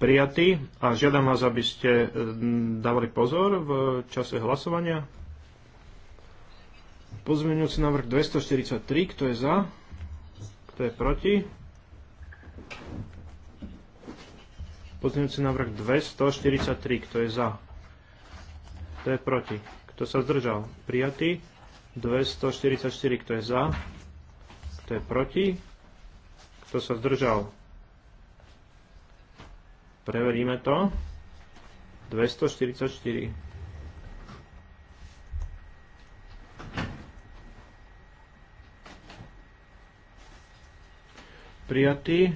prijatý a žiadam vás, aby ste e, dávali pozor v čase hlasovania. Pozmeňujúci návrh 243, kto je za, kto je proti. Pozmeňujúci návrh 243, kto je za, kto je proti, kto sa zdržal, prijatý. 244, kto je za, kto je proti, kto sa zdržal, Preveríme to. 244. Prijatý.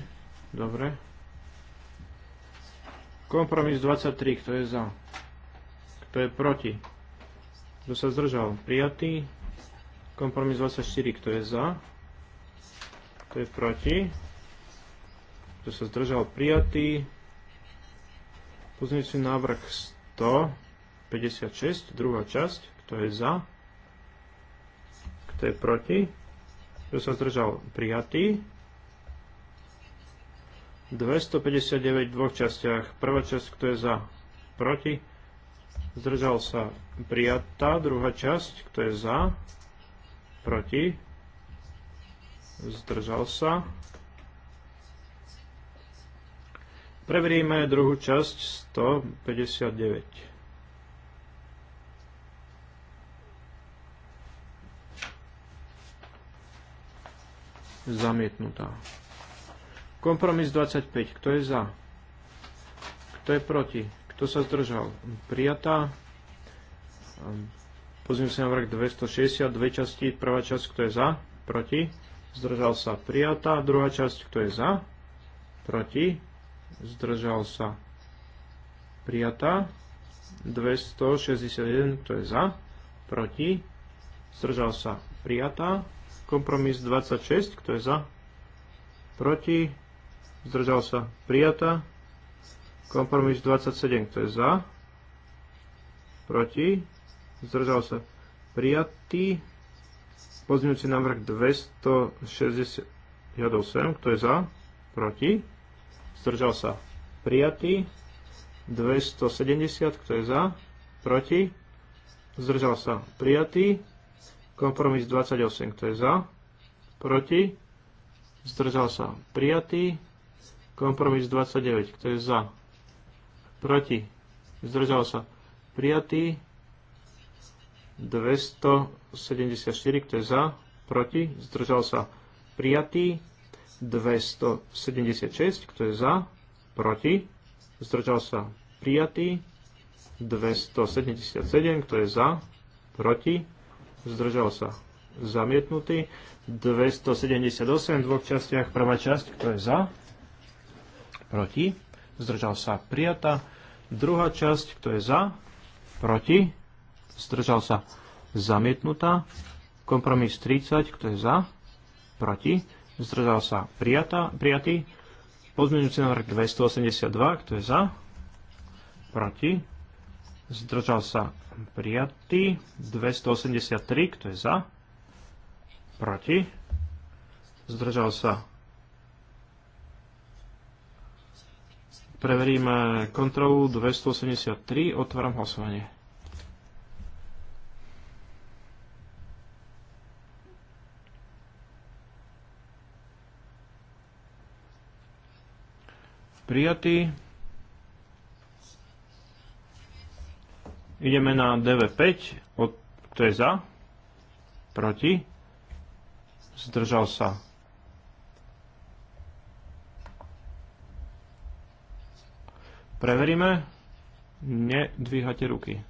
Dobre. Kompromis 23. Kto je za? Kto je proti? Kto sa zdržal? Prijatý. Kompromis 24. Kto je za? Kto je proti? Kto sa zdržal? Prijatý. Pozmeňujúci návrh 156, druhá časť, kto je za, kto je proti, kto sa zdržal prijatý. 259 v dvoch častiach. Prvá časť, kto je za, proti, zdržal sa prijatá. Druhá časť, kto je za, proti, zdržal sa Preveríme druhú časť 159. Zamietnutá. Kompromis 25. Kto je za? Kto je proti? Kto sa zdržal? Prijatá. Pozrieme sa na vrch 260, dve časti. Prvá časť, kto je za? Proti. Zdržal sa. Prijatá. Druhá časť, kto je za? Proti zdržal sa prijatá. 261, to je za, proti, zdržal sa prijatá. Kompromis 26, kto je za, proti, zdržal sa prijatá. Kompromis 27, kto je za, proti, zdržal sa prijatý. pozdňujúci návrh 268, kto je za, proti, zdržal sa prijatý, 270, kto je za, proti, zdržal sa prijatý, kompromis 28, kto je za, proti, zdržal sa prijatý, kompromis 29, kto je za, proti, zdržal sa prijatý, 274, kto je za, proti, zdržal sa prijatý, 276, kto je za, proti, zdržal sa prijatý, 277, kto je za, proti, zdržal sa zamietnutý, 278 v dvoch častiach, prvá časť, kto je za, proti, zdržal sa prijatá, druhá časť, kto je za, proti, zdržal sa zamietnutá, kompromis 30, kto je za, proti, zdržal sa prijata, prijatý. Pozmeňujúci návrh 282, kto je za, proti, zdržal sa prijatý. 283, kto je za, proti, zdržal sa Preveríme kontrolu 283, otváram hlasovanie. prijatý. Ideme na DV5, to je za, proti, zdržal sa. Preveríme, nedvíhate ruky.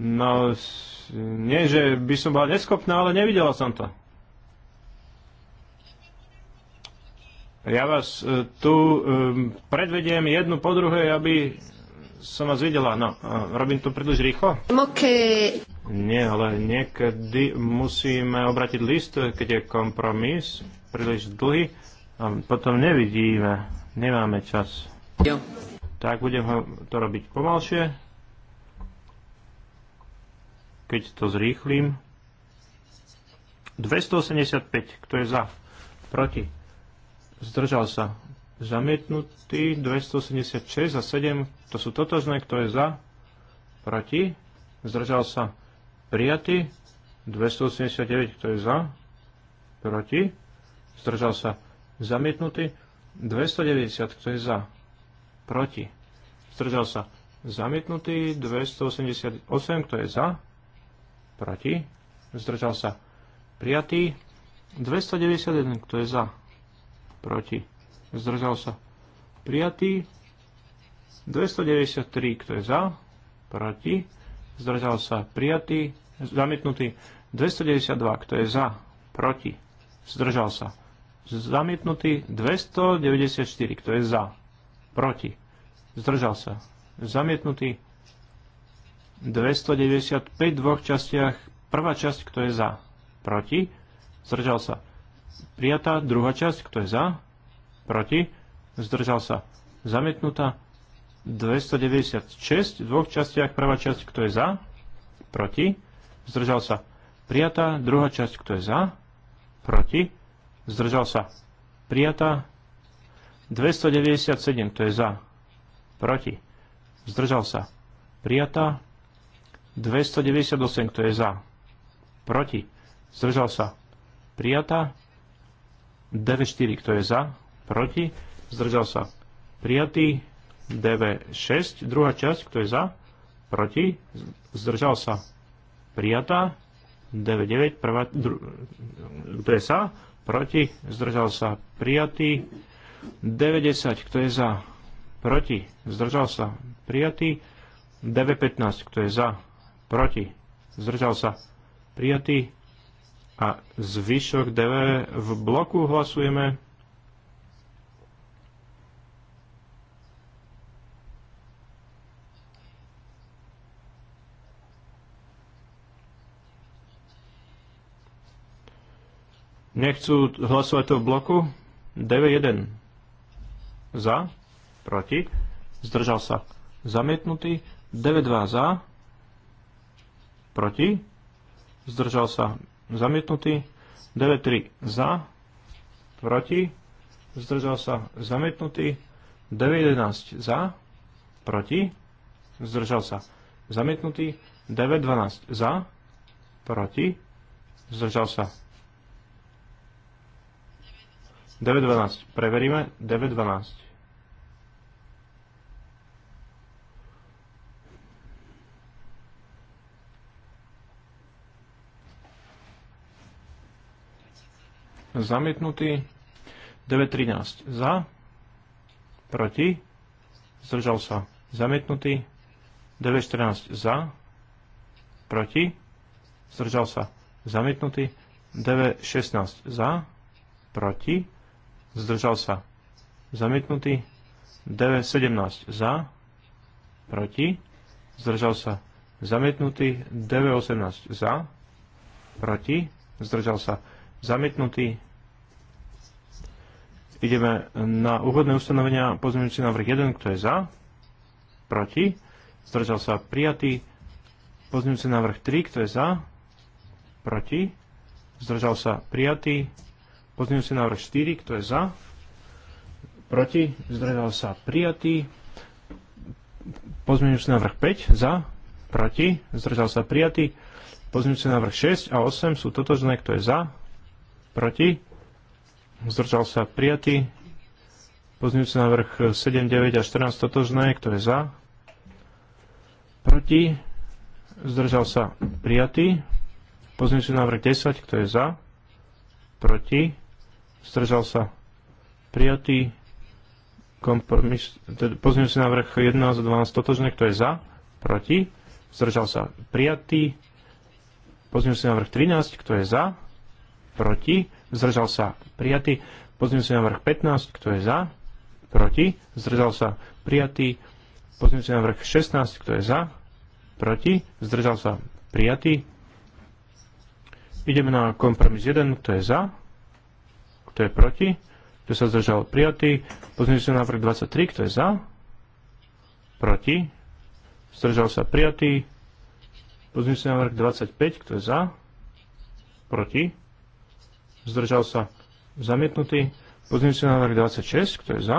No, nie, že by som bola neschopná, ale nevidela som to. Ja vás e, tu e, predvediem jednu po druhej, aby som vás videla. No, e, robím to príliš rýchlo? Okay. Nie, ale niekedy musíme obratiť list, keď je kompromis príliš dlhý a potom nevidíme, nemáme čas. Jo. Tak budem to robiť pomalšie keď to zrýchlim. 285, kto je za? Proti. Zdržal sa. Zamietnutý 286 a 7, to sú totožné, kto je za? Proti. Zdržal sa. Prijatý 289, kto je za? Proti. Zdržal sa. Zamietnutý 290, kto je za? Proti. Zdržal sa. Zamietnutý 288, kto je za? Proti? Zdržal sa. Prijatý. 291. Kto je za? Proti. Zdržal sa. Prijatý. 293. Kto je za? Proti. Zdržal sa. Prijatý. Zamietnutý. 292. Kto je za? Proti. Zdržal sa. Zamietnutý. 294. Kto je za? Proti. Zdržal sa. Zamietnutý. 295 v dvoch častiach. Prvá časť, kto je za? Proti? Zdržal sa. Prijatá. Druhá časť, kto je za? Proti? Zdržal sa. Zamietnutá. 296 v dvoch častiach. Prvá časť, kto je za? Proti? Zdržal sa. Prijatá. Druhá časť, kto je za? Proti? Zdržal sa. Prijatá. 297, kto je za? Proti? Zdržal sa. Prijatá. 298, kto je za? Proti? Zdržal sa? Prijatá? 94, kto je za? Proti? Zdržal sa? Prijatý? 96, druhá časť, kto je za? Proti? Zdržal sa? Prijatá? 99, 9 prvá, dru, kto je za? Proti? Zdržal sa? Prijatý? 90, kto je za? Proti? Zdržal sa? Prijatý? 915, kto je za? proti, zdržal sa, prijatý. A zvyšok DV v bloku hlasujeme. Nechcú hlasovať to v bloku? DV1. Za? Proti? Zdržal sa. Zamietnutý. DV2 za? proti, zdržal sa zamietnutý, 9.3 za, proti, zdržal sa zamietnutý, 9-11 za, proti, zdržal sa zamietnutý, 9 9-12 za, proti, zdržal sa 9.12, preveríme, 9.12. zamietnutý. 9.13 za, proti, zdržal sa, zamietnutý. 9.14 za, proti, zdržal sa, zamietnutý. 9.16 za, proti, zdržal sa, zamietnutý. 9.17 za, proti, zdržal sa, zamietnutý. 9.18 za, proti, zdržal sa, zamietnutý. Ideme na úvodné ustanovenia. Pozmeňujúci návrh 1, kto je za? Proti? Zdržal sa prijatý. Pozmeňujúci návrh 3, kto je za? Proti? Zdržal sa prijatý. Pozmeňujúci návrh 4, kto je za? Proti? Zdržal sa prijatý. Pozmeňujúci návrh 5, za? Proti? Zdržal sa prijatý. Pozmeňujúci návrh 6 a 8 sú totožné, kto je za? Proti? zdržal sa prijatý. Pozňujúci návrh 7, 9 a 14 totožné, kto je za, proti, zdržal sa prijatý. Pozňujúci návrh 10, kto je za, proti, zdržal sa prijatý. Kompromis, sa teda pozňujúci návrh 11 a 12 totožné, kto je za, proti, zdržal sa prijatý. Pozňujúci návrh 13, kto je za, proti, zdržal sa, prijatý. Pozmeňujúci návrh 15, kto je za, proti, zdržal sa, prijatý. Pozmeňujúci návrh 16, kto je za, proti, zdržal sa, prijatý. Ideme na kompromis 1, kto je za, kto je proti, kto sa zdržal, prijatý. Pozmeňujúci návrh 23, kto je za, proti, zdržal sa, prijatý. Pozmeňujúci návrh 25, kto je za, proti, zdržal sa, zamietnutý. Pozmeňujúci návrh 26, kto je za,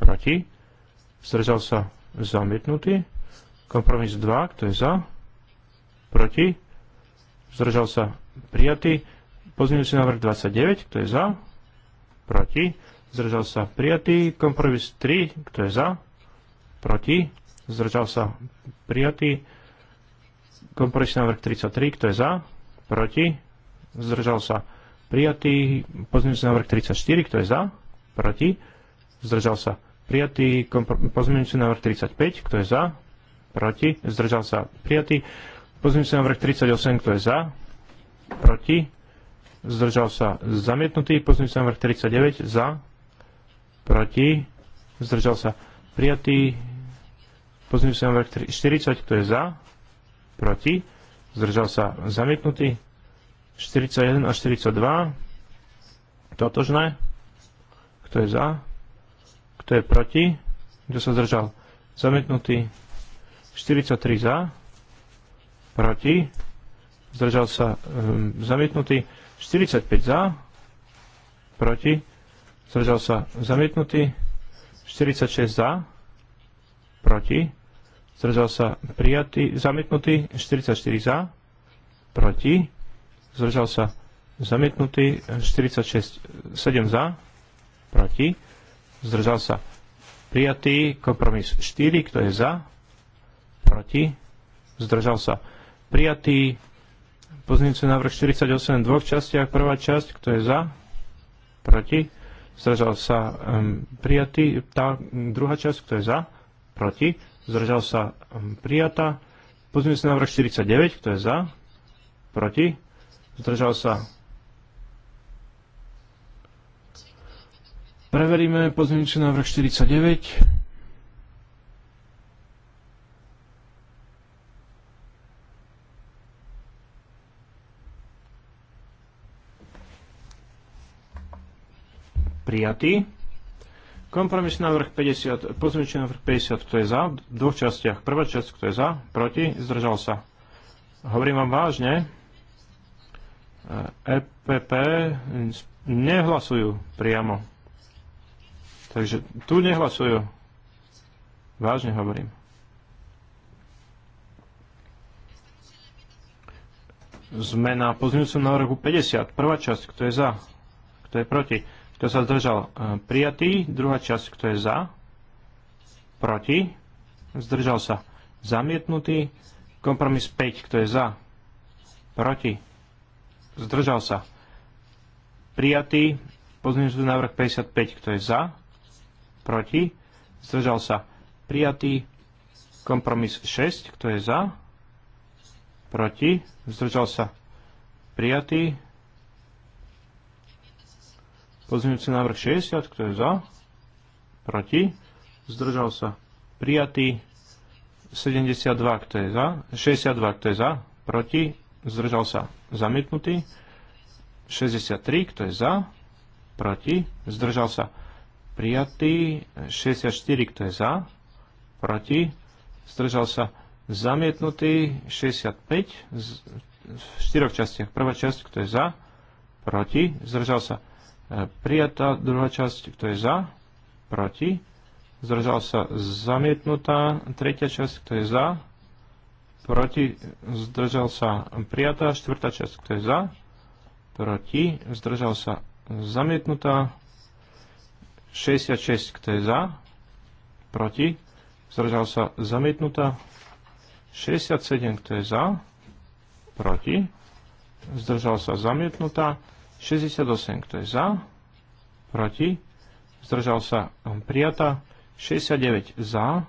proti, zdržal sa, zamietnutý. Kompromis 2, kto je za, proti, zdržal sa, prijatý. Pozmeňujúci návrh 29, kto je za, proti, zdržal sa, prijatý. Kompromis 3, kto je za, proti, zdržal sa, prijatý. kompromis návrh 33, kto je za, proti, zdržal sa prijatý. Pozmeňujúci návrh 34, kto je za, proti, zdržal sa prijatý. Pozmeňujúci návrh 35, kto je za, proti, zdržal sa prijatý. Pozmeňujúci návrh 38, kto je za, proti, zdržal sa zamietnutý. Pozmeňujúci návrh 39, za, proti, zdržal sa prijatý. Pozmeňujúci návrh 40, kto je za, proti, zdržal sa zamietnutý. 41 a 42. Totožné. Kto je za? Kto je proti? Kto sa zdržal? Zamietnutý. 43 za. Proti. Zdržal sa um, zamietnutý. 45 za. Proti. Zdržal sa zamietnutý. 46 za. Proti. Zdržal sa prijatý, zamietnutý. 44 za. Proti zdržal sa zamietnutý, 46, 7 za, proti, zdržal sa prijatý, kompromis 4, kto je za, proti, zdržal sa prijatý, pozniece návrh 48 v dvoch častiach, prvá časť, kto je za, proti, zdržal sa um, prijatý, tá druhá časť, kto je za, proti, zdržal sa um, prijatá, pozniece návrh 49, kto je za, proti, Zdržal sa. Preveríme pozmeňujúci návrh 49. prijatý. Kompromisný návrh 50, pozmeňujúci návrh 50, kto je za, v dvoch častiach. Prvá časť, kto je za, proti, zdržal sa. Hovorím vám vážne, EPP nehlasujú priamo. Takže tu nehlasujú. Vážne hovorím. Sme na pozdňujúcom návrhu 50. Prvá časť, kto je za, kto je proti. Kto sa zdržal? E, prijatý. Druhá časť, kto je za? Proti. Zdržal sa. Zamietnutý. Kompromis 5, kto je za? Proti zdržal sa. Prijatý sa návrh 55, kto je za, proti, zdržal sa. Prijatý kompromis 6, kto je za, proti, zdržal sa. Prijatý sa návrh 60, kto je za, proti, zdržal sa. Prijatý 72, kto je za, 62, kto je za, proti, zdržal sa zamietnutý, 63, kto je za, proti, zdržal sa prijatý, 64, kto je za, proti, zdržal sa zamietnutý, 65, v štyroch častiach. Prvá časť, kto je za, proti, zdržal sa e, prijatá, druhá časť, kto je za, proti, zdržal sa zamietnutá, tretia časť, kto je za, proti, zdržal sa prijatá, štvrtá časť, kto je za, proti, zdržal sa zamietnutá, 66, kto je za, proti, zdržal sa zamietnutá, 67, kto je za, proti, zdržal sa zamietnutá, 68, kto je za, proti, zdržal sa prijatá, 69 za,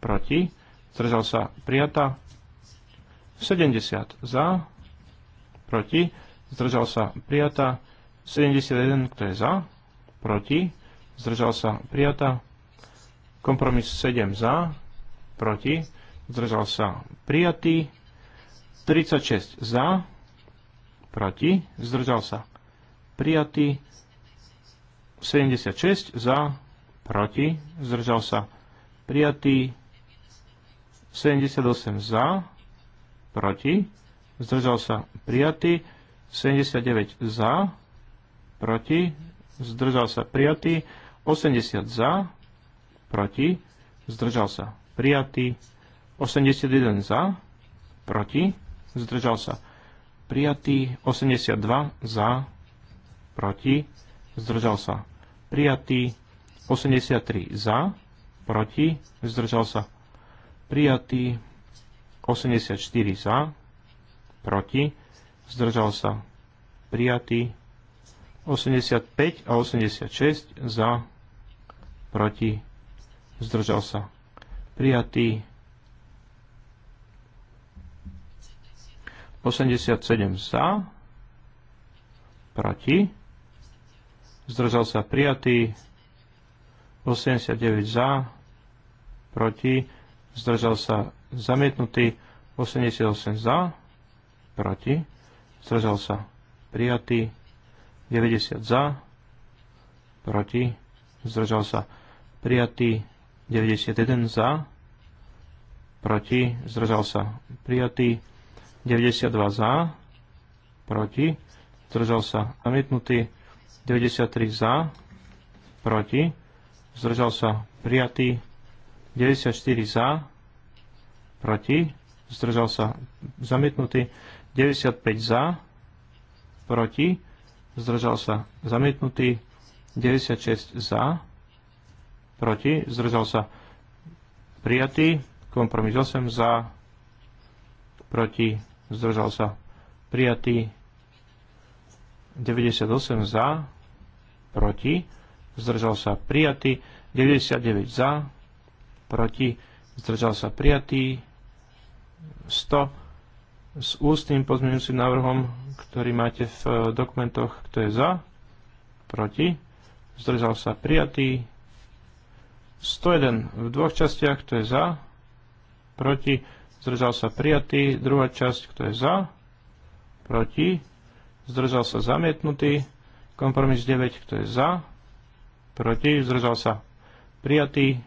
proti, zdržal sa prijatá. 70 za, proti, zdržal sa prijatá. 71, kto je za, proti, zdržal sa prijatá. Kompromis 7 za, proti, zdržal sa prijatý. 36 za, proti, zdržal sa prijatý. 76 za, proti, zdržal sa prijatý. 78 za, proti, zdržal sa prijatý, 79 za, proti, zdržal sa prijatý, 80 za, proti, zdržal sa prijatý, 81 za, proti, zdržal sa prijatý, 82 za, proti, zdržal sa prijatý, 83 za, proti, zdržal sa prijatý, prijatý 84 za, proti, zdržal sa prijatý 85 a 86 za, proti, zdržal sa prijatý 87 za, proti, zdržal sa prijatý, 89 za, proti, zdržal sa zamietnutý, 88 za, proti, zdržal sa prijatý, 90 za, proti, zdržal sa prijatý, 91 za, proti, zdržal sa prijatý, 92 za, proti, zdržal sa zamietnutý, 93 za, proti, zdržal sa prijatý, 94 za, proti, zdržal sa zamietnutý, 95 za, proti, zdržal sa zamietnutý, 96 za, proti, zdržal sa prijatý, kompromis 8 za, proti, zdržal sa prijatý, 98 za, proti, zdržal sa prijatý, 99 za, proti, zdržal sa prijatý. 100 s ústnym pozmeňujúcim návrhom, ktorý máte v eh, dokumentoch, kto je za, proti, zdržal sa prijatý. 101 v dvoch častiach, kto je za, proti, zdržal sa prijatý. Druhá časť, kto je za, proti, zdržal sa zamietnutý. Kompromis 9, kto je za, proti, zdržal sa prijatý.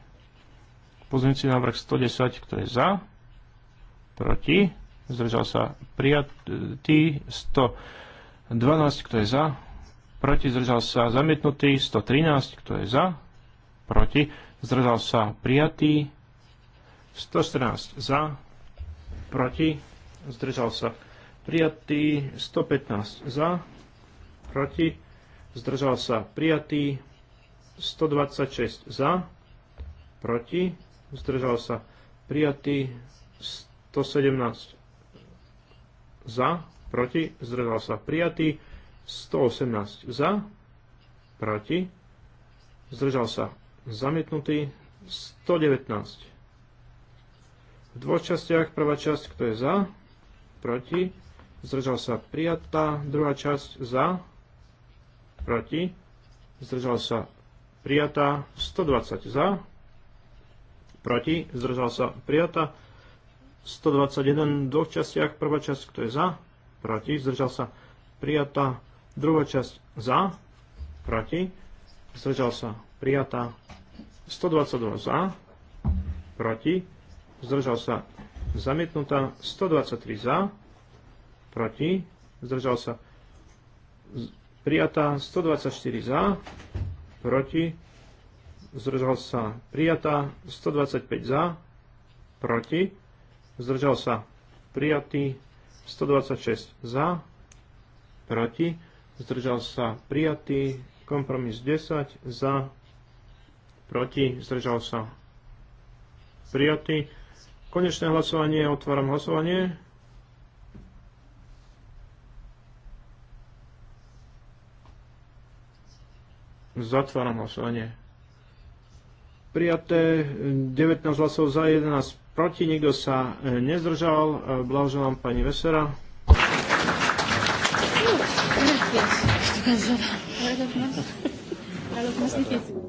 Pozmeňujúci návrh 110, kto je za? Proti? Zdržal sa prijatý. 112, kto je za? Proti? Zdržal sa zamietnutý. 113, kto je za? Proti? Zdržal sa prijatý. 114 za, proti, zdržal sa. Prijatý 115 za, proti, zdržal sa. Prijatý 126 za, proti, zdržal sa prijatý 117 za, proti, zdržal sa prijatý 118 za, proti, zdržal sa zamietnutý 119. V dvoch častiach prvá časť, kto je za, proti, zdržal sa prijatá, druhá časť za, proti, zdržal sa prijatá, 120 za, proti, zdržal sa, prijata 121 v dvoch častiach, prvá časť, kto je za, proti, zdržal sa, prijata. Druhá časť za, proti, zdržal sa, prijata. 122 za, proti, zdržal sa, zamietnutá. 123 za, proti, zdržal sa, prijatá. 124 za, proti, zdržal sa prijatá, 125 za, proti, zdržal sa prijatý, 126 za, proti, zdržal sa prijatý, kompromis 10 za, proti, zdržal sa prijatý. Konečné hlasovanie, otváram hlasovanie. Zatváram hlasovanie prijaté, 19 hlasov za, 11 proti, nikto sa e, nezdržal. E, blahoželám pani Vesera. Uf,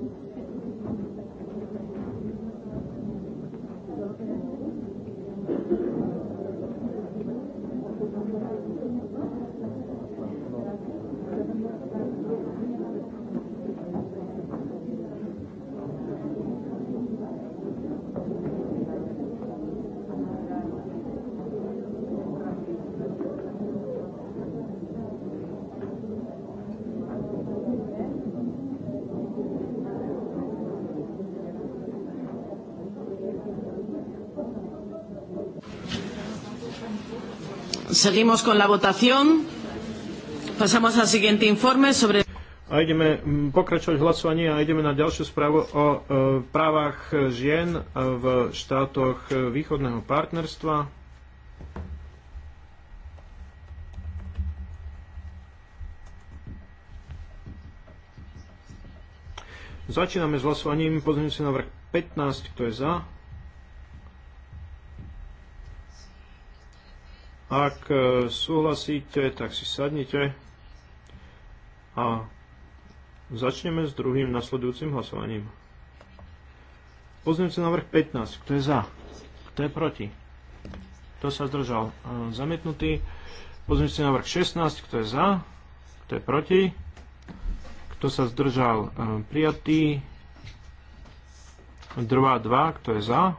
Seguimos con la votación. Pasamos al siguiente informe sobre... A ideme mm, pokračovať hlasovanie a ideme na ďalšiu správu o e, právach žien v štátoch e, východného partnerstva. Začíname s hlasovaním. Pozrieme si návrh 15, kto je za. Ak e, súhlasíte, tak si sadnite a začneme s druhým nasledujúcim hlasovaním. Pozrieme sa na vrch 15. Kto je za? Kto je proti? Kto sa zdržal? E, zamietnutý. Pozrieme sa na vrch 16. Kto je za? Kto je proti? Kto sa zdržal? E, prijatý. Drvá 2. Kto je za?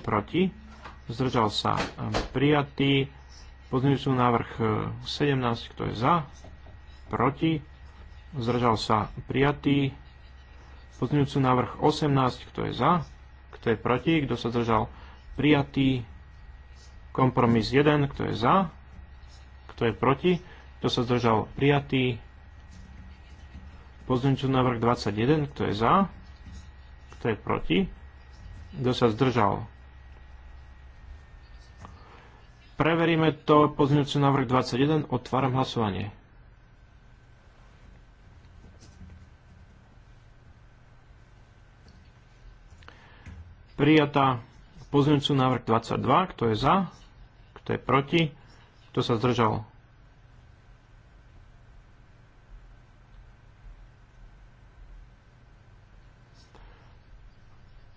Proti? zdržal sa ehm, prijatý. Pozmeňujúci návrh 17, ehm, kto je za, proti, zdržal sa prijatý. Pozmeňujúci návrh 18, kto je za, kto je proti, kto sa zdržal prijatý. Kompromis 1, kto je za, kto je proti, kto sa zdržal prijatý. Pozmeňujúci návrh 21, kto je za, kto je proti, kto sa zdržal Preveríme to pozmeňujúci návrh 21. Otváram hlasovanie. Prijatá pozmeňujúci návrh 22. Kto je za? Kto je proti? Kto sa zdržal?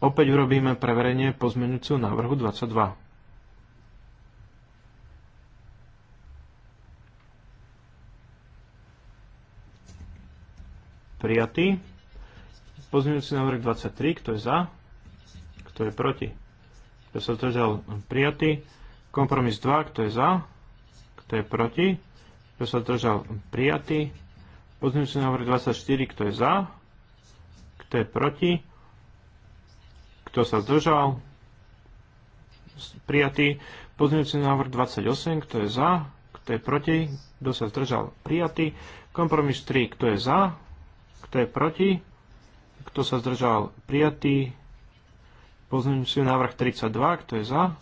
Opäť urobíme preverenie pozmeňujúceho návrhu 22. prijatý. Pozmeňujúci návrh 23, kto je za, kto je proti, kto sa zdržal prijatý. Kompromis 2, kto je za, kto je proti, kto sa zdržal prijatý. Pozmeňujúci návrh 24, kto je za, kto je proti, kto sa zdržal prijatý. Pozmeňujúci návrh 28, kto je za, kto je proti, kto sa zdržal prijatý. Kompromis 3, kto je za, kto je proti? Kto sa zdržal? Prijatý. Pozmeňujúci návrh 32. Kto je za?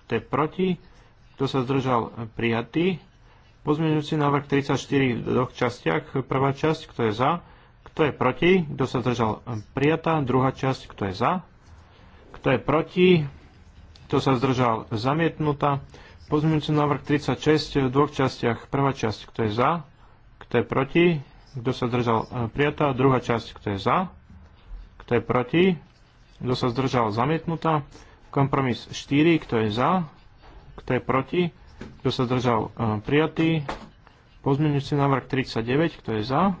Kto je proti? Kto sa zdržal? Prijatý. Pozmeňujúci návrh 34 v dvoch častiach. Prvá časť. Kto je za? Kto je proti? Kto sa zdržal? Prijatá. Druhá časť. Kto je za? Kto je proti? Kto sa zdržal? Zamietnutá. Pozmeňujúci návrh 36 v dvoch častiach. Prvá časť. Kto je za? Kto je proti? Kto sa zdržal? E, prijatá. Druhá časť, kto je za? Kto je proti? Kto sa zdržal? Zamietnutá. Kompromis 4, e, kto je za? Kto je proti? Kto sa zdržal? Prijatý. Pozmeňujúci návrh 39, kto je za?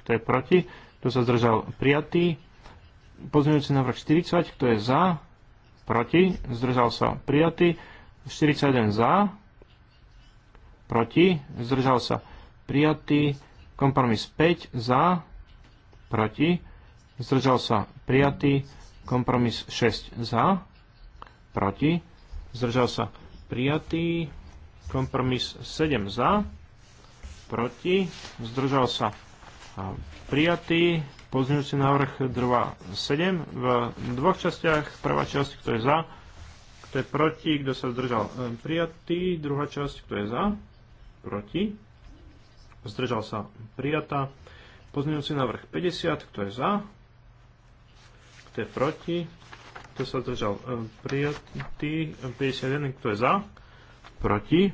Kto je proti? Kto sa zdržal? Prijatý. Pozmeňujúci návrh 40, kto je za? Proti. Zdržal sa? Prijatý. 41 za? Proti. Zdržal sa? Prijatý. Kompromis 5 za, proti, zdržal sa prijatý. Kompromis 6 za, proti, zdržal sa prijatý. Kompromis 7 za, proti, zdržal sa prijatý. Pozňujúci návrh 7. v dvoch častiach. Prvá časť, kto je za, kto je proti, kto sa zdržal e, prijatý. Druhá časť, kto je za, proti zdržal sa, prijatá. Pozmeňujúci návrh 50, kto je za, kto je proti, kto sa zdržal, e, prijatý. 51, kto je za, proti,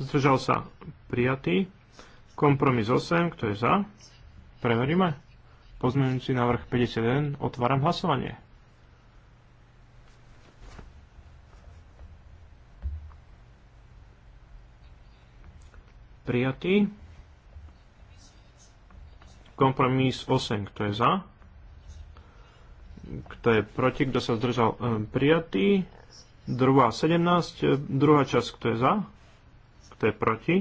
zdržal sa, prijatý. Kompromis 8, kto je za, preveríme. Pozmeňujúci návrh 51, otváram hlasovanie. prijatý. Kompromis 8, kto je za? Kto je proti? Kto sa zdržal? Ehm, prijatý. Druhá 17, e, druhá časť, kto je za? Kto je proti?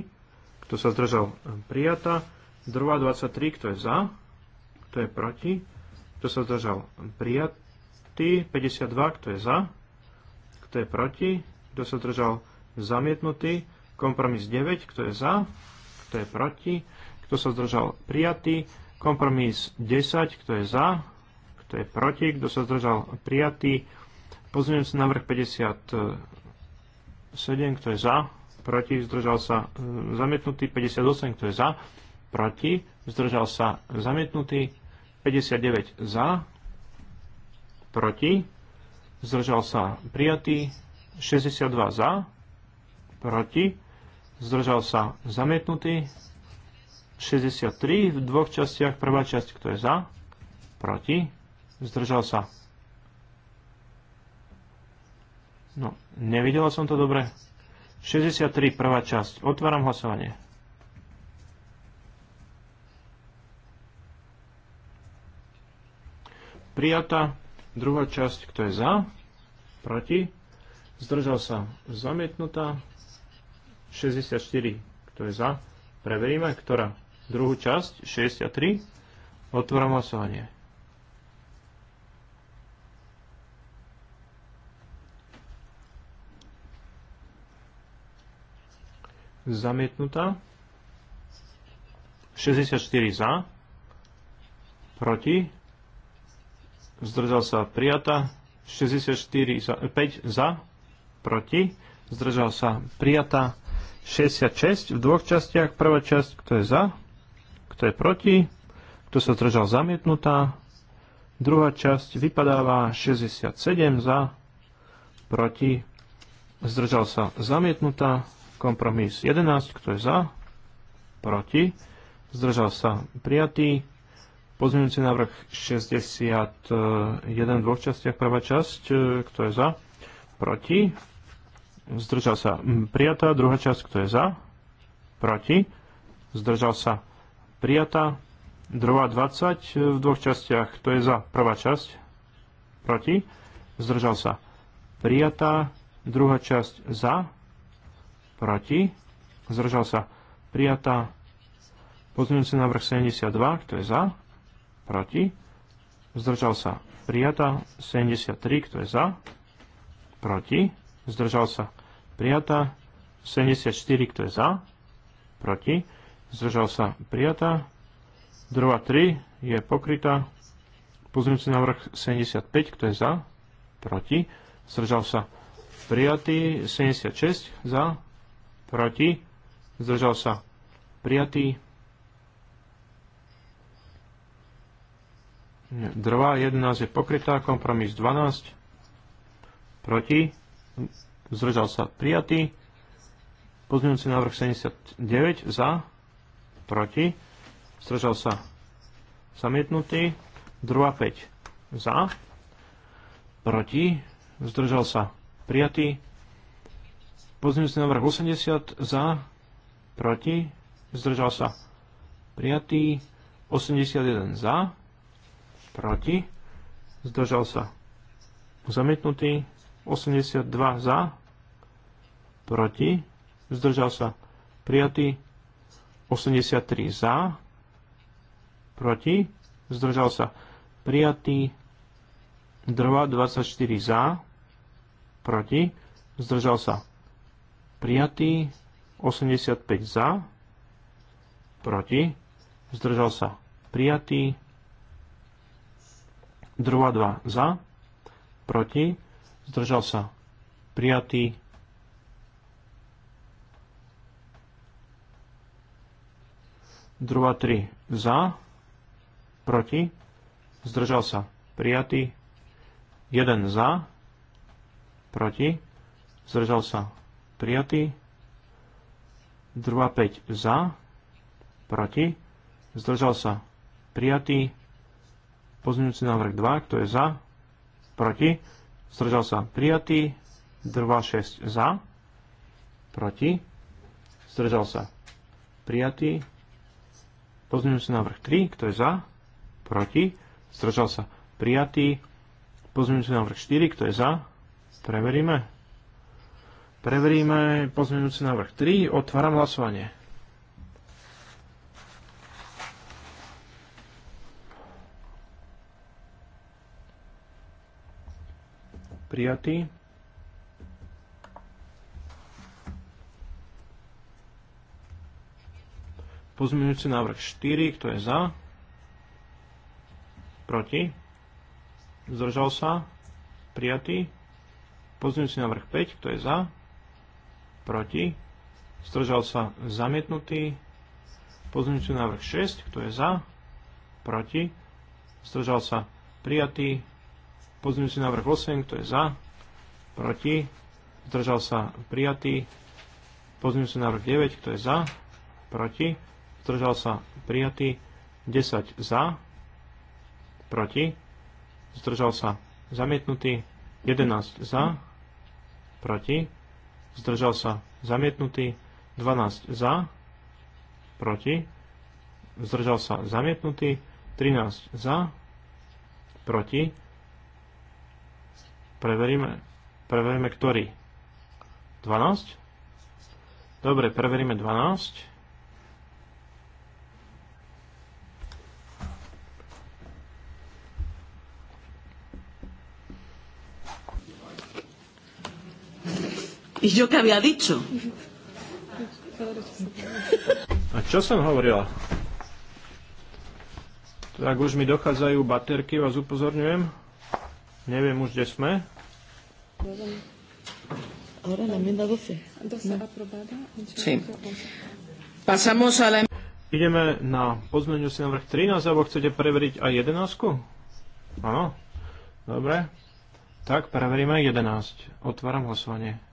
Kto sa zdržal? Ehm, prijatá. Druhá 23, kto je za? Kto je proti? Kto sa zdržal? Ehm, prijatý. 52, kto je za? Kto je proti? Kto sa zdržal? Zamietnutý. Kompromis 9, kto je za? Kto je proti? Kto sa zdržal? Prijatý. Kompromis 10, kto je za, kto je proti, kto sa zdržal prijatý. na návrh 57, e, kto je za, proti, zdržal sa zamietnutý. 58, kto je za, proti, zdržal sa zamietnutý. 59 za, proti, zdržal sa prijatý. 62 za, proti, zdržal sa zamietnutý. 63 v dvoch častiach. Prvá časť, kto je za, proti, zdržal sa. No, nevidela som to dobre. 63, prvá časť. Otváram hlasovanie. Prijata. Druhá časť, kto je za, proti, zdržal sa. Zamietnutá. 64, kto je za, preveríme, ktorá druhú časť, 63. otvorám hlasovanie. Zamietnutá. 64 za. Proti. Zdržal sa prijata. 64 za, 5 za. Proti. Zdržal sa prijata. 66 v dvoch častiach. Prvá časť, kto je za? Kto je proti? Kto sa zdržal zamietnutá? Druhá časť vypadáva 67 za, proti, zdržal sa zamietnutá, kompromis 11, kto je za, proti, zdržal sa prijatý, Pozmienujúci návrh 61 v dvoch častiach, prvá časť, kto je za, proti, zdržal sa prijatá, druhá časť, kto je za, proti, zdržal sa prijatá. Druhá 20 e, v dvoch častiach. To je za prvá časť. Proti. Zdržal sa. Prijatá. Druhá časť za. Proti. Zdržal sa. Prijatá. Pozmeňujúci návrh 72. Kto je za? Proti. Zdržal sa. Prijatá. 73. Kto je za? Proti. Zdržal sa. Prijatá. 74. Kto je za? Proti zdržal sa prijatá. Druhá 3 je pokrytá. Pozmeňujúci návrh 75, kto je za, proti, zdržal sa prijatý. 76 za, proti, zdržal sa prijatý. Drva 11 je pokrytá, kompromis 12, proti, zdržal sa prijatý. Pozmeňujúci návrh 79 za, proti, zdržal sa zamietnutý, druhá 5 za, proti, zdržal sa prijatý, pozmeňujúci návrh 80 za, proti, zdržal sa prijatý, 81 za, proti, zdržal sa zamietnutý, 82 za, proti, zdržal sa prijatý, 83 za, proti, zdržal sa prijatý, drva 24 za, proti, zdržal sa prijatý, 85 za, proti, zdržal sa prijatý, drva 2 za, proti, zdržal sa prijatý, Druhá 3 za, proti, zdržal sa, prijatý. 1 za, proti, zdržal sa, prijatý. Druhá 5 za, proti, zdržal sa, prijatý. Pozmeňujúci návrh 2, kto je za, proti, zdržal sa, prijatý. Druhá 6 za, proti, zdržal sa, prijatý. Pozmeňujúci návrh 3, kto je za? Proti. Zdržal sa. Prijatý. Pozmeňujúci návrh 4, kto je za? Preveríme. Preveríme pozmeňujúci návrh 3. Otváram hlasovanie. Prijatý. Pozmeňujúci návrh 4, kto je za? Proti? Zdržal sa? Prijatý? Pozmeňujúci návrh 5, kto je za? Proti? Zdržal sa? Zamietnutý? Pozmeňujúci návrh 6, kto je za? Proti? Zdržal sa? Prijatý? Pozmeňujúci návrh 8, kto je za? Proti? Zdržal sa? Prijatý? Pozmeňujúci návrh 9, kto je za? Proti? zdržal sa prijatý, 10 za, proti, zdržal sa zamietnutý, 11 za, proti, zdržal sa zamietnutý, 12 za, proti, zdržal sa zamietnutý, 13 za, proti, preveríme, preveríme ktorý, 12, dobre, preveríme 12, ¿Y yo qué había dicho? A čo som hovorila? Tak už mi dochádzajú baterky, vás upozorňujem. Neviem už, kde sme. Ahora la enmienda 12. Ideme na pozmeňujúci návrh 13, alebo chcete preveriť aj 11? Áno. Dobre. Tak preveríme 11. Otváram hlasovanie.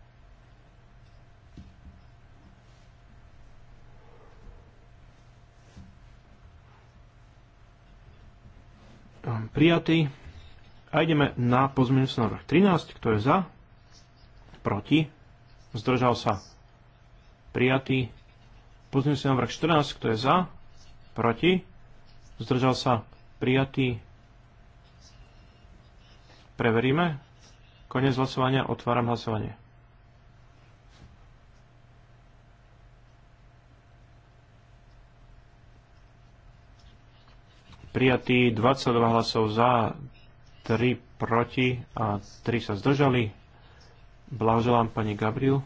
prijatý. A ideme na pozmeňujúci návrh 13, kto je za, proti, zdržal sa, prijatý. Pozmeňujúci návrh 14, kto je za, proti, zdržal sa, prijatý. Preveríme. Konec hlasovania, otváram hlasovanie. prijatý, 22 hlasov za, 3 proti a 3 sa zdržali. Blahoželám pani Gabriel.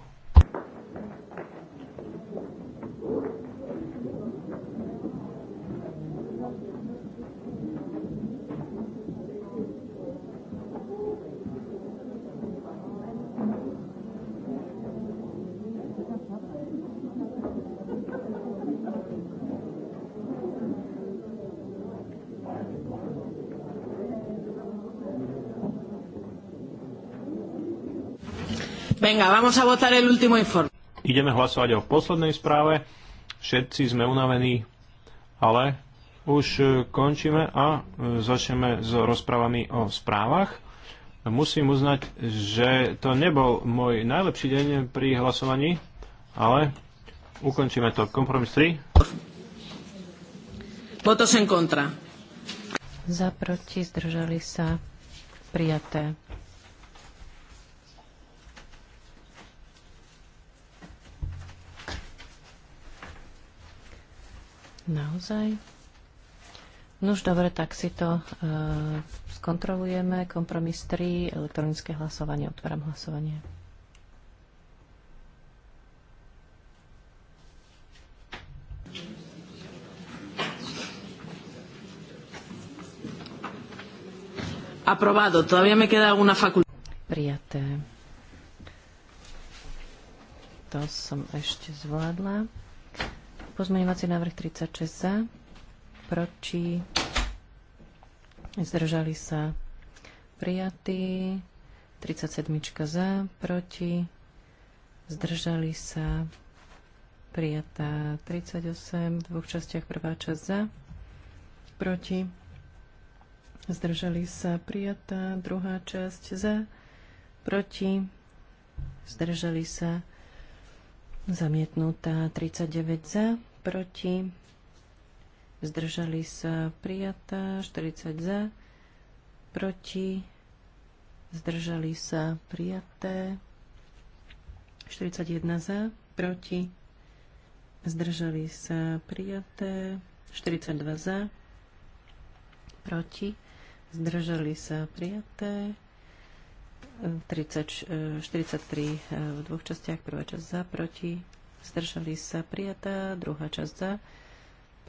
Venga, vamos a votar el último informe. Ideme hlasovať o poslednej správe. Všetci sme unavení, ale už e, končíme a e, začneme s rozprávami o správach. Musím uznať, že to nebol môj najlepší deň pri hlasovaní, ale ukončíme to. Kompromis 3. Votos en contra. Za proti zdržali sa prijaté. Naozaj? No už dobre, tak si to e, skontrolujeme. Kompromis 3, elektronické hlasovanie. Otváram hlasovanie. Aprobado. Todavía me queda alguna facultad. Prijaté. To som ešte zvládla. Pozmeňovací návrh 36 za, proti, zdržali sa prijatí, 37 za, proti, zdržali sa prijatá 38 v dvoch častiach prvá časť za, proti, zdržali sa prijatá druhá časť za, proti, zdržali sa zamietnutá 39 za, proti, zdržali sa prijatá, 40 za, proti, zdržali sa prijaté, 41 za, proti, zdržali sa prijaté, 42 za, proti, zdržali sa prijaté, 30, 43 eh, v dvoch častiach, prvá časť za, proti, zdržali sa prijatá, druhá časť za,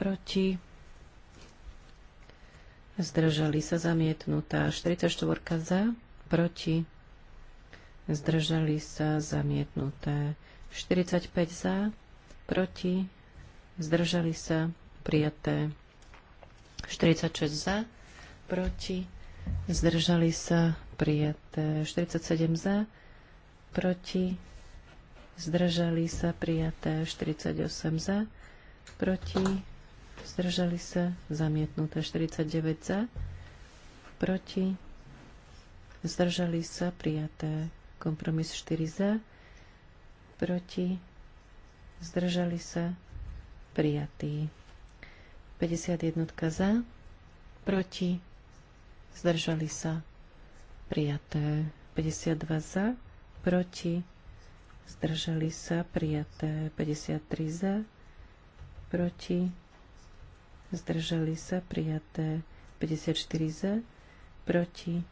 proti, zdržali sa zamietnutá, 44 za, proti, zdržali sa zamietnuté, 45 za, proti, zdržali sa prijaté, 46 za, proti, zdržali sa prijaté, 47 za, proti, zdržali sa prijaté 48 za, proti, zdržali sa zamietnuté 49 za, proti, zdržali sa prijaté kompromis 4 za, proti, zdržali sa prijatý 51 za, proti, zdržali sa prijaté 52 za, proti, zdržali sa, prijaté 53 za, proti, zdržali sa, prijaté 54 za, proti,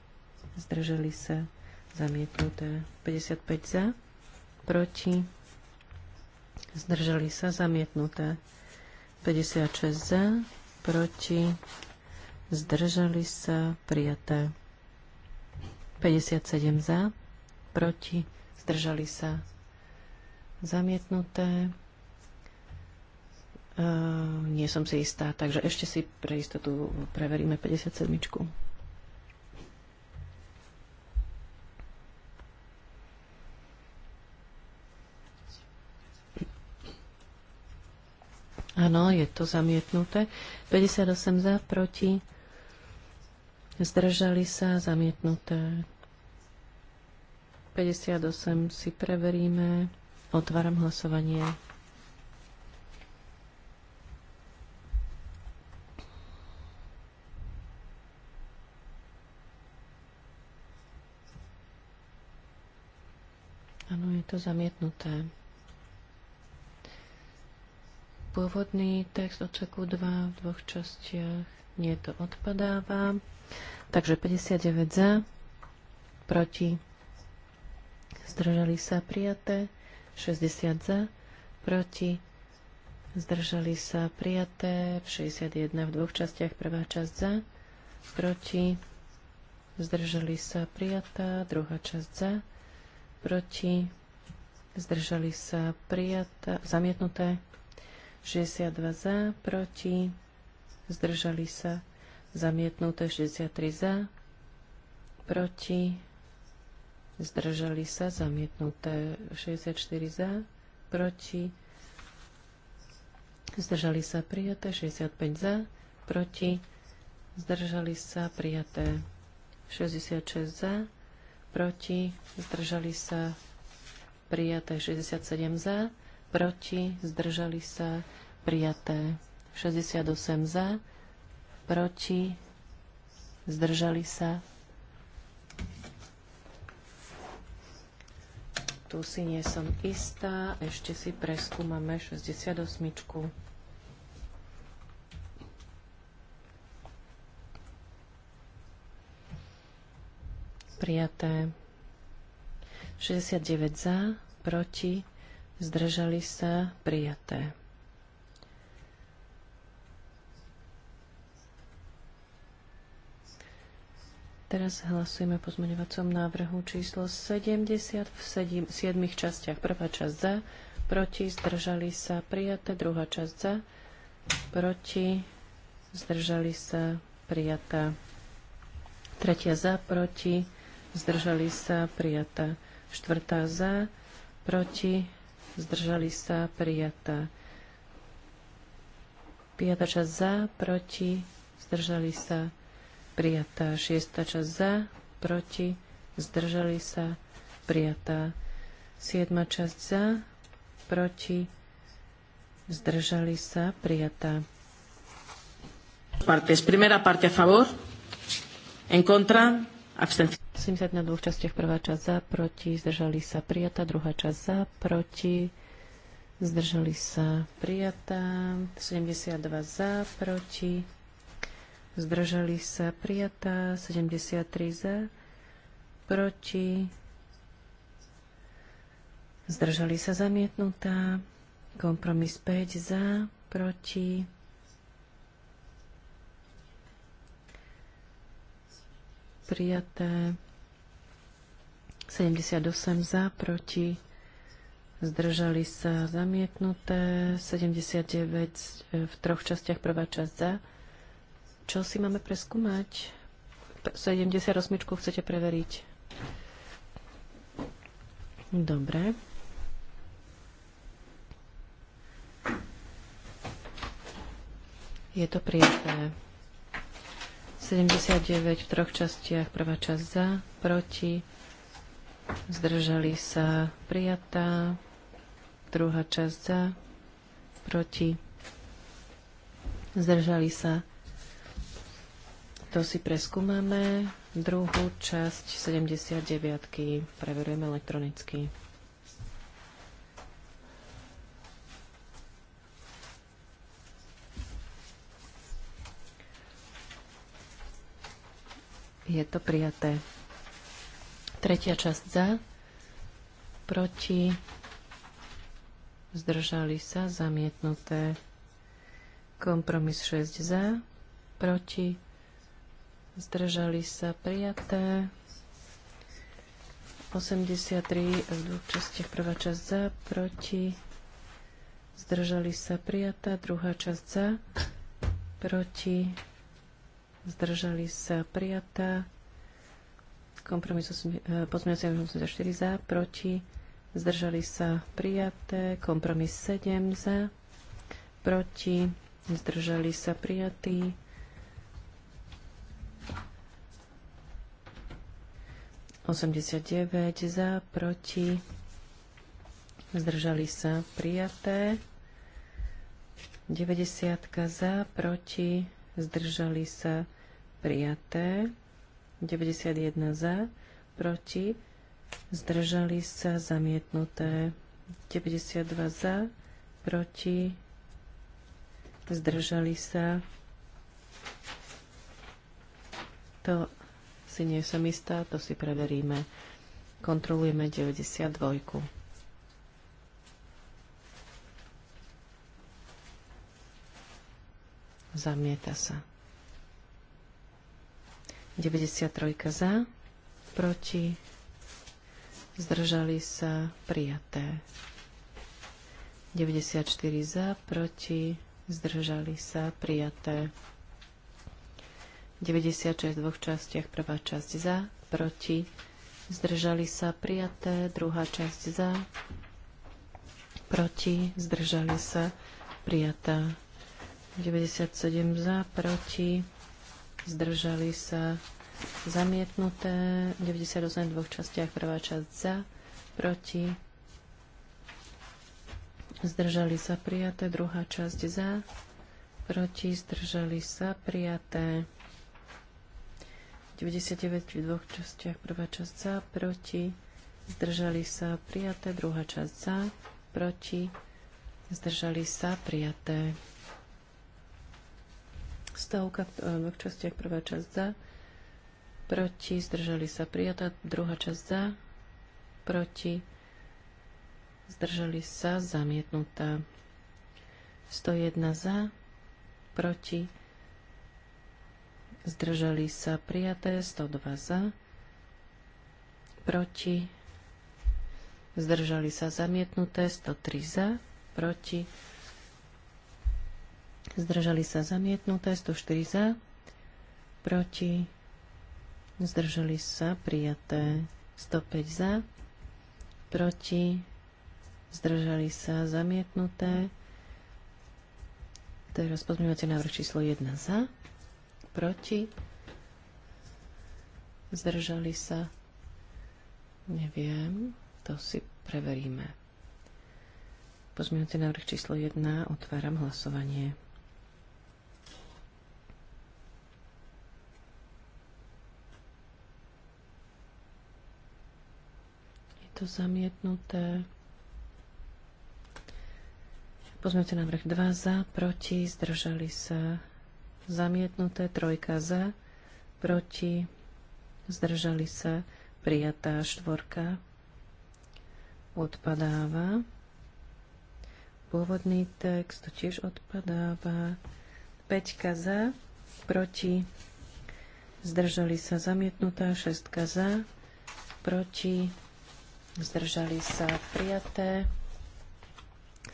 zdržali sa, zamietnuté 55 za, proti, zdržali sa, zamietnuté 56 za, proti, zdržali sa, prijaté 57 za, proti, zdržali sa, Zamietnuté. Uh, nie som si istá, takže ešte si pre istotu preveríme 57. Áno, je to zamietnuté. 58 za, proti. Zdržali sa, zamietnuté. 58 si preveríme. Otváram hlasovanie. Áno, je to zamietnuté. Pôvodný text odseku 2 v dvoch častiach. Nie to odpadáva. Takže 59 za, proti, zdržali sa prijaté. 60 za, proti, zdržali sa prijaté, 61 v dvoch častiach, prvá časť za, proti, zdržali sa prijatá, druhá časť za, proti, zdržali sa prijatá, zamietnuté, 62 za, proti, zdržali sa, zamietnuté 63 za, proti, zdržali sa, zamietnuté 64 za, proti, zdržali sa, prijaté 65 za, proti, zdržali sa, prijaté 66 za, proti, zdržali sa, prijaté 67 za, proti, zdržali sa, prijaté 68 za, proti, zdržali sa, Tu si nie som istá. Ešte si preskúmame 68. Prijaté. 69 za, proti, zdržali sa, prijaté. Teraz hlasujeme o pozmeňovacom návrhu číslo 70 v 7 častiach. Prvá časť za, proti, zdržali sa, prijaté. Druhá časť za, proti, zdržali sa, prijatá. Tretia za, proti, zdržali sa, prijatá. Štvrtá za, proti, zdržali sa, prijatá. Piatá časť za, proti, zdržali sa, prijatá. Šiesta časť za, proti, zdržali sa, prijatá. Siedma časť za, proti, zdržali sa, prijatá. Partes. Primera parte a favor, en contra, abstención. 70 na dvoch častiach. Prvá časť za, proti, zdržali sa, prijatá. Druhá časť za, proti, zdržali sa, prijatá. 72 za, proti, zdržali sa prijatá, 73 za, proti, zdržali sa zamietnutá, kompromis 5 za, proti, prijaté, 78 za, proti, zdržali sa zamietnuté, 79 v troch častiach prvá časť za, čo si máme preskúmať? 78 chcete preveriť. Dobre. Je to prijaté. 79 v troch častiach. Prvá časť za, proti. Zdržali sa prijatá. Druhá časť za, proti. Zdržali sa to si preskúmame. Druhú časť 79. Preverujeme elektronicky. Je to prijaté. Tretia časť za, proti, zdržali sa, zamietnuté. Kompromis 6 za, proti, zdržali sa prijaté. 83 v dvoch častiach. Prvá časť za, proti, zdržali sa prijatá. Druhá časť za, proti, zdržali sa prijatá. Kompromis e, pozmeňovací 84 za, proti, zdržali sa prijaté. Kompromis 7 za, proti, zdržali sa prijatí. 89 za, proti, zdržali sa prijaté. 90 za, proti, zdržali sa prijaté. 91 za, proti, zdržali sa zamietnuté. 92 za, proti, zdržali sa. To si nie som istá, to si preveríme. Kontrolujeme 92. Zamieta sa. 93 za, proti, zdržali sa, prijaté. 94 za, proti, zdržali sa, prijaté. 96 v dvoch častiach. Prvá časť za, proti, zdržali sa prijaté. Druhá časť za, proti, zdržali sa prijatá. 97 za, proti, zdržali sa zamietnuté. 98 dvoch častiach. Prvá časť za, proti, zdržali sa prijaté. Druhá časť za, proti, zdržali sa prijaté. 99 v dvoch častiach. Prvá časť za, proti. Zdržali sa prijaté. Druhá časť za, proti. Zdržali sa prijaté. Stavka v eh, dvoch častiach. Prvá časť za, proti. Zdržali sa prijatá. Druhá časť za, proti. Zdržali sa zamietnutá. 101 za, proti zdržali sa prijaté, 102 za, proti, zdržali sa zamietnuté, 103 za, proti, zdržali sa zamietnuté, 104 za, proti, zdržali sa prijaté, 105 za, proti, zdržali sa zamietnuté, teraz pozmeňovací návrh číslo 1 za, proti, zdržali sa, neviem, to si preveríme. Pozmienujte návrh číslo 1, otváram hlasovanie. Je to zamietnuté. Pozmeňujúci návrh 2 za, proti, zdržali sa, zamietnuté, trojka za, proti, zdržali sa, prijatá štvorka odpadáva. Pôvodný text to tiež odpadáva. Peťka za, proti, zdržali sa zamietnutá, šestka za, proti, zdržali sa prijaté,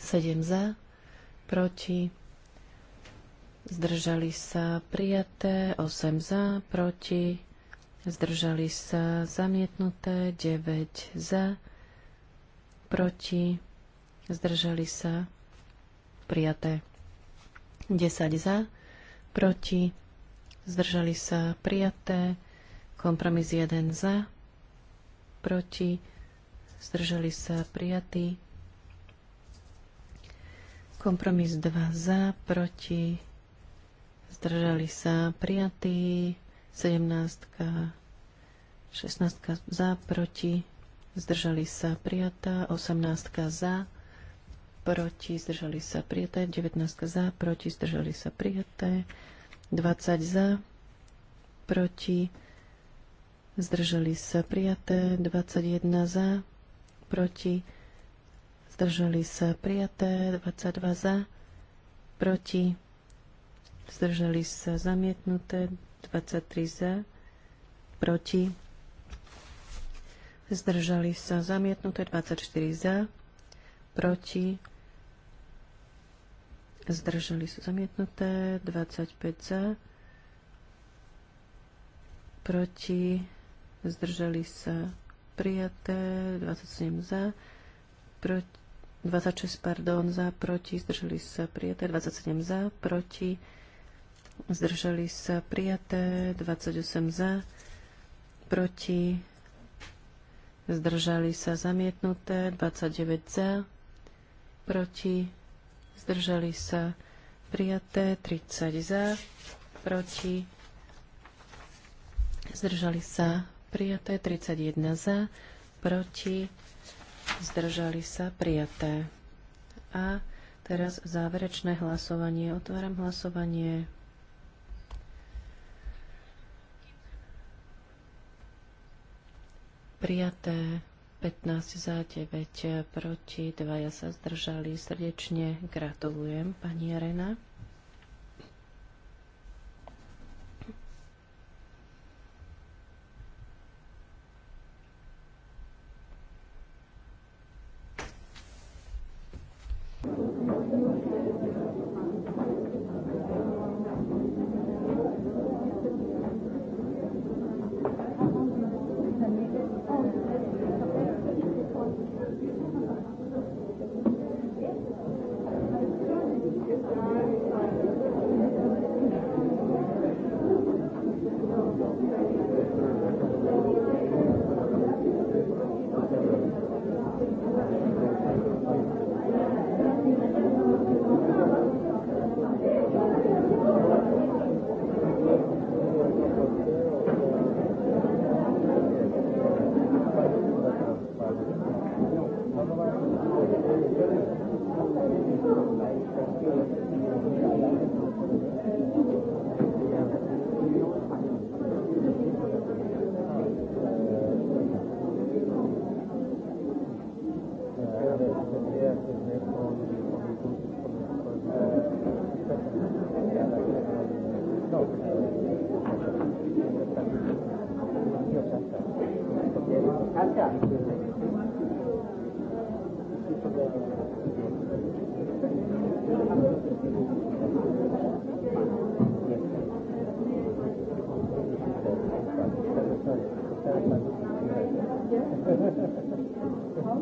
sedem za, proti, Zdržali sa prijaté, 8 za, proti. Zdržali sa zamietnuté, 9 za, proti. Zdržali sa prijaté, 10 za, proti. Zdržali sa prijaté, kompromis 1 za, proti. Zdržali sa prijatí. Kompromis 2 za, proti zdržali sa prijatí, 17, 16 za, proti, zdržali sa prijatá, 18 za, proti, zdržali sa prijaté, 19 za, proti, zdržali sa prijaté, 20 za, proti, zdržali sa prijaté, 21 za, proti, zdržali sa prijaté, 22 za, proti, zdržali sa zamietnuté, 23 za, proti, zdržali sa zamietnuté, 24 za, proti, zdržali sa zamietnuté, 25 za, proti, zdržali sa prijaté, 27 za, proti, 26, pardon, za, proti, zdržali sa prijaté, 27 za, proti, Zdržali sa prijaté 28 za, proti. Zdržali sa zamietnuté 29 za, proti. Zdržali sa prijaté 30 za, proti. Zdržali sa prijaté 31 za, proti. Zdržali sa prijaté. A teraz záverečné hlasovanie. Otváram hlasovanie. Prijaté 15 za 9 proti, dvaja sa zdržali. Srdečne gratulujem, pani Arena.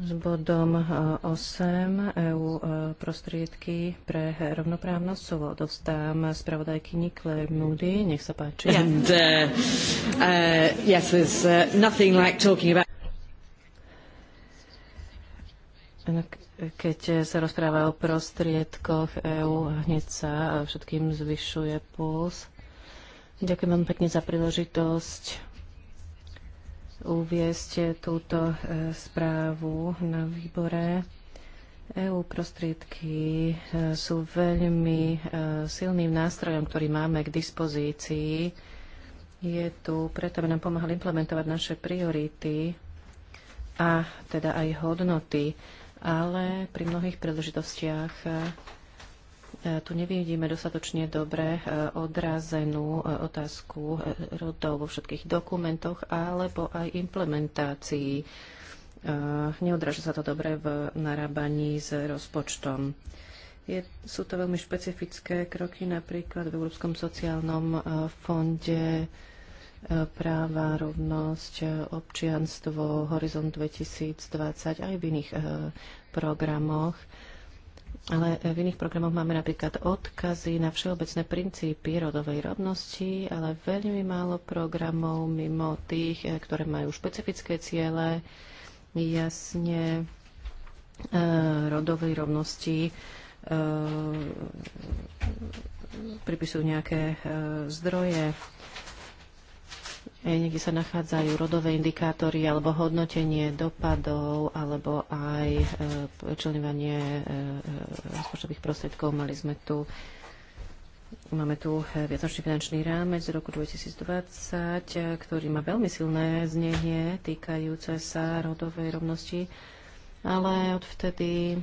s bodom 8 e, EU e, prostriedky pre rovnoprávnosť slovo Dostám spravodajky Claire Moody. Nech sa páči. And, uh, uh, yes, there's uh, nothing like talking about keď sa rozpráva o prostriedkoch EU hneď sa všetkým zvyšuje puls. Ďakujem vám pekne za príležitosť uviesť túto e, správu na výbore. EU prostriedky e, sú veľmi e, silným nástrojom, ktorý máme k dispozícii. Je tu preto, aby nám pomáhal implementovať naše priority a teda aj hodnoty, ale pri mnohých príležitostiach E, tu nevidíme dostatočne dobre e, odrazenú e, otázku rodov vo všetkých dokumentoch alebo aj implementácií. Neodráža sa to dobre v narábaní s rozpočtom. Je, sú to veľmi špecifické kroky, napríklad v Európskom sociálnom fonde práva, rovnosť, občianstvo, Horizont 2020, aj v iných programoch ale v iných programoch máme napríklad odkazy na všeobecné princípy rodovej rovnosti, ale veľmi málo programov mimo tých, e, ktoré majú špecifické ciele, jasne e, rodovej rovnosti e, pripisujú nejaké zdroje. E, niekde sa nachádzajú rodové indikátory alebo hodnotenie dopadov alebo aj e, členovanie e, rozpočtových prostriedkov. Mali sme tu Máme tu viacročný finančný rámec z roku 2020, ktorý má veľmi silné znenie týkajúce sa rodovej rovnosti, ale odvtedy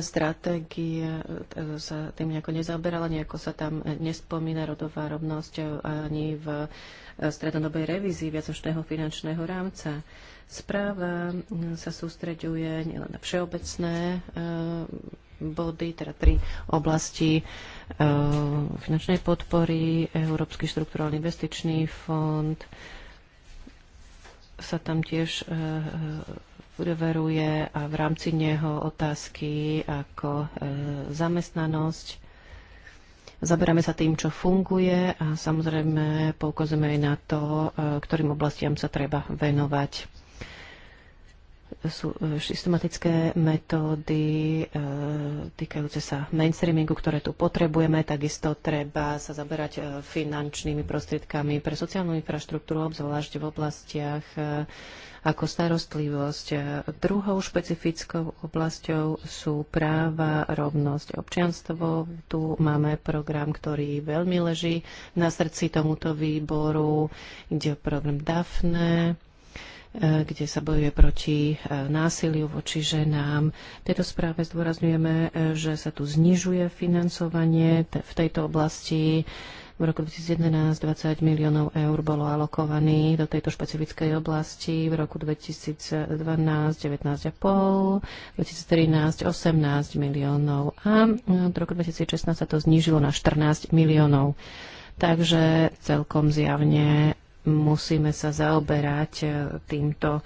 stratégie e, sa tým nejako nezaoberala, nejako sa tam nespomína rodová rovnosť ani v e, strednodobej revízii viacočného finančného rámca. Správa e, sa sústreďuje nielen na všeobecné body, teda tri oblasti finančnej podpory, Európsky štruktúrálny investičný fond, sa tam tiež udoveruje a v rámci neho otázky ako e, zamestnanosť. Zaberáme sa tým, čo funguje a samozrejme poukazujeme aj na to, e, ktorým oblastiam sa treba venovať sú e, systematické metódy e, týkajúce sa mainstreamingu, ktoré tu potrebujeme. Takisto treba sa zaberať e, finančnými prostriedkami pre sociálnu infraštruktúru, obzvlášť v oblastiach ako starostlivosť. Druhou špecifickou oblasťou sú práva, rovnosť, občianstvo. Tu máme program, ktorý veľmi leží na srdci tomuto výboru. Ide o program DAFNE E, kde sa bojuje proti e, násiliu voči ženám. V tejto správe zdôrazňujeme, e, že sa tu znižuje financovanie v tejto oblasti. V roku 2011 20 miliónov eur bolo alokovaných do tejto špecifickej oblasti, v roku 2012 19,5, 2013 18 miliónov a od roku 2016 sa to znížilo na 14 miliónov. Takže celkom zjavne musíme sa zaoberať e, týmto e,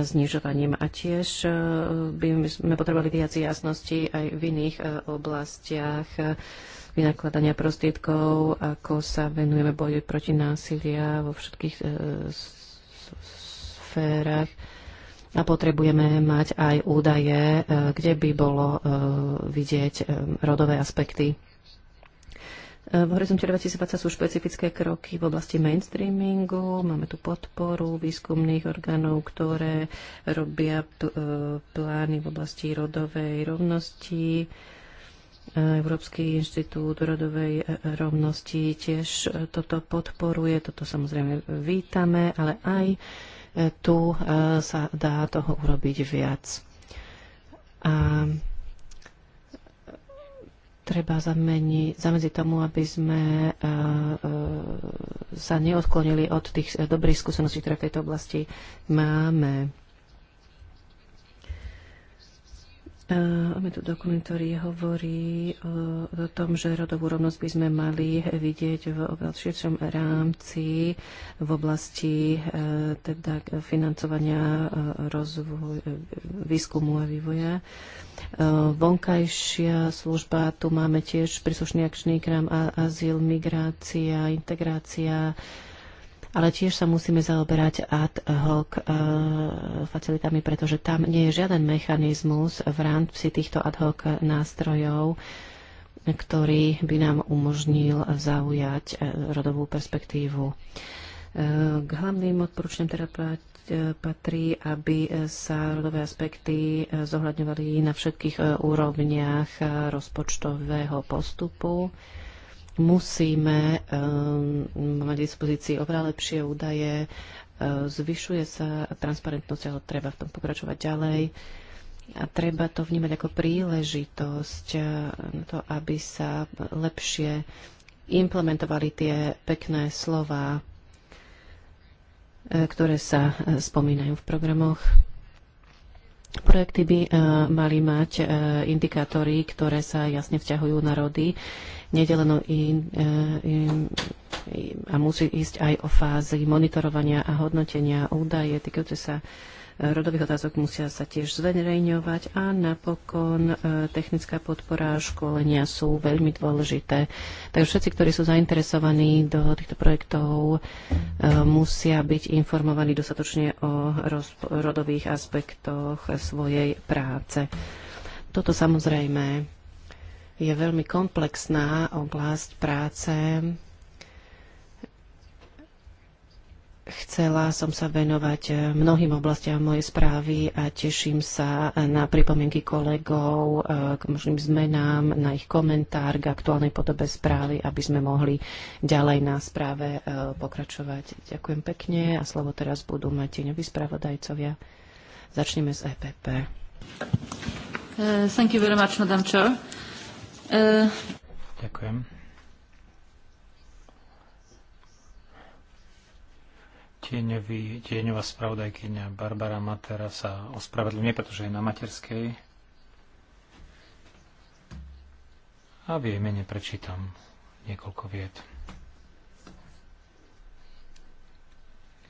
znižovaním. A tiež e, by sme potrebovali viac jasnosti aj v iných oblastiach vynakladania prostriedkov, ako sa venujeme boju proti násilia vo všetkých sférach. A potrebujeme mať aj údaje, kde by bolo vidieť rodové aspekty E, v horizonte 2020 sú špecifické kroky v oblasti mainstreamingu. Máme tu podporu výskumných orgánov, ktoré robia e, plány v oblasti rodovej rovnosti. E, Európsky inštitút rodovej rovnosti tiež toto podporuje, toto samozrejme vítame, ale aj tu sa dá toho urobiť viac. A treba zameniť, zamedziť tomu, aby sme e, e, sa neodklonili od tých e, dobrých skúseností, ktoré v tejto oblasti máme. E, máme tu dokument, hovorí o, e, o tom, že rodovú rovnosť by sme mali vidieť v oveľa širšom rámci v oblasti uh, teda financovania, uh, rozvoj, výskumu a vývoja. Uh, vonkajšia služba, tu máme tiež príslušný akčný krám azyl, migrácia, integrácia, uh, ale tiež sa musíme zaoberať ad hoc eh, facilitami, pretože tam nie je žiaden mechanizmus v rámci týchto ad hoc nástrojov, ktorý by nám umožnil zaujať eh, rodovú perspektívu. Eh, k hlavným odporúčam teda patrí, aby sa rodové aspekty zohľadňovali na všetkých úrovniach rozpočtového postupu musíme ehm, mať v dispozícii oveľa lepšie údaje, ehm, zvyšuje sa transparentnosť, ale treba v tom pokračovať ďalej. A treba to vnímať ako príležitosť ehm, na to, aby sa lepšie implementovali tie pekné slova, ktoré sa spomínajú v programoch. Projekty by mali mať indikátory, ktoré sa jasne vťahujú na rody nedelenú i, e, in, i, a musí ísť aj o fázy monitorovania a hodnotenia údaje týkajúce sa e, rodových otázok musia sa tiež zverejňovať a napokon e, technická podpora a školenia sú veľmi dôležité. Takže všetci, ktorí sú zainteresovaní do týchto projektov, musia byť informovaní dostatočne o rodových aspektoch svojej práce. Toto samozrejme je veľmi komplexná oblasť práce. Chcela som sa venovať mnohým oblastiam mojej správy a teším sa na pripomienky kolegov eh, k možným zmenám, na ich komentár k aktuálnej podobe správy, aby sme mohli ďalej na správe eh, pokračovať. Ďakujem pekne a slovo teraz budú mať tieňoví spravodajcovia. Začneme s EPP. Uh, eh, thank you very much, Madam Chair. E, Ďakujem. Tieňový, tieňová spravodajkyňa Barbara Matera sa ospravedlňuje, pretože je na materskej. A v jej mene prečítam niekoľko viet.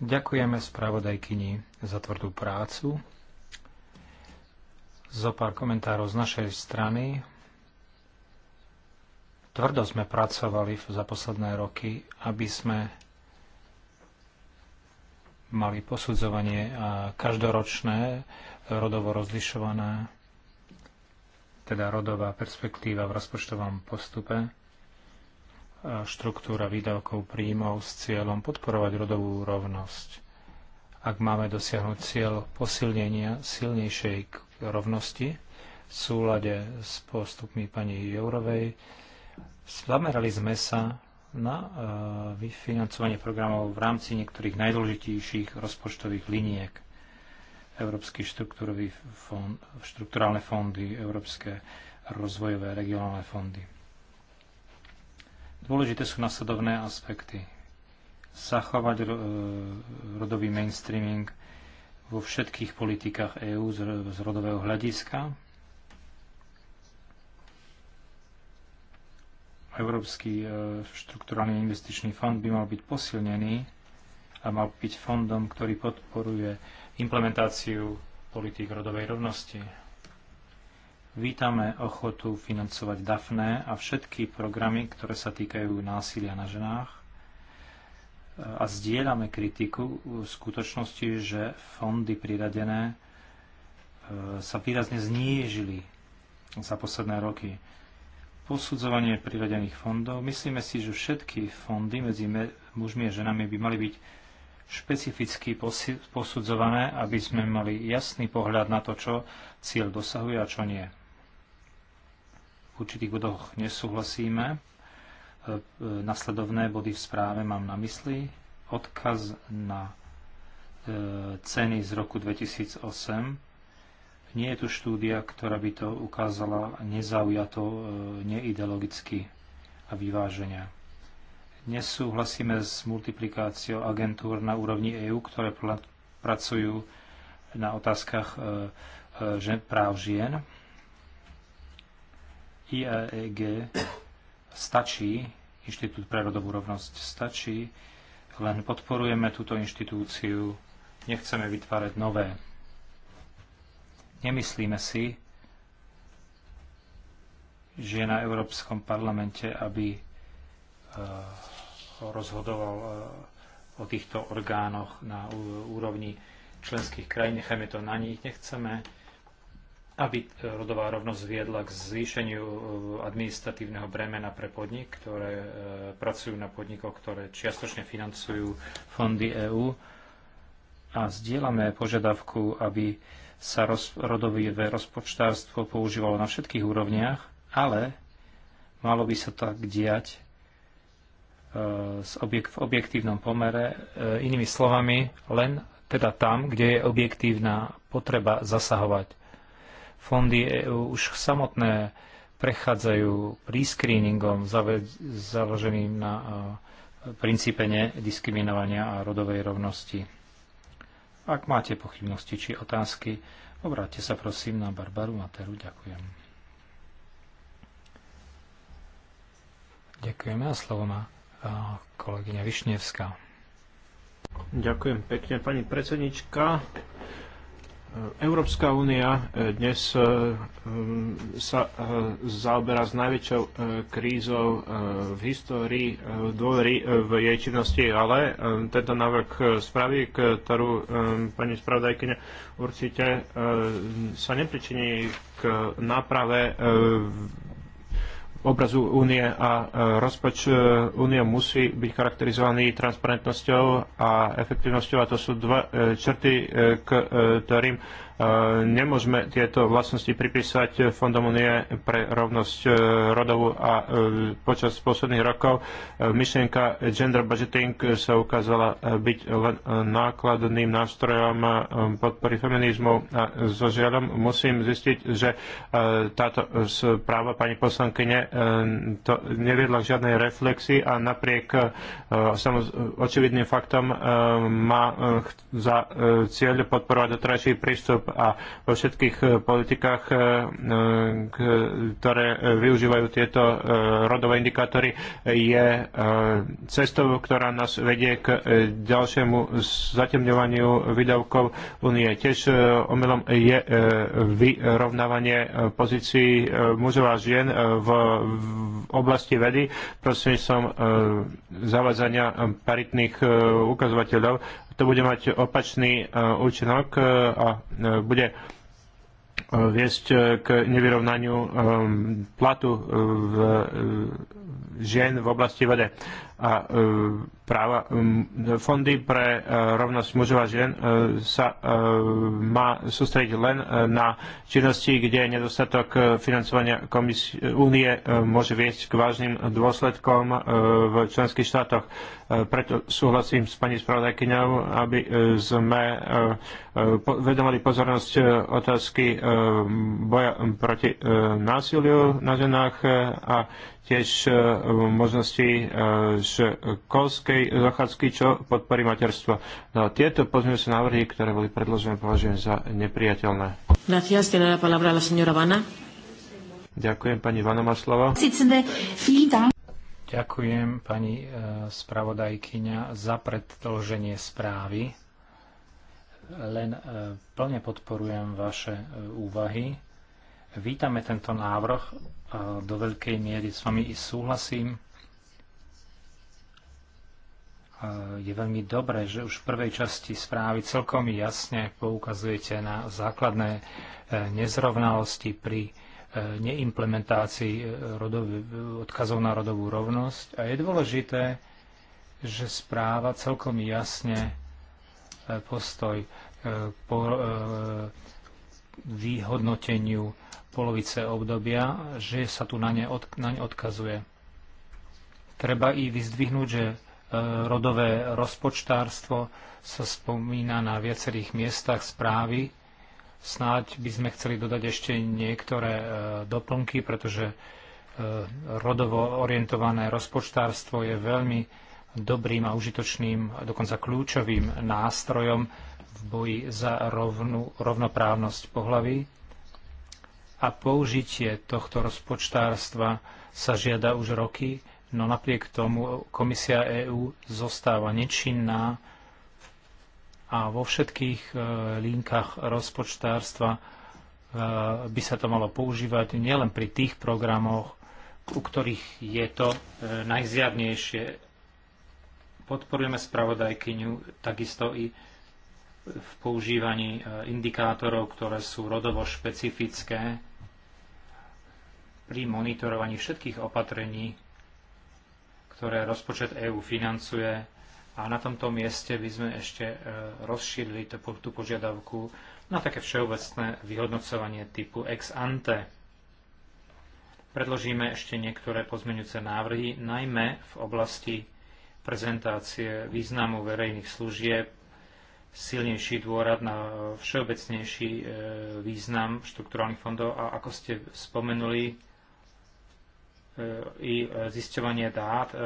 Ďakujeme spravodajkyni za tvrdú prácu. Zo pár komentárov z našej strany. Tvrdo sme pracovali za posledné roky, aby sme mali posudzovanie každoročné, rodovo rozlišované, teda rodová perspektíva v rozpočtovom postupe, štruktúra výdavkov príjmov s cieľom podporovať rodovú rovnosť. Ak máme dosiahnuť cieľ posilnenia silnejšej rovnosti v súlade s postupmi pani Jourovej, Zamerali sme sa na e, vyfinancovanie programov v rámci niektorých najdôležitejších rozpočtových liniek. Európsky štruktúrový fond, štruktúrálne fondy, Európske rozvojové regionálne fondy. Dôležité sú nasledovné aspekty. Zachovať e, rodový mainstreaming vo všetkých politikách EÚ z rodového hľadiska, Európsky e, štrukturálny investičný fond by mal byť posilnený a mal byť fondom, ktorý podporuje implementáciu politík rodovej rovnosti. Vítame ochotu financovať DAFNE a všetky programy, ktoré sa týkajú násilia na ženách e, a zdieľame kritiku v skutočnosti, že fondy priradené e, sa výrazne znížili za posledné roky Posudzovanie privedených fondov. Myslíme si, že všetky fondy medzi mužmi a ženami by mali byť špecificky posudzované, aby sme mali jasný pohľad na to, čo cieľ dosahuje a čo nie. V určitých bodoch nesúhlasíme. E, e, nasledovné body v správe mám na mysli. Odkaz na e, ceny z roku 2008 nie je tu štúdia, ktorá by to ukázala nezaujato, e, neideologicky a vyváženia. Nesúhlasíme s multiplikáciou agentúr na úrovni EÚ, ktoré pracujú na otázkach e, e, žen, práv žien. IAEG stačí, Inštitút pre rodovú rovnosť stačí, len podporujeme túto inštitúciu, nechceme vytvárať nové Nemyslíme si, že na Európskom parlamente, aby e, rozhodoval e, o týchto orgánoch na úrovni členských krajín. Nechajme to na nich. Nechceme, aby e, rodová rovnosť viedla k zvýšeniu administratívneho bremena pre podnik, ktoré pracujú na podnikoch, ktoré čiastočne financujú fondy EÚ. A zdieľame požiadavku, aby sa roz, rodové rozpočtárstvo používalo na všetkých úrovniach, ale malo by sa tak diať e, v objektívnom pomere, e, inými slovami, len teda tam, kde je objektívna potreba zasahovať. Fondy EU už samotné prechádzajú prescreeningom založeným na e, princípe nediskriminovania a rodovej rovnosti. Ak máte pochybnosti či otázky, obráťte sa prosím na Barbaru Materu. Ďakujem. Ďakujeme a slovo má kolegyňa Višnevská. Ďakujem pekne, pani predsednička. Európska únia eh, dnes eh, mm, sa eh, zaoberá s najväčšou krízou v histórii dôvery v jej činnosti, ale tento návrh spravy, ktorú pani spravodajkyňa určite sa nepričiní k náprave obrazu únie a e, rozpoč e, únie musí byť charakterizovaný transparentnosťou a efektivnosťou a to sú dva e, črty, ktorým E, nemôžeme tieto vlastnosti pripísať Fondom Unie pre rovnosť e, rodovú a e, počas posledných rokov myšlienka gender budgeting sa ukázala byť len nákladným nástrojom podpory feminizmu a so žiadom musím zistiť, že táto správa pani poslankyne to neviedla k žiadnej reflexii a napriek očividným faktom má za cieľ podporovať dotrajší prístup a vo všetkých e, politikách, e, e, ktoré využívajú tieto rodové indikátory, je cestou, ktorá nás vedie k ďalšiemu zatemňovaniu výdavkov únie. Tiež omylom je vyrovnávanie pozícií mužov a žien v oblasti vedy prosím som zavádzania paritných ukazovateľov to bude mať opačný e, účinok e, a e, bude viesť k nevyrovnaniu platu v žien v oblasti vede a e, práva. Fondy pre e, rovnosť mužov a žien e, sa má sústrediť len na činnosti, kde nedostatok financovania únie môže viesť k vážnym dôsledkom v členských štátoch. Preto súhlasím s pani spravodajkyňou, aby sme vedomali pozornosť otázky boja proti násiliu na ženách a tiež e, možnosti školskej e, zachádzky, čo podporí materstvo. No, tieto pozmeňujúce návrhy, ktoré boli predložené, považujem za nepriateľné. Gracias, tiene la palabra la señora Vana. Ďakujem, pani Vana má slovo. Ďakujem, pani e, spravodajkyňa, za predloženie správy. Len plne podporujem vaše úvahy. Vítame tento návrh, do veľkej miery s vami súhlasím. Je veľmi dobré, že už v prvej časti správy celkom jasne poukazujete na základné e, nezrovnalosti pri e, neimplementácii e, odkazov na rodovú rovnosť. A je dôležité, že správa celkom jasne postoj po výhodnoteniu polovice obdobia, že sa tu na ne, od, na ne odkazuje. Treba i vyzdvihnúť, že e, rodové rozpočtárstvo sa spomína na viacerých miestach správy. Snáď by sme chceli dodať ešte niektoré e, doplnky, pretože e, rodovo orientované rozpočtárstvo je veľmi dobrým a užitočným, a dokonca kľúčovým nástrojom v boji za rovnú, rovnoprávnosť pohlaví a použitie tohto rozpočtárstva sa žiada už roky, no napriek tomu Komisia EÚ zostáva nečinná a vo všetkých e, linkách rozpočtárstva e, by sa to malo používať nielen pri tých programoch, u ktorých je to e, najzjavnejšie. Podporujeme spravodajkyňu takisto i v používaní indikátorov, ktoré sú rodovo špecifické, pri monitorovaní všetkých opatrení, ktoré rozpočet EÚ financuje. A na tomto mieste by sme ešte e, rozšírili tú požiadavku na také všeobecné vyhodnocovanie typu ex ante. Predložíme ešte niektoré pozmeňujúce návrhy, najmä v oblasti prezentácie významu verejných služieb, silnejší dôrad na všeobecnejší e, význam štrukturálnych fondov a ako ste spomenuli, E, i zisťovanie dát e,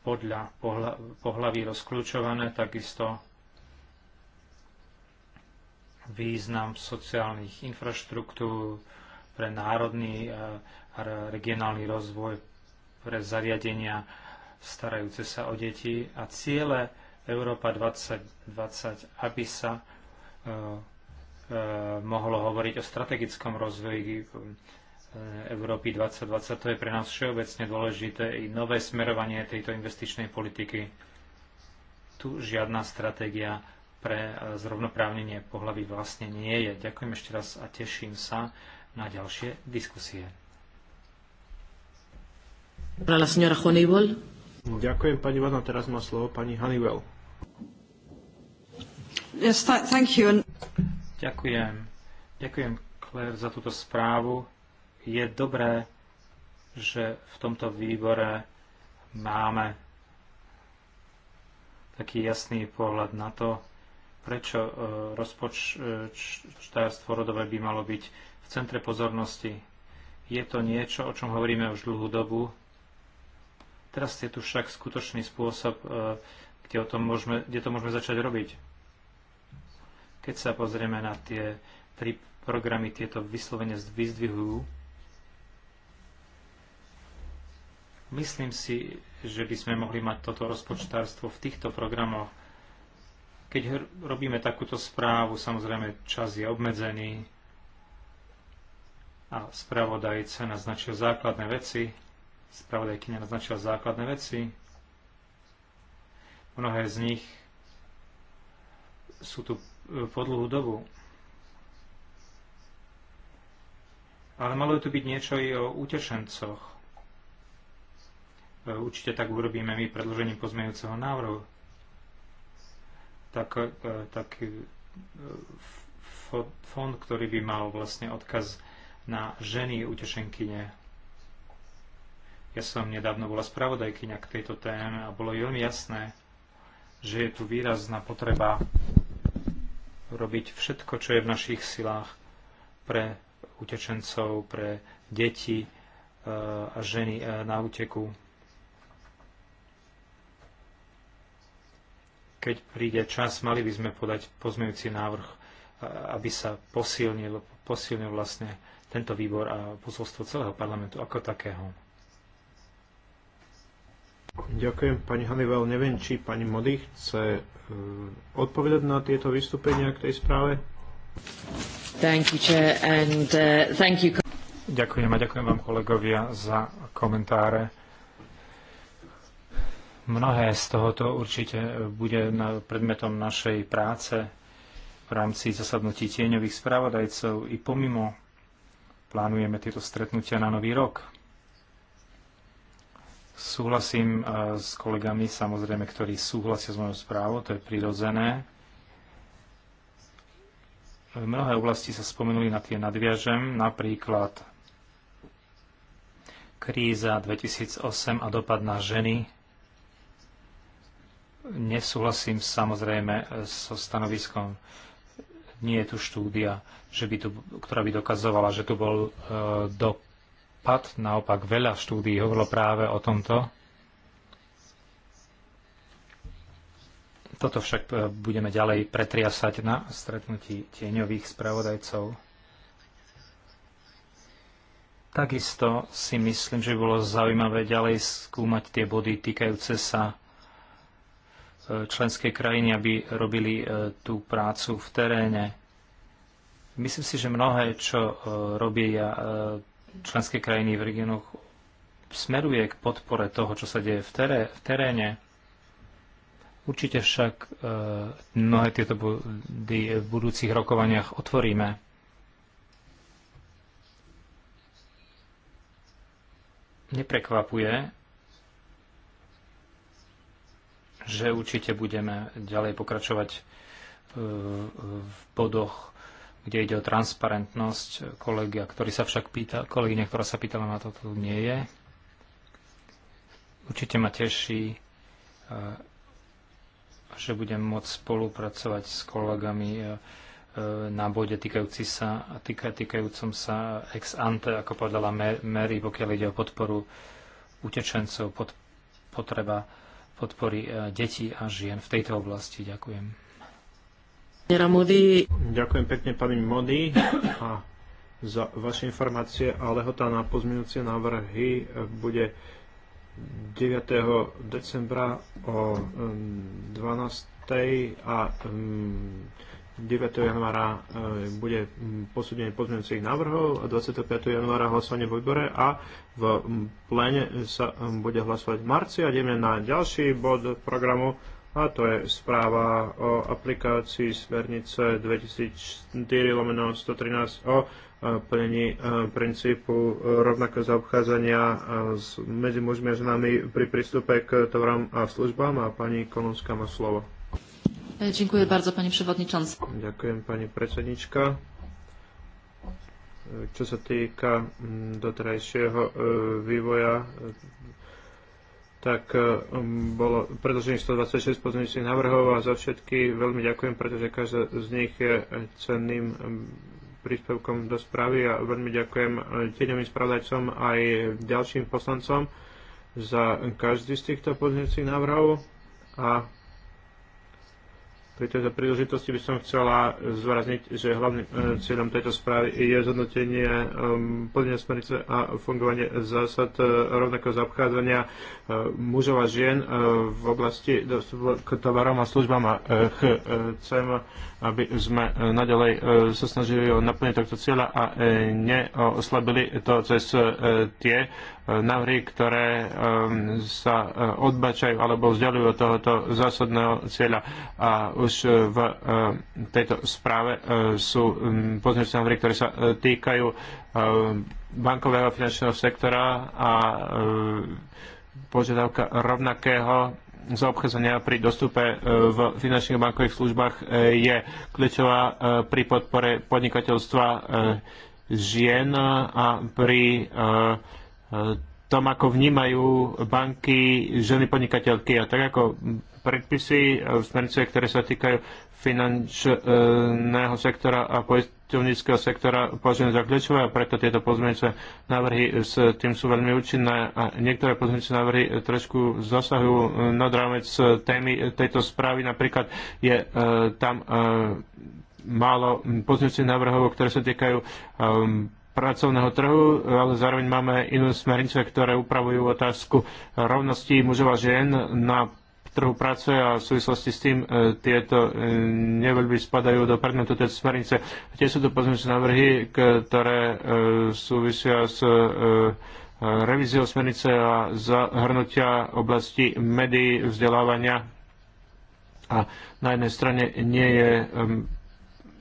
podľa pohlaví rozklúčované, takisto význam sociálnych infraštruktúr pre národný a e, regionálny rozvoj, pre zariadenia starajúce sa o deti a ciele Európa 2020, aby sa mohlo hovoriť o strategickom rozvoji Európy 2020. To je pre nás všeobecne dôležité i nové smerovanie tejto investičnej politiky. Tu žiadna stratégia pre zrovnoprávnenie pohľavy vlastne nie je. Ďakujem ešte raz a teším sa na ďalšie diskusie. Ďakujem pani Vana, teraz má slovo pani Honeywell. Yes, thank you. Ďakujem. Ďakujem, Claire, za túto správu je dobré, že v tomto výbore máme taký jasný pohľad na to, prečo e, rozpočtárstvo rodové by malo byť v centre pozornosti. Je to niečo, o čom hovoríme už dlhú dobu. Teraz je tu však skutočný spôsob, e, kde, o tom môžeme, kde to môžeme začať robiť. Keď sa pozrieme na tie tri programy, tieto vyslovene vyzdvihujú Myslím si, že by sme mohli mať toto rozpočtárstvo v týchto programoch. Keď robíme takúto správu, samozrejme čas je obmedzený a spravodajca naznačil základné veci. Spravodajkyňa naznačila základné veci. Mnohé z nich sú tu e, po dlhú dobu. Ale malo by tu byť niečo i o utešencoch. Určite tak urobíme my predložením pozmejúceho návrhu. Tak, e, tak e, fond, ktorý by mal vlastne odkaz na ženy utešenkyne. Ja som nedávno bola spravodajkyňa k tejto téme a bolo veľmi jasné, že je tu výrazná potreba robiť všetko, čo je v našich silách pre utečencov, pre deti e, a ženy na úteku. keď príde čas, mali by sme podať pozmeňujúci návrh, aby sa posilnil, posilnil vlastne tento výbor a posolstvo celého parlamentu ako takého. Ďakujem, pani Hanivel. Neviem, či pani Mody chce e, odpovedať na tieto vystúpenia k tej správe. Thank you, Chair, and, uh, thank you. Ďakujem a ďakujem vám kolegovia za komentáre Mnohé z tohoto určite bude predmetom našej práce v rámci zasadnutí tieňových spravodajcov i pomimo. Plánujeme tieto stretnutia na nový rok. Súhlasím e, s kolegami, samozrejme, ktorí súhlasia s mojou správou, to je prirodzené. V mnohé oblasti sa spomenuli na tie nadviažem, napríklad kríza 2008 a dopad na ženy Nesúhlasím samozrejme so stanoviskom. Nie je tu štúdia, že by tu, ktorá by dokazovala, že tu bol e, dopad. Naopak veľa štúdií hovorilo práve o tomto. Toto však e, budeme ďalej pretriasať na stretnutí tieňových spravodajcov. Takisto si myslím, že by bolo zaujímavé ďalej skúmať tie body týkajúce sa členské krajiny, aby robili e, tú prácu v teréne. Myslím si, že mnohé, čo e, robia e, členské krajiny v regiónoch, smeruje k podpore toho, čo sa deje v, v teréne. Určite však mnohé tieto body v budúcich rokovaniach otvoríme. Neprekvapuje, že určite budeme ďalej pokračovať e, v bodoch, kde ide o transparentnosť. Kolegia, ktorý sa však pýta, kolegyňa, ktorá sa pýtala na to, tu nie je. Určite ma teší, e, že budem môcť spolupracovať s kolegami e, na bode týkajúci sa, týka, týkajúcom sa ex ante, ako povedala Mary, pokiaľ ide o podporu utečencov, pod, potreba podpory e, detí a žien v tejto oblasti. Ďakujem. Ďakujem pekne pani Mody a za vaše informácie a lehota na pozmeňujúce návrhy e, bude 9. decembra o 12. a 9. januára e, bude posúdenie pozmeňujúcich návrhov a 25. januára hlasovanie v výbore a v plene sa um, bude hlasovať v marci a ideme na ďalší bod programu a to je správa o aplikácii smernice 2004-113 o uh, plnení uh, princípu rovnako zaobchádzania uh, medzi mužmi a ženami pri prístupe k tovarom a službám a pani Kolonská má slovo. Dziękuję bardzo, panie przewodniczący. Ďakujem, pani predsednička čo sa týka mm, doterajšieho e, vývoja, e, tak e, bolo predložených 126 pozmeňujúcich návrhov a za všetky veľmi ďakujem, pretože každá z nich je cenným príspevkom do správy a veľmi ďakujem tieňovým spravodajcom aj ďalším poslancom za každý z týchto pozmeňujúcich návrhov a pri tejto príležitosti by som chcela zvorazniť, že hlavným e, cieľom tejto správy je zhodnotenie e, podľa smernice a fungovanie zásad e, rovnako zaobchádzania mužov a žien v oblasti dostupu k tovarom a službám. Chcem aby sme e, naďalej e, sa snažili o naplnenie tohto cieľa a e, neoslabili to cez tie návrhy, ktoré sa odbačajú alebo vzdialujú od tohoto zásadného cieľa. A už v tejto správe sú pozmeňujúce návrhy, ktoré sa týkajú bankového finančného sektora a požiadavka rovnakého zaobchádzania pri dostupe e, v finančných bankových službách e, je kľúčová e, pri podpore podnikateľstva žien a pri tom, ako vnímajú banky ženy podnikateľky. A tak ako predpisy, e, smernice, ktoré sa týkajú finančného sektora a poistovníckého sektora považujem za kľúčové a preto tieto pozmeňujúce návrhy s tým sú veľmi účinné a niektoré pozmeňujúce návrhy trošku zasahujú e, nad rámec e, témy tejto správy. Napríklad je tam málo pozmeňujúcich návrhov, ktoré sa týkajú pracovného trhu, ale zároveň máme inú smernice, ktoré upravujú otázku rovnosti mužov a žien na trhu práce a v súvislosti s tým e, tieto e, neveľmi spadajú do predmetu tej smernice. Tie sú to pozmeňujúce návrhy, ktoré e, súvisia s revíziou smernice a zahrnutia oblasti médií, vzdelávania a na jednej strane nie je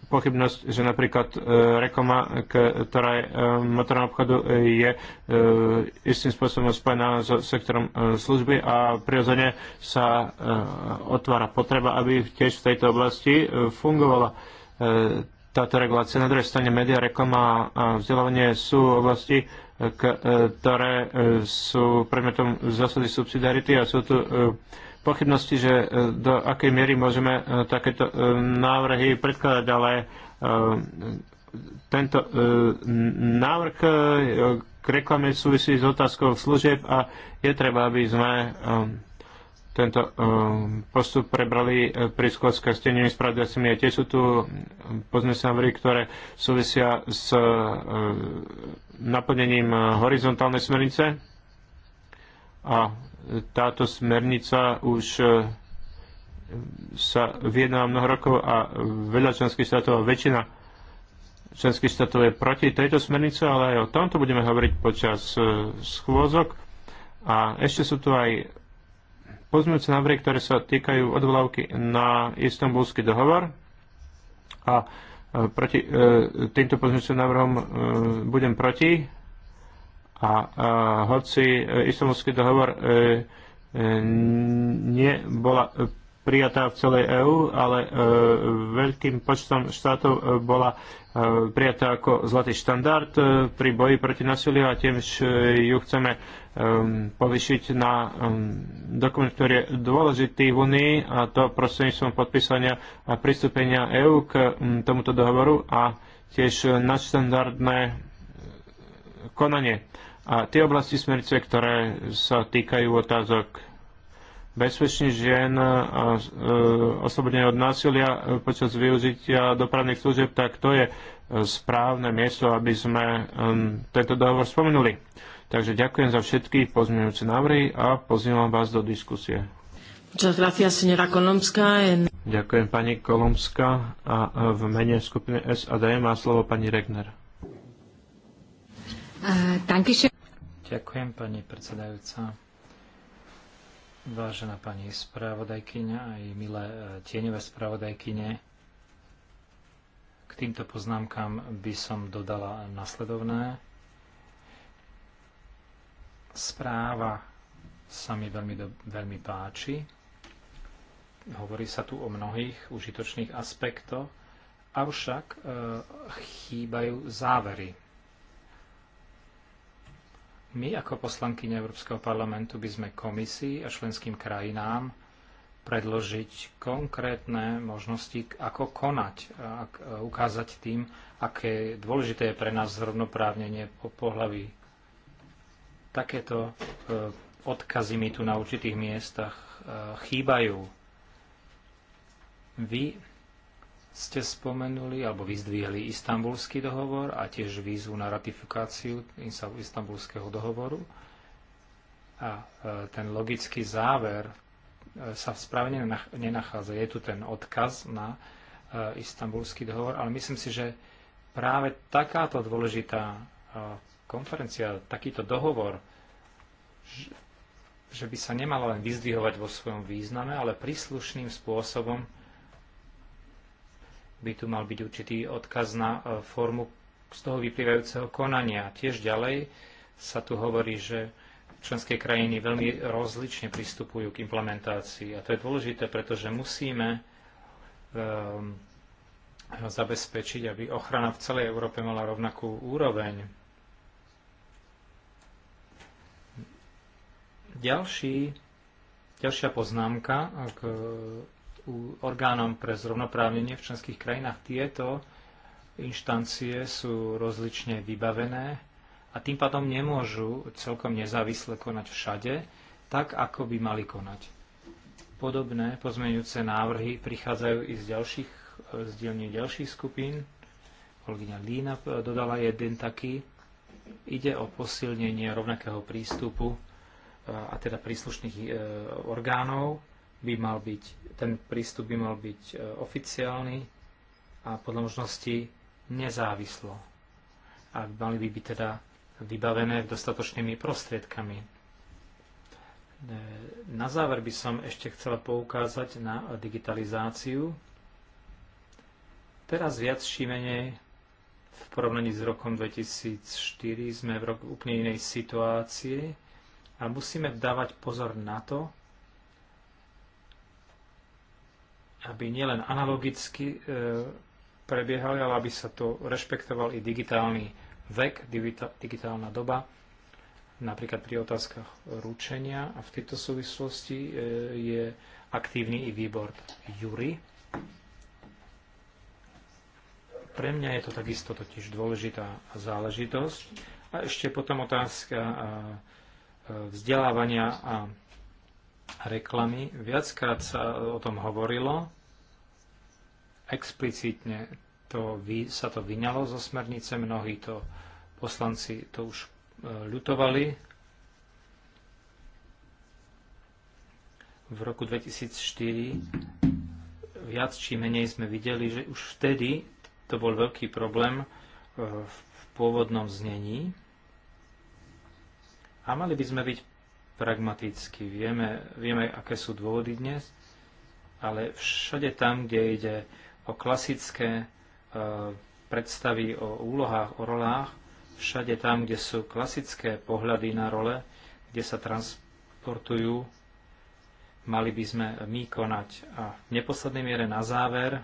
pochybnosť, že napríklad e, Rekoma, ktorá je e, motorom obchodu, e, je e, istým spôsobom spojená so sektorom e, služby a prirodzene sa e, otvára potreba, aby tiež v tejto oblasti e, fungovala e, táto regulácia. Na druhej strane média, reklama a vzdelávanie sú oblasti, e, e, ktoré sú predmetom zásady subsidiarity a sú tu e, pochybnosti, že e, do akej miery môžeme e, takéto e, návrhy predkladať, ale tento návrh k reklame súvisí s otázkou služieb a je treba, aby sme tento postup prebrali pri skôrske s tenými spravodajcami. Tie sú tu poznesené návrhy, ktoré súvisia s naplnením horizontálnej smernice a táto smernica už e, sa vyjednala mnoho rokov a veľa členských štátov a väčšina členských štátov je proti tejto smernice, ale aj o tomto budeme hovoriť počas e, schôzok. A ešte sú tu aj pozmeňujúce návrhy, ktoré sa týkajú odvolávky na istambulský dohovor. A e, proti, týmto pozmeňujúcim návrhom budem proti a, a e, hoci e, istambulský dohovor e, e nebola prijatá v celej EÚ, ale veľkým počtom štátov bola prijatá ako zlatý štandard pri boji proti násiliu a tiež ju chceme povyšiť na dokument, ktorý je dôležitý v Unii a to prostredníctvom podpísania a pristúpenia EÚ k tomuto dohovoru a tiež nadštandardné konanie a tie oblasti smernice, ktoré sa týkajú otázok bezpečných žien a osobne od násilia počas využitia dopravných služieb, tak to je správne miesto, aby sme um, tento dohovor spomenuli. Takže ďakujem za všetky pozmeňujúce návrhy a pozývam vás do diskusie. Ďakujem pani Kolomská a v mene skupiny SAD má slovo pani Regner. Uh, Ďakujem, pani predsedajúca. Vážená pani spravodajkyňa aj milé e, tieňové spravodajkyne, k týmto poznámkam by som dodala nasledovné. Správa sa mi veľmi, veľmi páči. Hovorí sa tu o mnohých užitočných aspektoch, avšak e, chýbajú závery my ako poslankyne Európskeho parlamentu by sme komisii a členským krajinám predložiť konkrétne možnosti, ako konať a e, ukázať tým, aké dôležité je pre nás zrovnoprávnenie po pohlaví. Takéto e, odkazy mi tu na určitých miestach e, chýbajú. Vy ste spomenuli alebo vyzdvihli istambulský dohovor a tiež výzvu na ratifikáciu istambulského dohovoru. A e, ten logický záver e, sa správne nenachádza. Je tu ten odkaz na e, istambulský dohovor, ale myslím si, že práve takáto dôležitá konferencia, takýto dohovor, že by sa nemalo len vyzdvihovať vo svojom význame, ale príslušným spôsobom by tu mal byť určitý odkaz na e, formu z toho vyplývajúceho konania. Tiež ďalej sa tu hovorí, že členské krajiny veľmi rozlične pristupujú k implementácii. A to je dôležité, pretože musíme um, zabezpečiť, aby ochrana v celej Európe mala rovnakú úroveň. Ďalší, ďalšia poznámka k orgánom pre zrovnoprávnenie v členských krajinách. Tieto inštancie sú rozlične vybavené a tým pádom nemôžu celkom nezávisle konať všade, tak ako by mali konať. Podobné pozmeňujúce návrhy prichádzajú i z ďalších, z dielne ďalších skupín. Kolegyňa Lína dodala jeden taký. Ide o posilnenie rovnakého prístupu a teda príslušných e, orgánov by mal byť, ten prístup by mal byť e, oficiálny a podľa možnosti nezávislo. A mali by byť teda vybavené dostatočnými prostriedkami. E, na záver by som ešte chcela poukázať na digitalizáciu. Teraz viac či menej v porovnaní s rokom 2004 sme v roku úplne inej situácii a musíme dávať pozor na to, aby nielen analogicky e, prebiehali, ale aby sa to rešpektoval i digitálny vek, digitálna doba, napríklad pri otázkach ručenia. A v tejto súvislosti e, je aktívny i výbor Jury. Pre mňa je to takisto totiž dôležitá záležitosť. A ešte potom otázka vzdelávania a reklamy. Viackrát sa o tom hovorilo explicitne to, sa to vyňalo zo smernice, mnohí to poslanci to už e, ľutovali. V roku 2004 viac či menej sme videli, že už vtedy to bol veľký problém e, v pôvodnom znení. A mali by sme byť pragmatickí. Vieme, vieme aké sú dôvody dnes, ale všade tam, kde ide o klasické e, predstavy o úlohách, o rolách, všade tam, kde sú klasické pohľady na role, kde sa transportujú, mali by sme my konať. A v neposlednej miere na záver,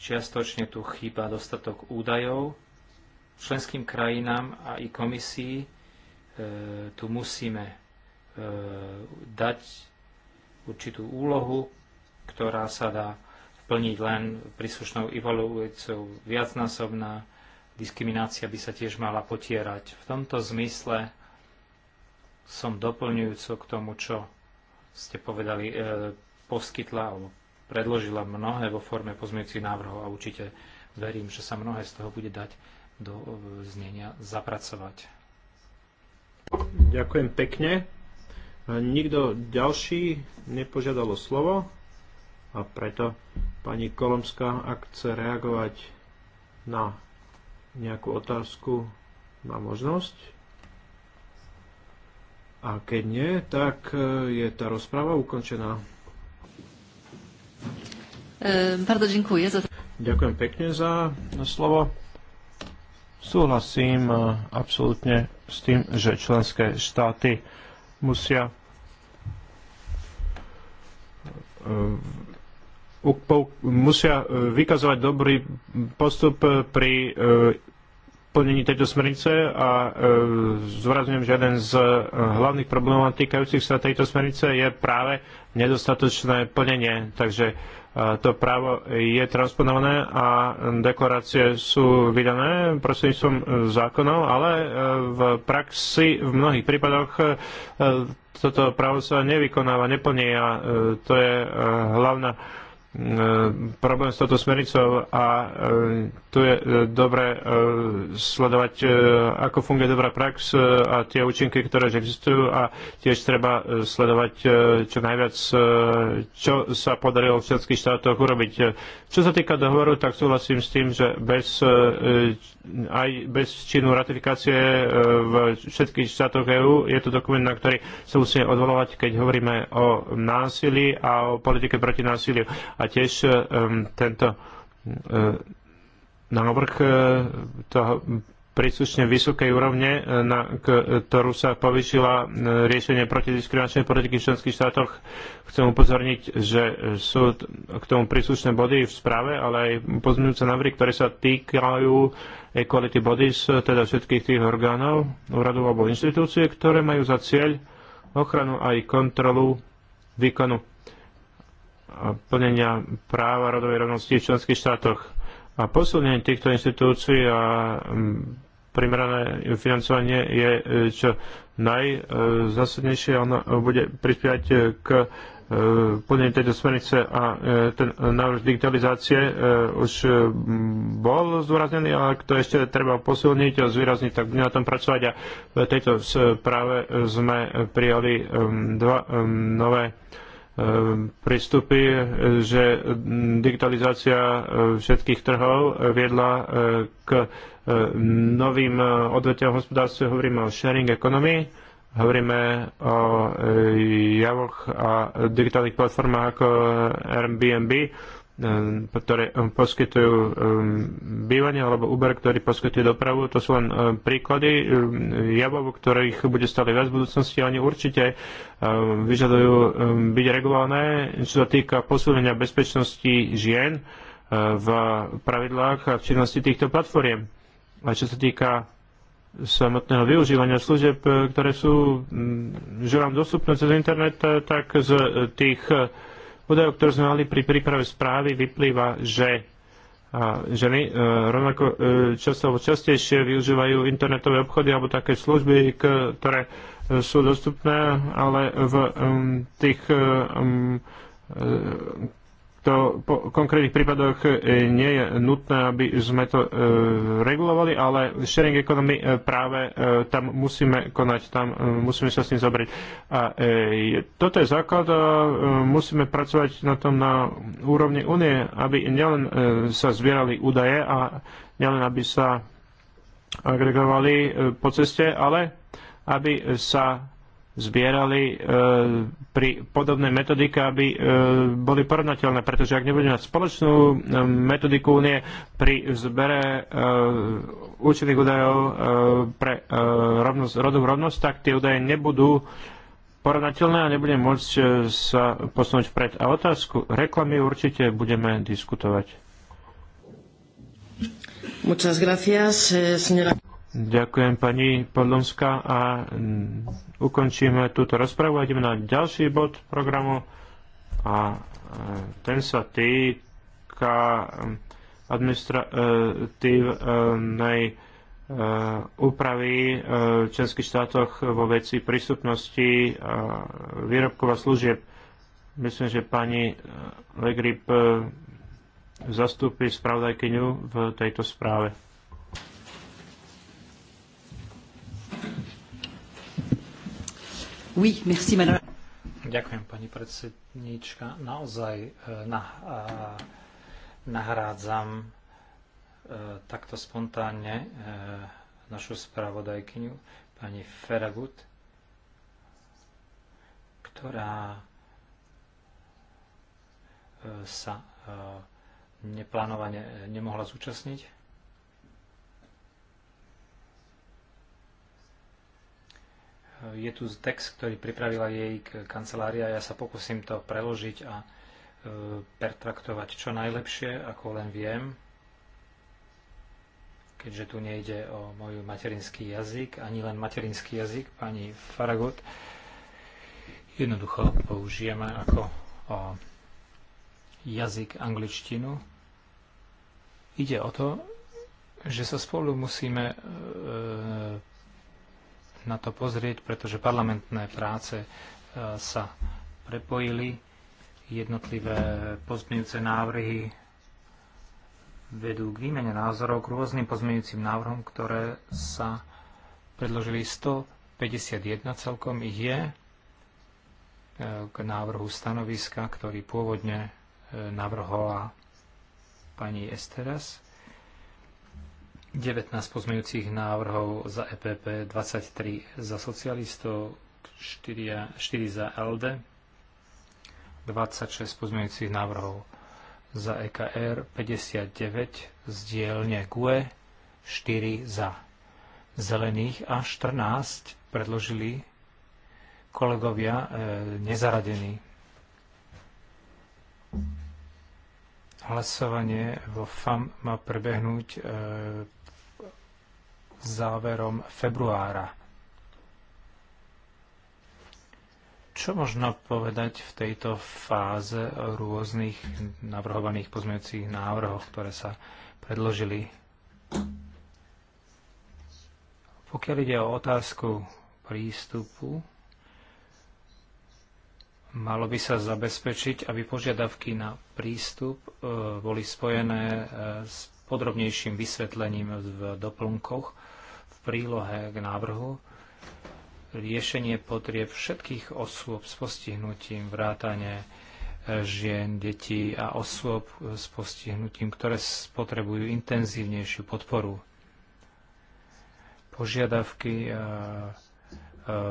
čiastočne tu chýba dostatok údajov, členským krajinám a i komisii e, tu musíme e, dať určitú úlohu, ktorá sa dá plniť len príslušnou evaluujúcou viacnásobná diskriminácia by sa tiež mala potierať. V tomto zmysle som doplňujúco k tomu, čo ste povedali, e, poskytla alebo predložila mnohé vo forme pozmeňujúcich návrhov a určite verím, že sa mnohé z toho bude dať do e, znenia zapracovať. Ďakujem pekne. Nikto ďalší nepožiadalo slovo a preto Pani Kolomská, ak chce reagovať na nejakú otázku, má možnosť. A keď nie, tak e, je tá rozpráva ukončená. E, za... Ďakujem pekne za slovo. Súhlasím e, absolútne s tým, že členské štáty musia musia e, vykazovať dobrý postup e, pri e, plnení tejto smernice a e, že jeden z hlavných problémov týkajúcich sa tejto smernice je práve nedostatočné plnenie. Takže to právo je transponované a deklarácie sú vydané prostredníctvom zákonov, ale v praxi v mnohých prípadoch toto právo sa nevykonáva, neplní a to je hlavná E, problém s touto smernicou a e, tu je e, dobre sledovať, ako funguje dobrá prax a tie účinky, ktoré existujú a tiež treba sledovať čo najviac, čo sa podarilo v všetkých štátoch urobiť. Čo sa týka dohovoru, tak súhlasím s tým, že bez, aj bez činu ratifikácie v všetkých štátoch EÚ je to dokument, na ktorý sa musíme odvolovať, keď hovoríme o násilí a o politike proti násiliu. A tiež um, tento um, návrh e, toho príslušne vysokej úrovne, na ktorú sa povyšila riešenie protidiskriminačnej politiky v členských štátoch. Chcem upozorniť, že sú k tomu príslušné body v správe, ale aj pozmeňujúce návrhy, ktoré sa týkajú equality bodies, teda všetkých tých orgánov, úradov alebo inštitúcie, ktoré majú za cieľ ochranu aj kontrolu výkonu plnenia práva rodovej rovnosti v členských štátoch. A posilnenie týchto inštitúcií a mm, primerané financovanie je e, čo najzásadnejšie. Ono bude prispievať e, k e, plneniu tejto smernice a ten návrh digitalizácie už bol zdôraznený, ale to ešte treba posilniť a zvýrazniť, tak budeme na tom pracovať a v tejto správe sme prijali dva nové Ehm, prístupy, e, že digitalizácia e, všetkých trhov viedla e, k novým odvetiam hospodárstve. Hovoríme o sharing economy, hovoríme o javoch a digitálnych platformách ako Airbnb Ehm, ktoré ehm, poskytujú ehm, bývanie, alebo Uber, ktorý poskytuje dopravu. To sú len príklady javov, ktorých bude stále viac v budúcnosti. Oni určite vyžadujú byť regulované, čo sa týka posúdenia bezpečnosti žien v pravidlách a v činnosti týchto platformiem. A čo sa týka samotného využívania služieb, ktoré sú mm, že dostupné cez internet, tak z tých údajov, ktoré sme mali pri príprave správy, vyplýva, že a ženy e, rovnako e, často častejšie využívajú internetové obchody alebo také služby, ktoré e, sú dostupné, ale v tých to po konkrétnych prípadoch e, nie je nutné, aby sme to e, regulovali, ale sharing economy e, práve tam musíme konať, tam musíme sa s tým zobrať. A toto je základ a musíme pracovať na tom na úrovni únie, aby nielen sa zbierali údaje a nielen aby sa agregovali po ceste, ale aby sa zbierali e, pri podobnej metodike, aby e, boli porovnateľné, pretože ak nebudeme mať spoločnú e, metodiku únie pri zbere e, účinných údajov e, pre e, rovnosť, rodovú rovnosť, tak tie údaje nebudú porovnateľné a nebudeme môcť e, sa posunúť vpred. A otázku reklamy určite budeme diskutovať. Muchas gracias, eh, señora. Ďakujem pani Podlomská a ukončíme túto rozpravu. Ideme na ďalší bod programu a e, ten sa týka administratívnej e, e, úpravy v českých štátoch vo veci prístupnosti výrobkov a služieb. Myslím, že pani Legrip zastúpi spravodajkyňu v tejto správe. Oui, merci, madame. Ďakujem, pani predsedníčka. Naozaj e, nah, e, nahrádzam e, takto spontánne našu spravodajkyňu, pani Feragut, ktorá sa neplánovane nemohla zúčastniť je tu text, ktorý pripravila jej kancelária. Ja sa pokúsim to preložiť a e, pertraktovať čo najlepšie, ako len viem, keďže tu nejde o môj materinský jazyk, ani len materinský jazyk, pani Faragot. Jednoducho použijeme ako o jazyk angličtinu. Ide o to, že sa spolu musíme e, na to pozrieť, pretože parlamentné práce e, sa prepojili. Jednotlivé pozmeňujúce návrhy vedú k výmene názorov k rôznym pozmeňujúcim návrhom, ktoré sa predložili 151 celkom ich je e, k návrhu stanoviska, ktorý pôvodne e, navrhola pani Esteras. 19 pozmeňujúcich návrhov za EPP, 23 za socialistov, 4, 4 za LD, 26 pozmeňujúcich návrhov za EKR, 59 z dielne GUE, 4 za zelených a 14 predložili kolegovia e, nezaradení. Hlasovanie vo FAM má prebehnúť e, záverom februára. Čo možno povedať v tejto fáze o rôznych navrhovaných pozmeňujúcich návrhoch, ktoré sa predložili? Pokiaľ ide o otázku prístupu, malo by sa zabezpečiť, aby požiadavky na prístup e, boli spojené e, s podrobnejším vysvetlením v doplnkoch v prílohe k návrhu. Riešenie potrieb všetkých osôb s postihnutím, vrátane e, žien, detí a osôb s postihnutím, ktoré potrebujú intenzívnejšiu podporu. Požiadavky e, e,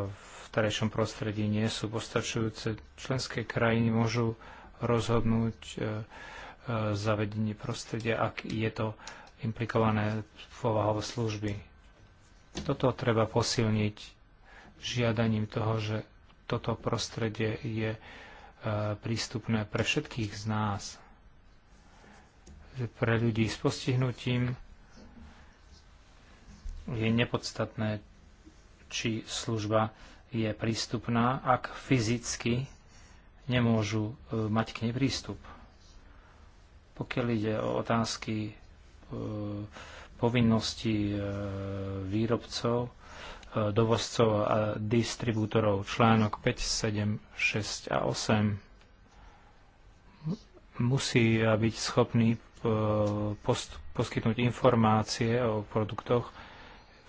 v terajšom prostredí nie sú postačujúce. Členské krajiny môžu rozhodnúť zavedenie prostredia, ak je to implikované povahou služby. Toto treba posilniť žiadaním toho, že toto prostredie je e, prístupné pre všetkých z nás, pre ľudí s postihnutím, je nepodstatné, či služba je prístupná, ak fyzicky nemôžu e, mať k nej prístup. Pokiaľ ide o otázky e, povinnosti e, výrobcov, e, dovozcov a distribútorov článok 5, 7, 6 a 8 musí byť schopný e, post, poskytnúť informácie o produktoch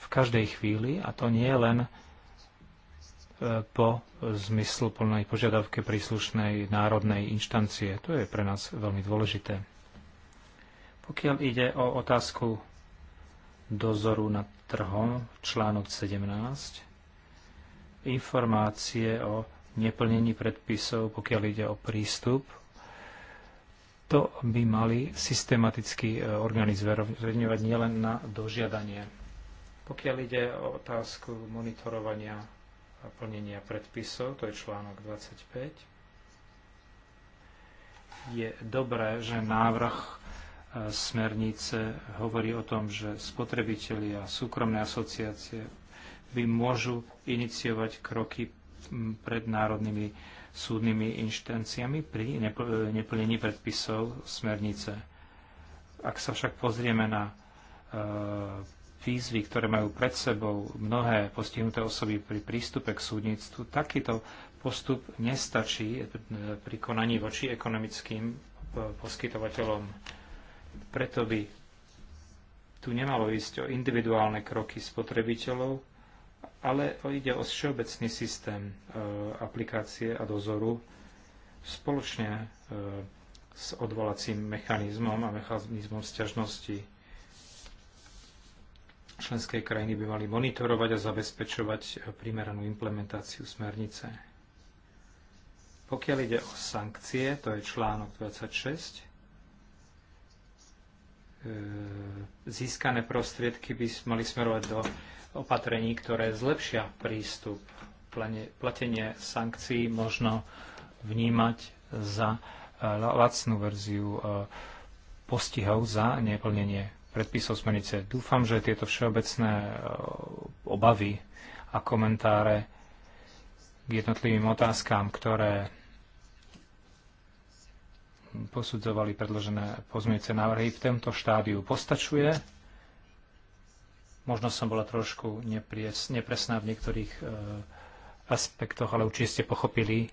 v každej chvíli a to nie len e, po zmyslu plnej požiadavke príslušnej národnej inštancie. To je pre nás veľmi dôležité. Pokiaľ ide o otázku dozoru nad trhom, článok 17, informácie o neplnení predpisov, pokiaľ ide o prístup, to by mali systematicky e, orgány zverejňovať nielen na dožiadanie. Pokiaľ ide o otázku monitorovania a plnenia predpisov, to je článok 25, je dobré, že návrh smernice hovorí o tom, že spotrebitelia a súkromné asociácie by môžu iniciovať kroky pred národnými súdnymi inštanciami pri neplnení predpisov smernice. Ak sa však pozrieme na e, výzvy, ktoré majú pred sebou mnohé postihnuté osoby pri prístupe k súdnictvu, takýto postup nestačí e, pri konaní voči ekonomickým e, poskytovateľom preto by tu nemalo ísť o individuálne kroky spotrebiteľov, ale ide o všeobecný systém e, aplikácie a dozoru spoločne e, s odvolacím mechanizmom a mechanizmom sťažnosti. Členské krajiny by mali monitorovať a zabezpečovať e, primeranú implementáciu smernice. Pokiaľ ide o sankcie, to je článok 26, E, získané prostriedky by mali smerovať do opatrení, ktoré zlepšia prístup. Platenie sankcií možno vnímať za e, lacnú verziu e, postihov za neplnenie predpisov smernice. Dúfam, že tieto všeobecné obavy a komentáre k jednotlivým otázkám, ktoré posudzovali predložené pozmeňujúce návrhy. V tomto štádiu postačuje. Možno som bola trošku nepresná v niektorých uh, aspektoch, ale určite ste pochopili,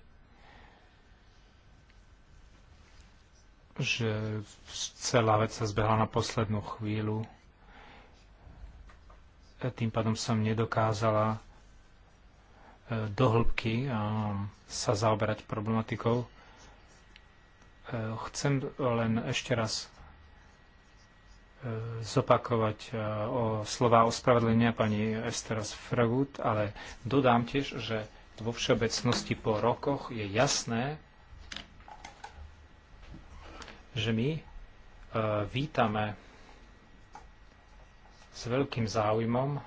že celá vec sa zbehla na poslednú chvíľu. E, tým pádom som nedokázala e, do hĺbky sa zaoberať problematikou. E, chcem len ešte raz e, zopakovať e, o slova ospravedlenia pani Esteras Fragut, ale dodám tiež, že vo všeobecnosti po rokoch je jasné, že my vítame s veľkým záujmom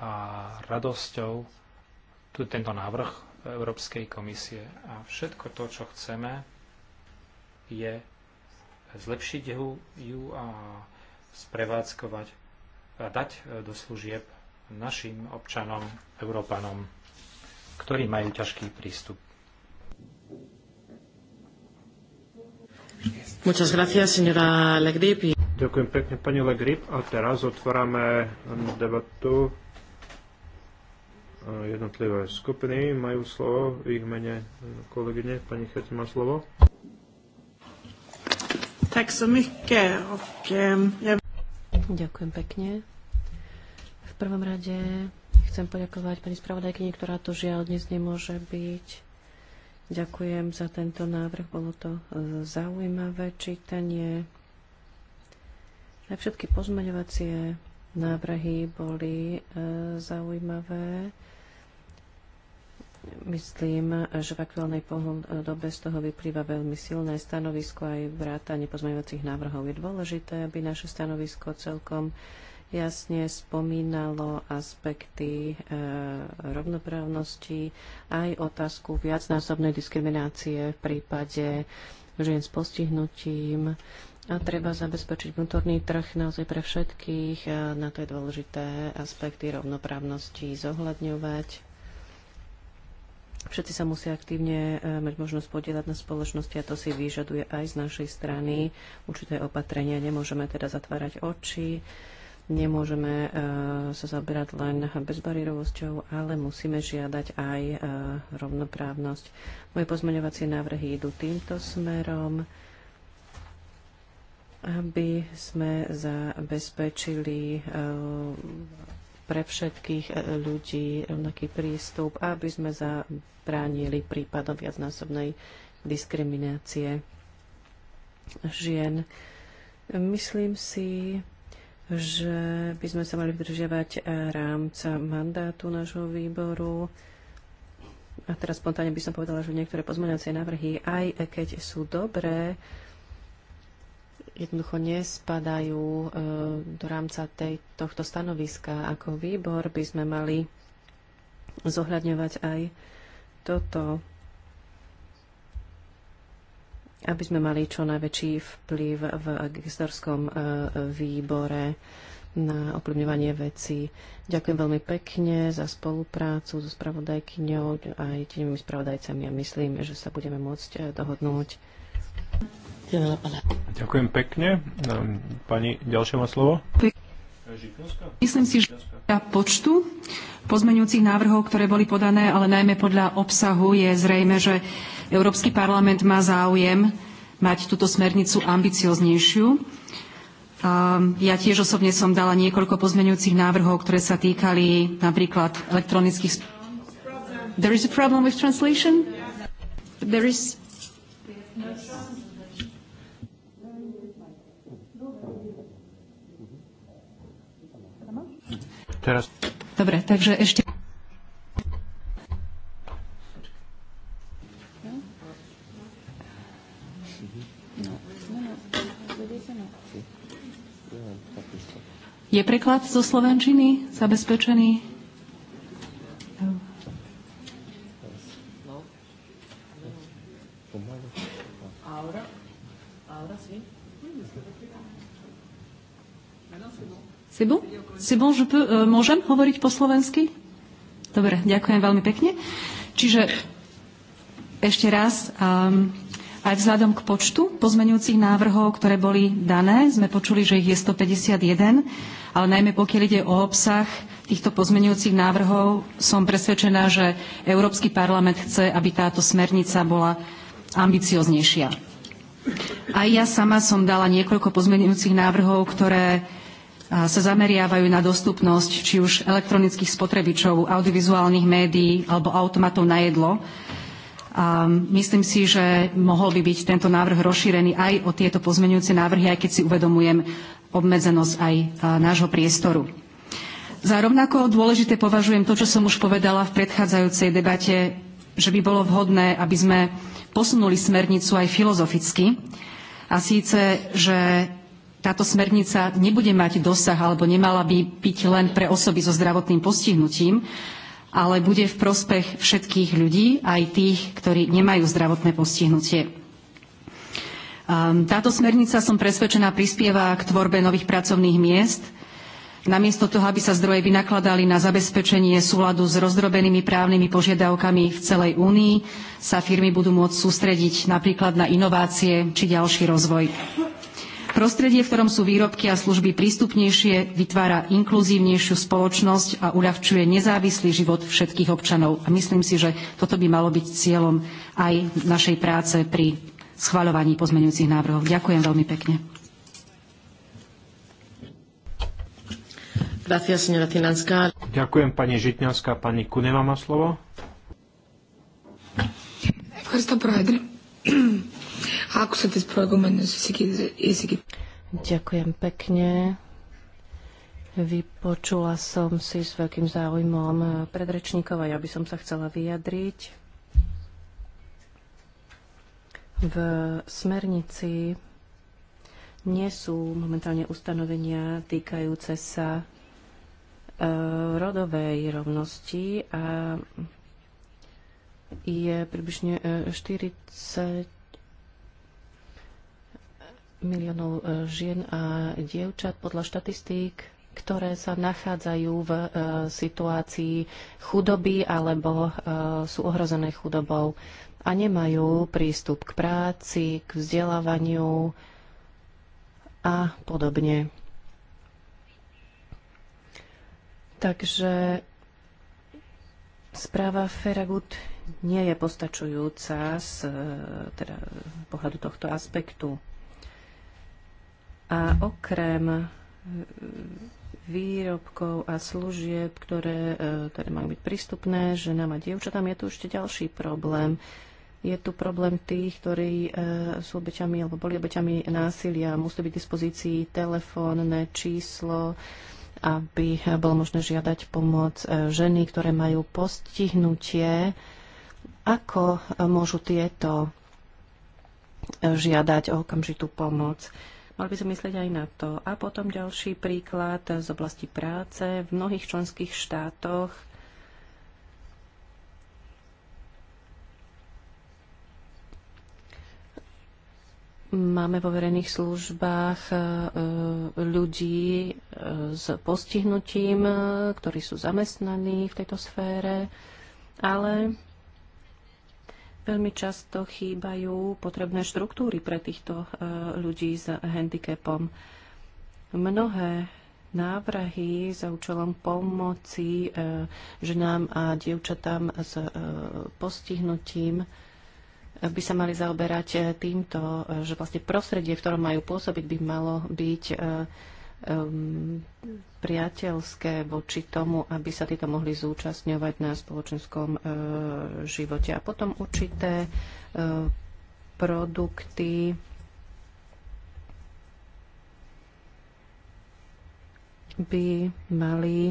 a radosťou tu tento návrh Európskej komisie. A všetko to, čo chceme, je zlepšiť ju, ju a sprevádzkovať a dať e, do služieb našim občanom, Európanom, ktorí majú ťažký prístup. Muchas gracias, señora Legrip. Ďakujem pekne, pani Legrip. A teraz otvárame debatu. E, jednotlivé skupiny majú slovo. V ich mene e, kolegyne, pani Chec má slovo. Tack så mycket. Och, ehm, Ďakujem pekne. V prvom rade chcem poďakovať pani spravodajkyni, ktorá tu žiaľ dnes nemôže byť. Ďakujem za tento návrh, bolo to e, zaujímavé čítanie. A všetky pozmeňovacie návrhy boli e, zaujímavé. Myslím, že v aktuálnej eh, dobe z toho vyplýva veľmi silné stanovisko aj vrátanie pozmeňovacích návrhov. Je dôležité, aby naše stanovisko celkom jasne spomínalo aspekty e, rovnoprávnosti, aj otázku viacnásobnej diskriminácie v prípade žien s postihnutím. A treba zabezpečiť vnútorný trh naozaj pre všetkých. A eh, na to je dôležité aspekty rovnoprávnosti zohľadňovať Všetci sa musia aktívne e, mať možnosť podielať na spoločnosti a to si vyžaduje aj z našej strany určité opatrenia. Nemôžeme teda zatvárať oči, nemôžeme e, sa zaberať len bezbarírovosťou, ale musíme žiadať aj e, rovnoprávnosť. Moje pozmeňovacie návrhy idú týmto smerom aby sme zabezpečili pre všetkých e, ľudí rovnaký prístup, aby sme zabránili prípadom viacnásobnej diskriminácie žien. Myslím si, že by sme sa mali vydržiavať e, rámca mandátu nášho výboru. A teraz spontánne by som povedala, že niektoré pozmeňovacie návrhy, aj keď sú dobré, jednoducho nespadajú eh, do rámca tej, tohto stanoviska. Ako výbor by sme mali zohľadňovať aj toto, aby sme mali čo najväčší vplyv v gestorskom eh, výbore na ovplyvňovanie vecí. Ďakujem veľmi pekne za spoluprácu so spravodajkyňou aj tými spravodajcami a myslím, že sa budeme môcť eh, dohodnúť. Ďakujem veľa, pána. Ďakujem pekne. Ehm, pani, ďalšie má slovo. Myslím si, že počtu pozmeňujúcich návrhov, ktoré boli podané, ale najmä podľa obsahu, je zrejme, že Európsky parlament má záujem mať túto smernicu ambicioznejšiu. Ehm, ja tiež osobne som dala niekoľko pozmeňujúcich návrhov, ktoré sa týkali napríklad elektronických... There is a problem with translation? There is... Teraz... Dobre, takže ešte... Je preklad zo Slovenčiny zabezpečený? Ahora, ahora bol, že e, môžem hovoriť po slovensky? Dobre, ďakujem veľmi pekne. Čiže ešte raz, um, aj vzhľadom k počtu pozmenujúcich návrhov, ktoré boli dané, sme počuli, že ich je 151, ale najmä pokiaľ ide o obsah týchto pozmenujúcich návrhov, som presvedčená, že Európsky parlament chce, aby táto smernica bola ambicioznejšia. Aj ja sama som dala niekoľko pozmenujúcich návrhov, ktoré sa zameriavajú na dostupnosť či už elektronických spotrebičov, audiovizuálnych médií alebo automatov na jedlo. A myslím si, že mohol by byť tento návrh rozšírený aj o tieto pozmenujúce návrhy, aj keď si uvedomujem obmedzenosť aj nášho priestoru. Za rovnako dôležité považujem to, čo som už povedala v predchádzajúcej debate, že by bolo vhodné, aby sme posunuli smernicu aj filozoficky. A síce, že táto smernica nebude mať dosah alebo nemala by byť len pre osoby so zdravotným postihnutím, ale bude v prospech všetkých ľudí, aj tých, ktorí nemajú zdravotné postihnutie. Ehm, táto smernica, som presvedčená, prispieva k tvorbe nových pracovných miest, namiesto toho, aby sa zdroje vynakladali na zabezpečenie súladu s rozdrobenými právnymi požiadavkami v celej únii, sa firmy budú môcť sústrediť napríklad na inovácie či ďalší rozvoj. Prostredie, v ktorom sú výrobky a služby prístupnejšie, vytvára inkluzívnejšiu spoločnosť a uľahčuje nezávislý život všetkých občanov. A myslím si, že toto by malo byť cieľom aj našej práce pri schvaľovaní pozmeňujúcich návrhov. Ďakujem veľmi pekne. Ďakujem pani Žitňanská. Pani Kunema má slovo. Ako sa tie sprogomenú Ďakujem pekne. Vypočula som si s veľkým záujmom predrečníkov a ja by som sa chcela vyjadriť. V smernici nie sú momentálne ustanovenia týkajúce sa eh, rodovej rovnosti a je približne 40 e, miliónov e, žien a dievčat podľa štatistík, ktoré sa nachádzajú v e, situácii chudoby alebo sú ohrozené chudobou a nemajú prístup k práci, k vzdelávaniu a podobne. Takže správa Feragut nie je postačujúca z e, teda, pohľadu tohto aspektu. A okrem e, výrobkov a služieb, ktoré e, teda majú byť prístupné ženám a dievčatám, je tu ešte ďalší problém. Je tu problém tých, ktorí sú obeťami alebo boli obeťami násilia. Musí byť v dispozícii telefónne číslo, aby bolo možné žiadať pomoc ženy, ktoré majú postihnutie ako môžu tieto žiadať o okamžitú pomoc? Mal by som myslieť aj na to. A potom ďalší príklad z oblasti práce. V mnohých členských štátoch máme vo verejných službách e, ľudí e, s postihnutím, e, ktorí sú zamestnaní v tejto sfére, ale Veľmi často chýbajú potrebné štruktúry pre týchto e, ľudí s handicapom. Mnohé návrhy za účelom pomoci e, ženám a dievčatám s e, postihnutím by sa mali zaoberať týmto, že vlastne prostredie, v ktorom majú pôsobiť, by malo byť um, priateľské voči tomu, aby sa títo mohli zúčastňovať na spoločenskom uh, živote. A potom určité uh, produkty by mali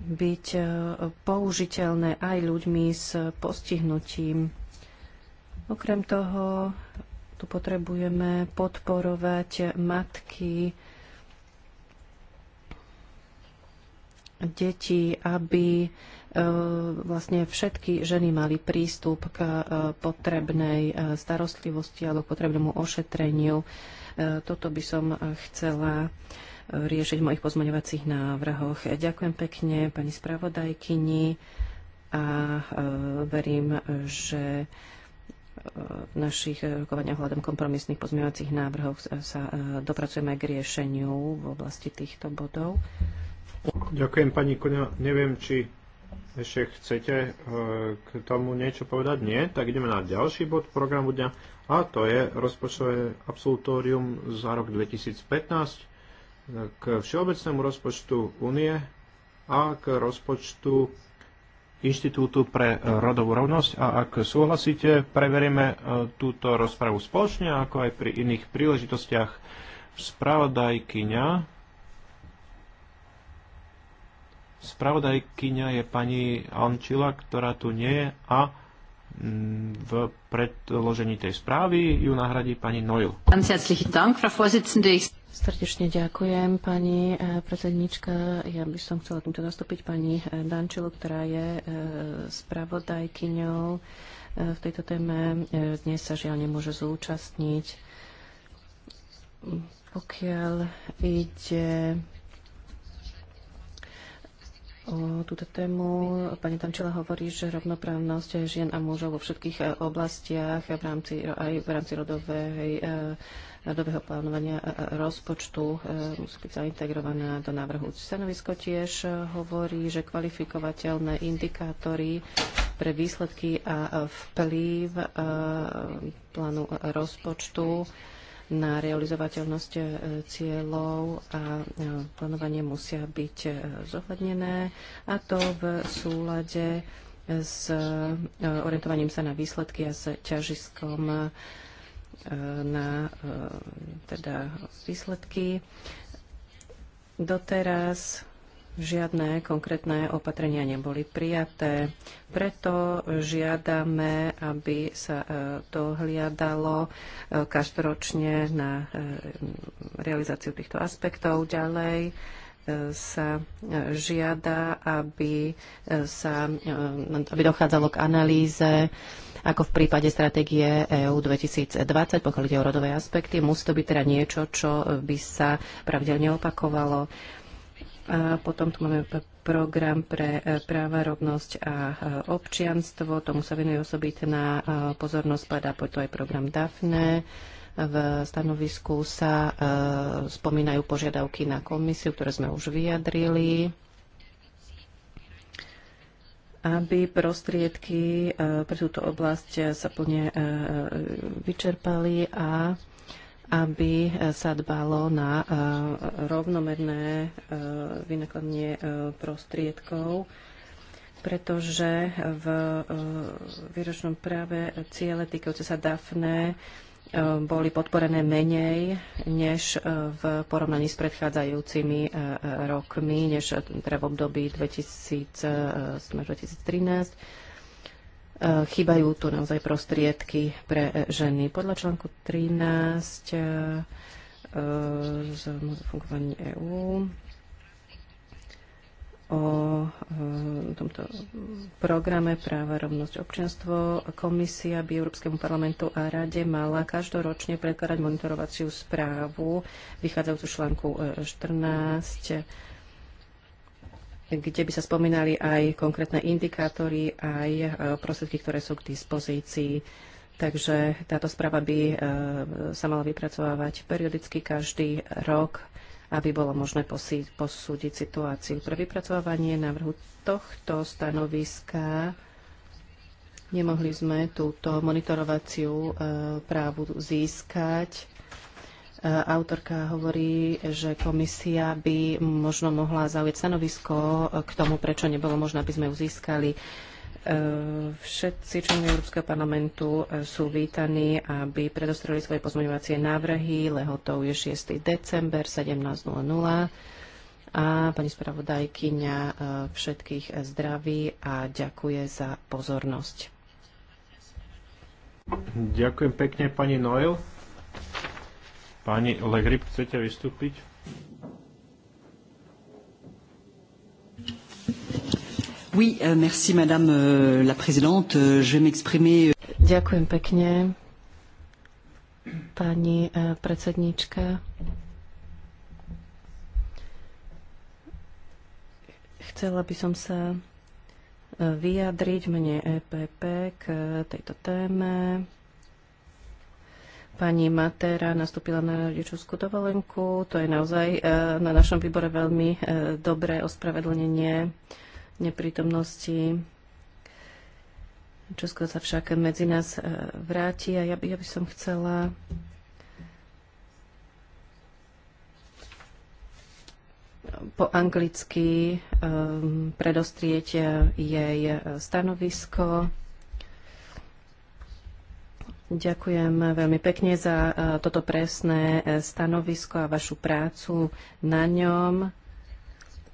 byť uh, použiteľné aj ľuďmi s postihnutím. Okrem toho tu potrebujeme podporovať matky, deti, aby e, vlastne všetky ženy mali prístup k e, potrebnej e, starostlivosti alebo potrebnému ošetreniu. Toto by som chcela riešiť v mojich pozmeňovacích návrhoch. Ďakujem pekne pani spravodajkyni a verím, že v našich eh, rokovaniach hľadom kompromisných pozmeňovacích návrhov sa eh, dopracujeme k riešeniu v oblasti týchto bodov. Ďakujem pani Kuňa. Neviem, či ešte chcete eh, k tomu niečo povedať? Nie? Tak ideme na ďalší bod programu dňa a to je rozpočtové absolutórium za rok 2015 k všeobecnému rozpočtu únie a k rozpočtu Inštitútu pre e, rodovú rovnosť a ak súhlasíte, preveríme e, túto rozpravu spoločne, ako aj pri iných príležitostiach. Spravodajkyňa Spravodajkyňa je pani Ančila, ktorá tu nie je a mm, v predložení tej správy ju nahradí pani Noil. Srdečne ďakujem, pani e, predsednička. Ja by som chcela týmto nastúpiť pani e, Dančilu, ktorá je e, spravodajkyňou v tejto téme. Dnes sa žiaľ nemôže zúčastniť. Pokiaľ ide o túto tému. Pani Tamčila hovorí, že rovnoprávnosť žien a mužov vo všetkých e, oblastiach v rámci, aj v rámci rodovej, e, rodového plánovania e, rozpočtu musí byť zaintegrovaná do návrhu. Stanovisko tiež hovorí, že kvalifikovateľné indikátory pre výsledky a vplyv plánu rozpočtu na realizovateľnosť e, cieľov a e, plánovanie musia byť e, zohľadnené a to v súlade s orientovaním sa na výsledky a s ťažiskom na teda výsledky. Doteraz Žiadne konkrétne opatrenia neboli prijaté. Preto žiadame, aby sa dohliadalo e, e, každoročne na e, realizáciu týchto aspektov. Ďalej sa žiada, aby, sa, aby dochádzalo k analýze ako v prípade stratégie EU 2020, pokiaľ ide o rodové aspekty. Musí to byť teda niečo, čo by sa pravidelne opakovalo. A potom tu máme program pre e, práva, rovnosť a e, občianstvo. Tomu sa venuje osobitná e, pozornosť, padá po to aj program DAFNE. V stanovisku sa spomínajú požiadavky na komisiu, ktoré sme už vyjadrili aby prostriedky pre túto oblasť sa plne vyčerpali a aby e, sa dbalo na e, rovnomerné e, vynakladanie prostriedkov, pretože v výročnom práve ciele týkajúce sa DAFNE boli podporené menej než v porovnaní s predchádzajúcimi rokmi, než teda v období 2000, 2013 E, chýbajú tu naozaj prostriedky pre e, ženy. Podľa článku 13 e, z fungovaní EÚ o tomto programe práva, rovnosť, občianstvo. Komisia by Európskemu parlamentu a rade mala každoročne predkladať monitorovaciu správu vychádzajúcu článku 14 kde by sa spomínali aj konkrétne indikátory, aj e, prostriedky, ktoré sú k dispozícii. Takže táto správa by e, sa mala vypracovávať periodicky každý rok, aby bolo možné posúdiť situáciu. Pre vypracovanie návrhu tohto stanoviska nemohli sme túto monitorovaciu e, právu získať Autorka hovorí, že komisia by možno mohla zaujať stanovisko k tomu, prečo nebolo možné, aby sme ju získali. E, všetci členovia Európskeho parlamentu e, sú vítaní, aby predostreli svoje pozmeňovacie návrhy. Lehotou je 6. december 17.00 a pani spravodajkyňa e, všetkých zdraví a ďakuje za pozornosť. Ďakujem pekne pani Noel. Pani Legrip, chcete vystúpiť? Oui, euh, merci madame euh, la présidente. Euh, je vais m'exprimer. Ďakujem pekne, pani eh, predsednička. Chcela by som sa eh, vyjadriť mne EPP k tejto téme. Pani Matera nastúpila na rodičovskú dovolenku. To je naozaj e, na našom výbore veľmi e, dobré ospravedlnenie neprítomnosti. Česko sa však medzi nás e, vráti a ja by, ja by som chcela po anglicky um, predostrieť jej stanovisko Ďakujem veľmi pekne za e, toto presné e, stanovisko a vašu prácu na ňom.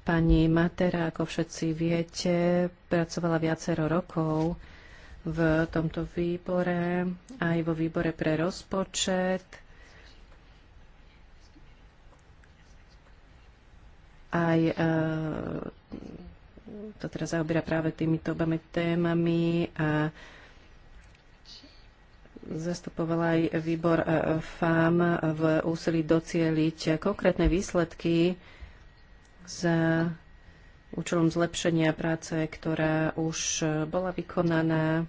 Pani Matera, ako všetci viete, pracovala viacero rokov v tomto výbore, aj vo výbore pre rozpočet. Aj e, to teraz zaoberá práve týmito obami témami a zastupovala aj výbor e, FAM v úsilí docieliť konkrétne výsledky za účelom zlepšenia práce, ktorá už bola vykonaná.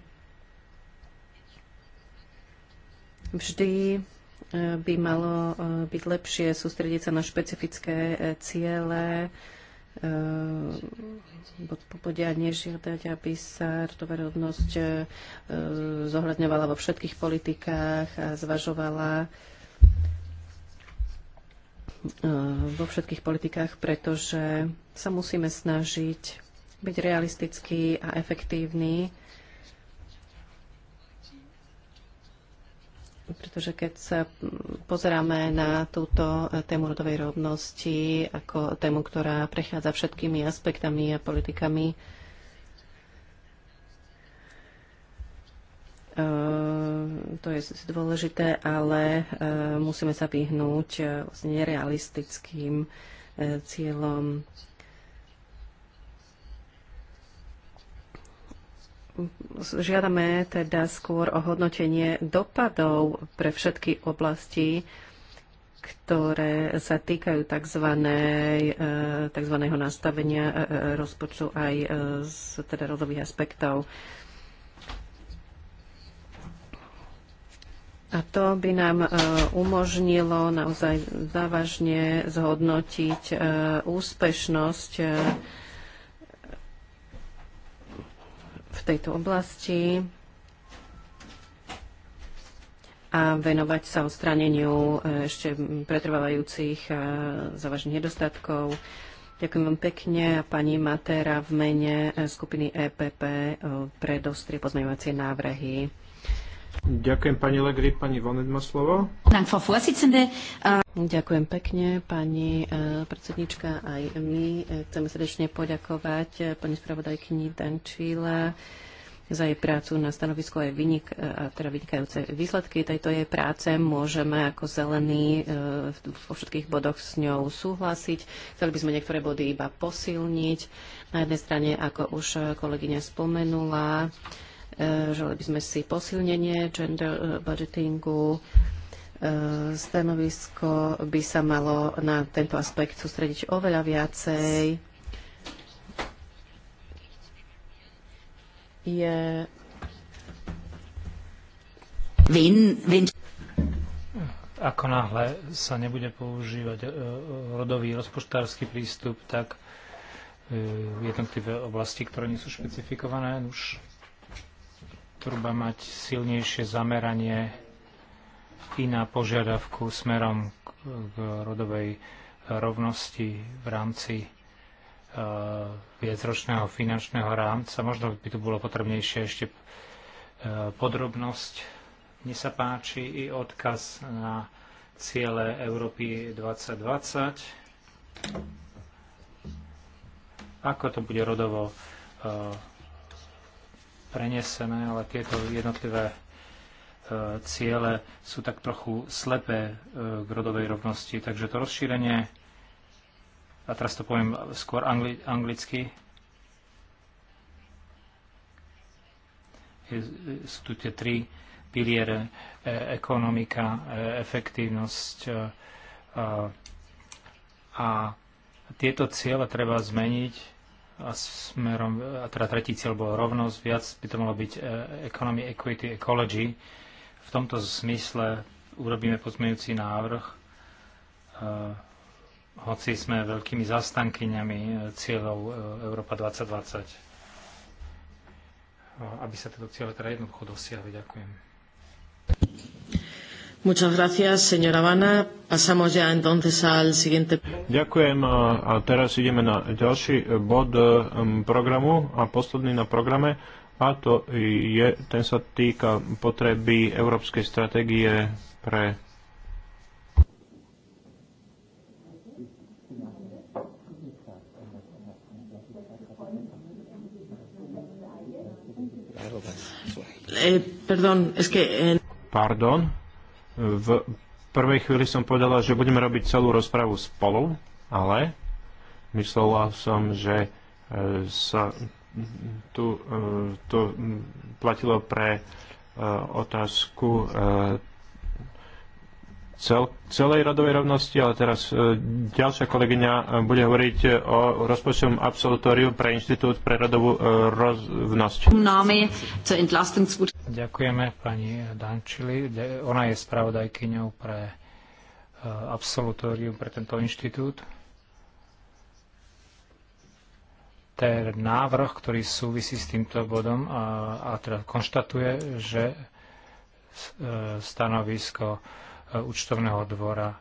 Vždy e, by malo e, byť lepšie sústrediť sa na špecifické ciele, Eh, bod popodia nežiadať, aby sa rodnoverovnosť eh, zohľadňovala vo všetkých politikách a zvažovala eh, vo všetkých politikách, pretože sa musíme snažiť byť realistický a efektívny pretože keď sa pozeráme na túto tému rodovej rovnosti ako tému, ktorá prechádza všetkými aspektami a politikami, eh, to je dôležité, ale eh, musíme sa vyhnúť eh, vlastne nerealistickým cieľom žiadame teda skôr o hodnotenie dopadov pre všetky oblasti, ktoré sa týkajú tzv. E, tzv. nastavenia e, e, rozpočtu aj z teda rodových aspektov. A to by nám umožnilo naozaj závažne zhodnotiť úspešnosť v tejto oblasti a venovať sa odstráneniu e, ešte pretrvávajúcich e, závažných nedostatkov. Ďakujem vám pekne a pani Matera v mene e, skupiny EPP predostrie pozmeňovacie návrhy. Ďakujem pani Legri, pani Vonet má slovo. Äh, Ďakujem pekne, pani äh, predsednička. Aj my äh, chceme srdečne poďakovať pani spravodajkyni Dančíle za jej prácu na stanovisku aj vynik, a teda vynikajúce výsledky tejto jej práce. Môžeme ako zelení vo všetkých bodoch s ňou súhlasiť. Chceli by sme niektoré body iba posilniť. Na jednej strane, ako už kolegyňa spomenula, Eh, želali by sme si posilnenie gender eh, budgetingu. Eh, stanovisko by sa malo na tento aspekt sústrediť oveľa viacej. Je Vin, vin. Ako náhle sa nebude používať rodový rozpočtársky prístup, tak jednotlivé oblasti, ktoré nie sú špecifikované, už treba mať silnejšie zameranie i na požiadavku smerom k rodovej rovnosti v rámci e, viacročného finančného rámca. Možno by tu bolo potrebnejšie ešte e, podrobnosť. Mne sa páči i odkaz na ciele Európy 2020. Ako to bude rodovo e, prenesené, ale tieto jednotlivé e, ciele sú tak trochu slepé e, k rodovej rovnosti. Takže to rozšírenie, a teraz to poviem skôr angli- anglicky, je, sú tu tie tri piliere, e- ekonomika, e- efektívnosť e- a tieto ciele treba zmeniť a smerom, a teda tretí cieľ bol rovnosť, viac by to malo byť e, economy, equity, ecology. V tomto smysle urobíme pozmejúci návrh, e, hoci sme veľkými zastankyňami e, cieľov Európa 2020 no, aby sa tieto cieľe teda jednoducho dosiahli. Ďakujem. Muchas gracias, señora Habana. Pasamos ya entonces al siguiente. Ďakujem a teraz ideme na ďalší e, bod e, programu a posledný na programe a to je, ten sa týka potreby európskej stratégie pre eh, Pardon, es que... Eh, Pardon? V prvej chvíli som povedala, že budeme robiť celú rozpravu spolu, ale myslela som, že e, sa tu, e, to platilo pre e, otázku cel, celej rodovej rovnosti, ale teraz e, ďalšia kolegyňa e, bude hovoriť e, o rozpočtovom absolutóriu pre Inštitút pre rodovú rovnosť. Ďakujeme pani Dančili. Ona je spravodajkyňou pre absolutórium pre tento inštitút. Ten návrh, ktorý súvisí s týmto bodom a, a teda konštatuje, že stanovisko účtovného dvora e,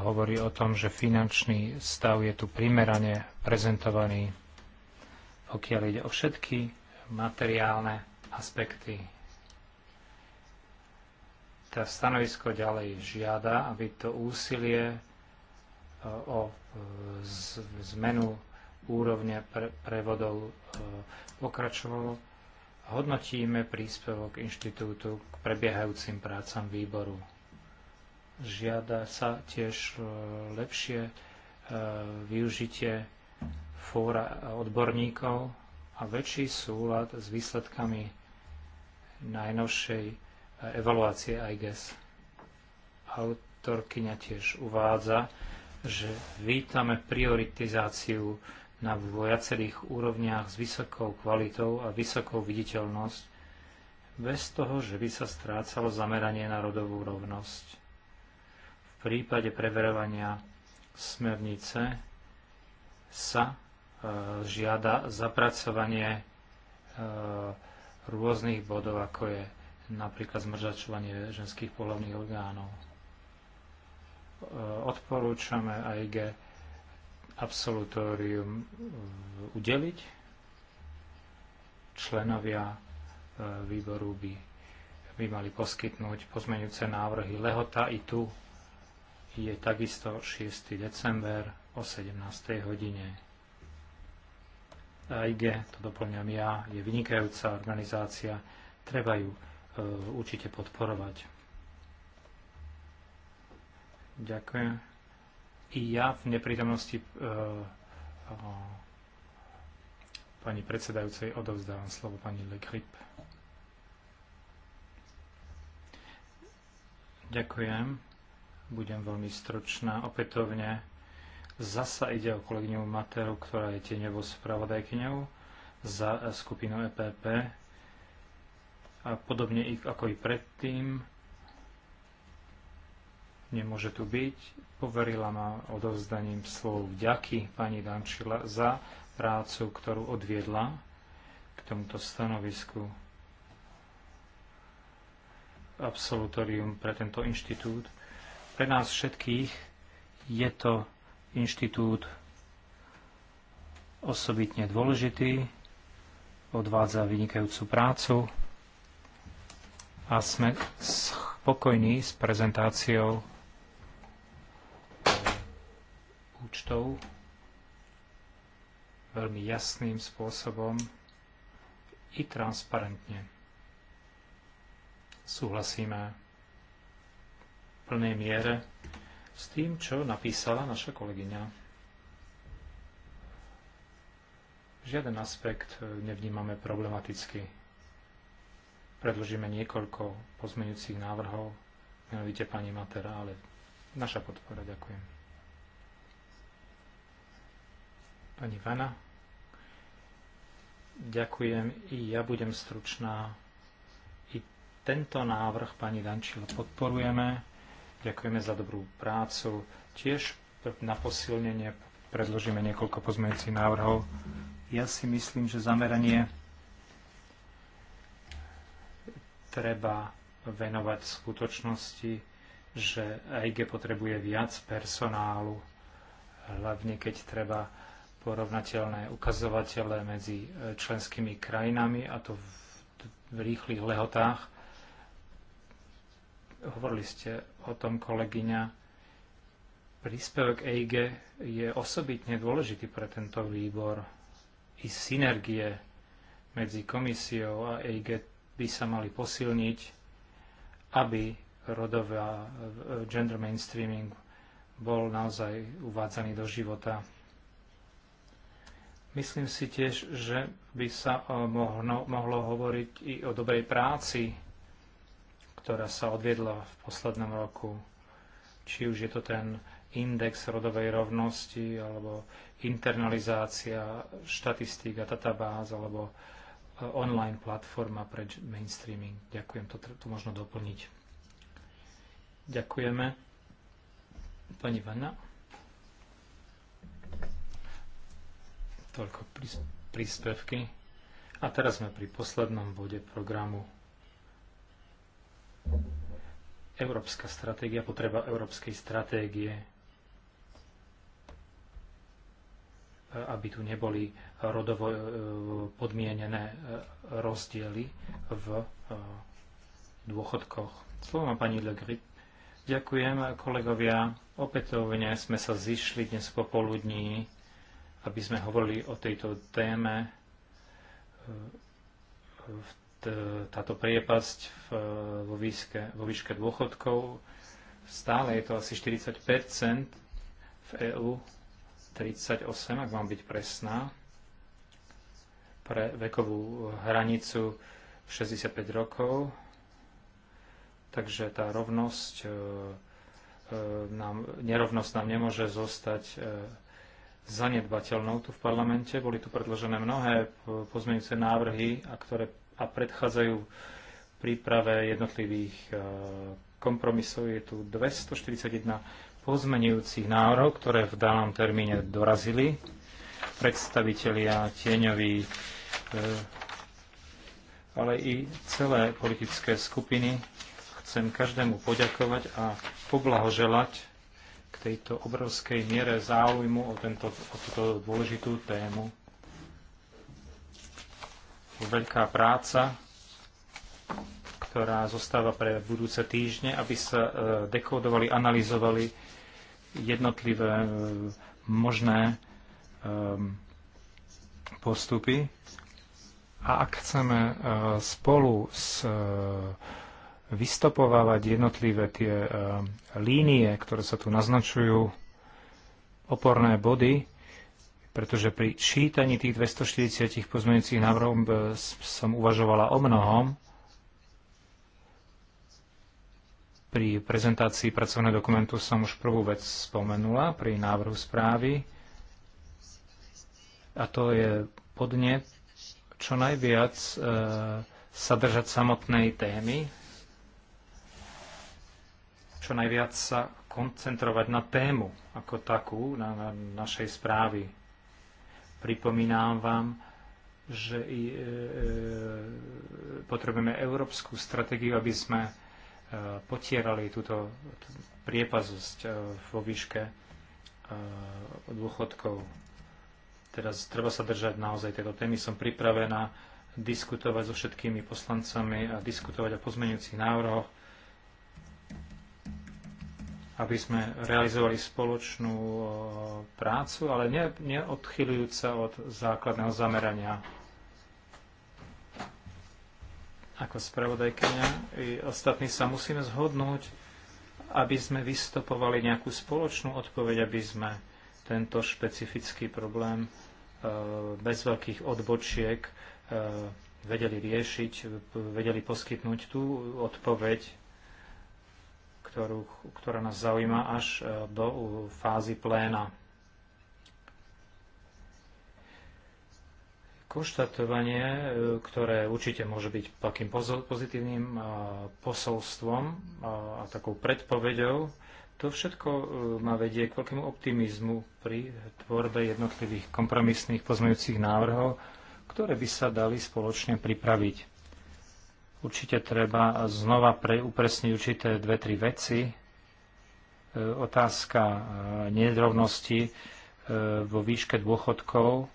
hovorí o tom, že finančný stav je tu primerane prezentovaný, pokiaľ ide o všetky materiálne aspekty. Tá stanovisko ďalej žiada, aby to úsilie e, o e, zmenu úrovne prevodov pokračovalo. Hodnotíme príspevok inštitútu k prebiehajúcim prácam výboru. Žiada sa tiež e, lepšie e, využitie fóra odborníkov a väčší súlad s výsledkami najnovšej e, evaluácie IGES. Autorkyňa tiež uvádza, že vítame prioritizáciu na viacerých úrovniach s vysokou kvalitou a vysokou viditeľnosť, bez toho, že by sa strácalo zameranie na rodovú rovnosť prípade preverovania smernice sa e, žiada zapracovanie e, rôznych bodov, ako je napríklad zmrzačovanie ženských polovných orgánov. E, odporúčame aj ge absolutórium udeliť. Členovia výboru by, by mali poskytnúť pozmeňujúce návrhy. Lehota i tu je takisto 6. december o 17. hodine. AIG, to doplňam ja, je vynikajúca organizácia, treba ju e, určite podporovať. Ďakujem. I ja v neprítomnosti e, e, pani predsedajúcej odovzdávam slovo pani Le Grip. Ďakujem. Budem veľmi stručná. Opätovne zasa ide o kolegyňu Materu, ktorá je tieňovou spravodajkyňou za skupinu EPP. A podobne ako i predtým, nemôže tu byť, poverila ma odovzdaním slov vďaky pani Dančila za prácu, ktorú odviedla k tomuto stanovisku absolutorium pre tento inštitút pre nás všetkých je to inštitút osobitne dôležitý, odvádza vynikajúcu prácu a sme spokojní s prezentáciou účtov veľmi jasným spôsobom i transparentne. Súhlasíme plnej miere s tým, čo napísala naša kolegyňa. Žiaden aspekt e, nevnímame problematicky. Predložíme niekoľko pozmeňujúcich návrhov, menovite pani Matera, ale naša podpora ďakujem. Pani Vana, ďakujem i ja budem stručná. I tento návrh pani Dančila podporujeme Ďakujeme za dobrú prácu. Tiež na posilnenie predložíme niekoľko pozmeňujúcich návrhov. Ja si myslím, že zameranie treba venovať v skutočnosti, že EIG potrebuje viac personálu, hlavne keď treba porovnateľné ukazovatele medzi e, členskými krajinami a to v, v rýchlych lehotách. Hovorili ste o tom kolegyňa. Príspevok EIG je osobitne dôležitý pre tento výbor. I synergie medzi komisiou a EIG by sa mali posilniť, aby rodová gender mainstreaming bol naozaj uvádzaný do života. Myslím si tiež, že by sa eh, mohlo, mohlo hovoriť i o dobrej práci ktorá sa odviedla v poslednom roku. Či už je to ten index rodovej rovnosti, alebo internalizácia štatistík a databáz, alebo eh, online platforma pre mainstreaming. Ďakujem, to, to možno doplniť. Ďakujeme. Pani Vanna. Toľko príspevky. A teraz sme pri poslednom bode programu Európska stratégia, potreba európskej stratégie, aby tu neboli rodovo e, podmienené e, rozdiely v e, dôchodkoch. Slovo má pani Le Grip. Ďakujem, kolegovia. Opätovne sme sa zišli dnes popoludní, aby sme hovorili o tejto téme v E, táto priepasť v, e, vo, výške, vo výške dôchodkov. Stále je to asi 40 v EÚ, 38, ak mám byť presná, pre vekovú hranicu 65 rokov. Takže tá rovnosť e, nám, nerovnosť nám nemôže zostať zanedbateľnou tu v parlamente. Boli tu predložené mnohé pozmeňujúce návrhy, a ktoré a predchádzajú príprave jednotlivých e, kompromisov. Je tu 241 pozmenujúcich návrhov, ktoré v danom termíne dorazili. Predstavitelia tieňoví, e, ale i celé politické skupiny chcem každému poďakovať a poblahoželať k tejto obrovskej miere záujmu o, tento, o túto dôležitú tému veľká práca, ktorá zostáva pre budúce týždne, aby sa e, dekodovali, analyzovali jednotlivé e, možné e, postupy. A ak chceme spolu s vystopovávať jednotlivé tie línie, ktoré sa tu naznačujú, oporné body, pretože pri čítaní tých 240 pozmeňujúcich návrhov e, som uvažovala o mnohom. Pri prezentácii pracovného dokumentu som už prvú vec spomenula pri návrhu správy a to je podne čo najviac e, sa držať samotnej témy, čo najviac sa koncentrovať na tému ako takú, na, na našej správy Pripomínam vám, že i, e, e, potrebujeme európsku stratégiu, aby sme e, potierali túto priepazosť e, vo výške e, dôchodkov. Teraz treba sa držať naozaj tejto témy. Som pripravená diskutovať so všetkými poslancami a diskutovať o pozmeňujúcich návrhoch aby sme realizovali spoločnú prácu, ale ne, sa od základného zamerania. Ako spravodajkenia i ostatní sa musíme zhodnúť, aby sme vystopovali nejakú spoločnú odpoveď, aby sme tento špecifický problém e, bez veľkých odbočiek e, vedeli riešiť, vedeli poskytnúť tú odpoveď ktorú, ktorá nás zaujíma až e, do fázy pléna. Konštatovanie, e, ktoré určite môže byť takým pozitívnym e, posolstvom a takou predpovedou, to všetko ma vedie k veľkému optimizmu pri tvorbe jednotlivých kompromisných pozmejúcich návrhov, ktoré by sa dali spoločne pripraviť. Určite treba znova pre, upresniť určité dve, tri veci. E, otázka e, nedrovnosti e, vo výške dôchodkov.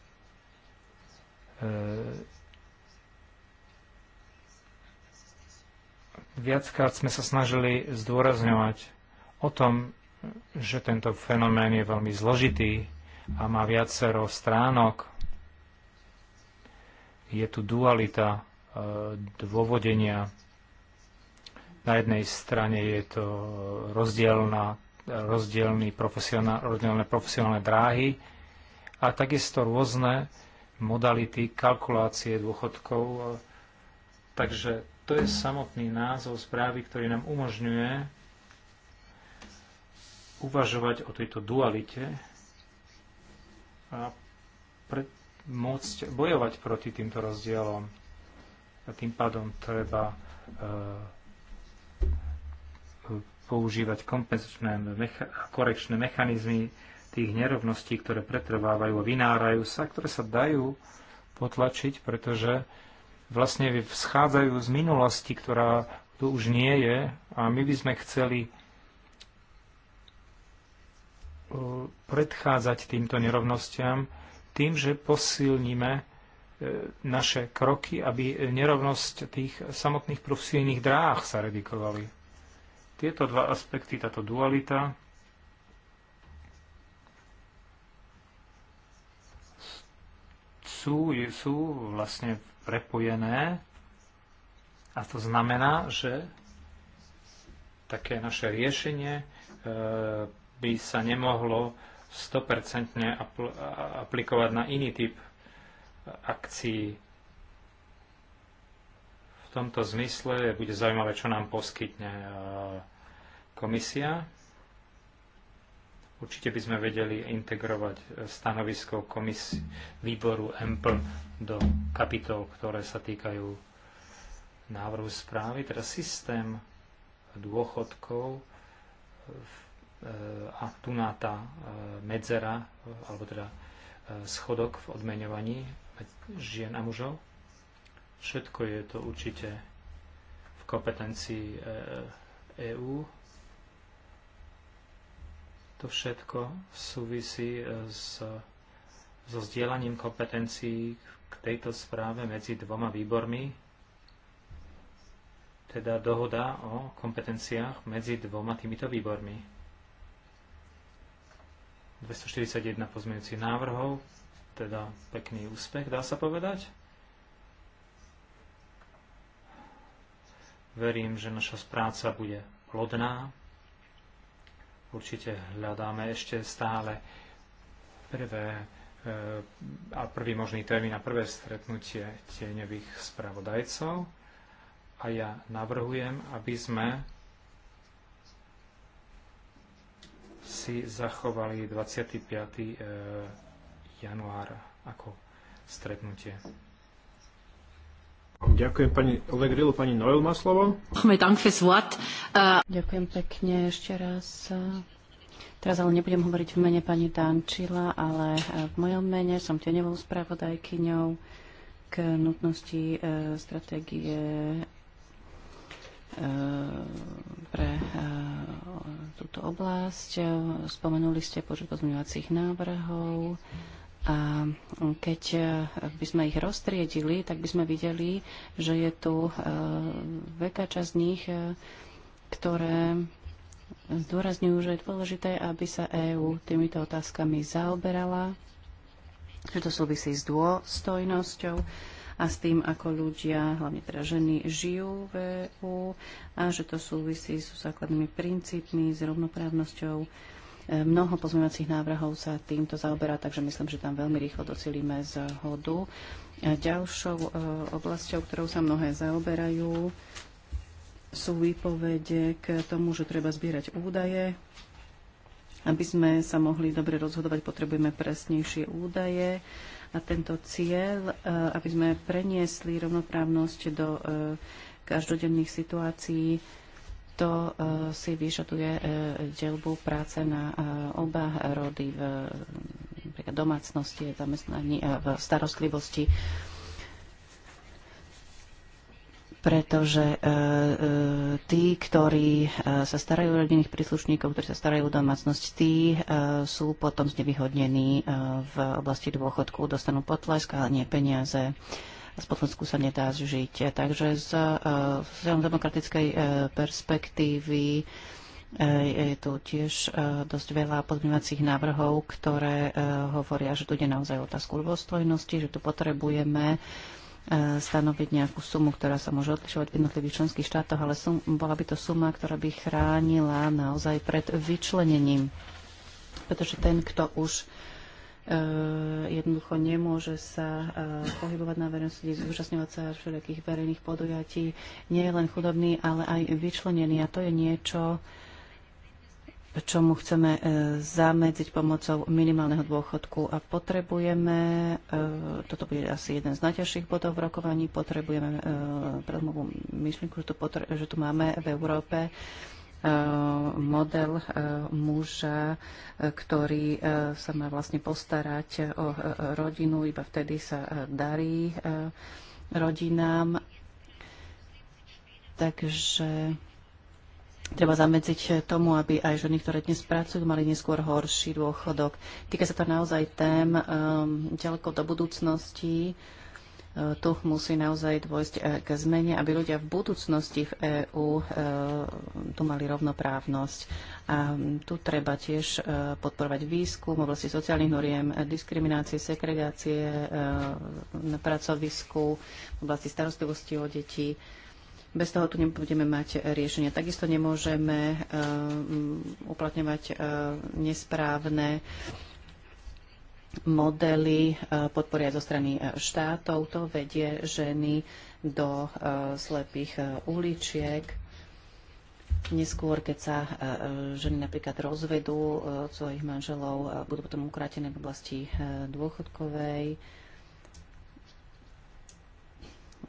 Viackrát sme sa snažili zdôrazňovať o tom, že tento fenomén je veľmi zložitý a má viacero stránok. Je tu dualita dôvodenia. Na jednej strane je to rozdielna, rozdielný profesionál, rozdielne profesionálne dráhy a takisto rôzne modality kalkulácie dôchodkov. Takže to je samotný názov správy, ktorý nám umožňuje uvažovať o tejto dualite a pre, môcť bojovať proti týmto rozdielom. A tým pádom treba e, používať kompenzačné a korekčné mechanizmy tých nerovností, ktoré pretrvávajú a vynárajú sa, ktoré sa dajú potlačiť, pretože vlastne vschádzajú z minulosti, ktorá tu už nie je a my by sme chceli e, predchádzať týmto nerovnostiam tým, že posilníme E, naše kroky, aby nerovnosť tých samotných profesijných dráh sa redikovali. Tieto dva aspekty, táto dualita, sú, sú vlastne prepojené a to znamená, že také naše riešenie e, by sa nemohlo 100% aplikovať na iný typ akcií. V tomto zmysle bude zaujímavé, čo nám poskytne e, komisia. Určite by sme vedeli integrovať e, stanovisko komis- výboru EMPL do kapitol, ktoré sa týkajú návrhu správy, teda systém dôchodkov e, a tu na tá medzera, alebo teda schodok v odmeňovaní žien a mužov. Všetko je to určite v kompetencii EÚ. E, e to všetko súvisí e, s, so zdieľaním kompetencií k tejto správe medzi dvoma výbormi, teda dohoda o kompetenciách medzi dvoma týmito výbormi. 241 pozmeňujúcich návrhov, teda pekný úspech, dá sa povedať. Verím, že naša práca bude plodná. Určite hľadáme ešte stále prvé eh, a prvý možný termín na prvé stretnutie tieňových spravodajcov. A ja navrhujem, aby sme si zachovali 25 január ako stretnutie. Ďakujem pani Olegrilu, pani Noel má slovo. Ďakujem pekne ešte raz. Teraz ale nebudem hovoriť v mene pani Dančila, ale e, v mojom mene som tenevou spravodajkyňou k nutnosti e, stratégie e, pre e, túto oblasť. Spomenuli ste počet pozmeňovacích návrhov. E, a keď e, by sme ich roztriedili, tak by sme videli, že je tu e, veľká časť z nich, e, ktoré zdôrazňujú, že je dôležité, aby sa EÚ týmito otázkami zaoberala, že to súvisí s dôstojnosťou a s tým, ako ľudia, hlavne teda ženy, žijú v EÚ a že to súvisí so základnými princípmi, s rovnoprávnosťou Mnoho pozmeňovacích návrhov sa týmto zaoberá, takže myslím, že tam veľmi rýchlo docelíme zhodu. Ďalšou e, oblasťou, ktorou sa mnohé zaoberajú, sú výpovede k tomu, že treba zbierať údaje. Aby sme sa mohli dobre rozhodovať, potrebujeme presnejšie údaje a tento cieľ, e, aby sme preniesli rovnoprávnosť do e, každodenných situácií, to e, si vyžaduje e, delbu práce na e, oba rody v domácnosti, zamestnaní a v starostlivosti pretože e, e, tí, ktorí e, sa starajú o rodinných príslušníkov, ktorí sa starajú o domácnosť, tí sú potom znevýhodnení v oblasti dôchodku, dostanú potlesk, ale nie peniaze a z Slovensku sa nedá zžiť. Takže z e, sociálno-demokratickej e, perspektívy e, je tu tiež dosť veľa podmiňovacích návrhov, ktoré hovoria, že tu ide naozaj o otázku dôstojnosti, že tu potrebujeme stanoviť nejakú sumu, ktorá sa môže odlišovať v jednotlivých členských štátoch, ale sum, bola by to suma, ktorá by chránila naozaj pred vyčlenením. Pretože ten, kto už E, jednoducho nemôže sa e, pohybovať na verejnosti, zúčastňovať sa všetkých verejných podujatí. Nie je len chudobný, ale aj vyčlenený. A to je niečo, čomu chceme e, zamedziť pomocou minimálneho dôchodku. A potrebujeme, toto bude asi jeden z najťažších bodov v rokovaní, potrebujeme predmovú myšlienku, že tu, potre- že tu máme v Európe Eh, model eh, muža, eh, ktorý sa má vlastne postarať o rodinu, iba vtedy sa darí rodinám. Takže treba zamedziť tomu, aby aj ženy, ktoré dnes pracujú, mali neskôr horší dôchodok. Týka sa to naozaj tém ďaleko do budúcnosti. Uh, tu musí naozaj dôjsť e, k zmene, aby ľudia v budúcnosti v EÚ e, tu mali rovnoprávnosť. A tu treba tiež e, podporovať výskum v oblasti sociálnych noriem, diskriminácie, segregácie na pracovisku, v oblasti starostlivosti o deti. Bez toho tu nebudeme mať riešenia. Takisto nemôžeme uplatňovať nesprávne modely eh, podporia zo strany eh, štátov. To vedie ženy do eh, slepých uličiek. Neskôr, keď sa ženy napríklad rozvedú svojich manželov, budú potom ukrátené v oblasti dôchodkovej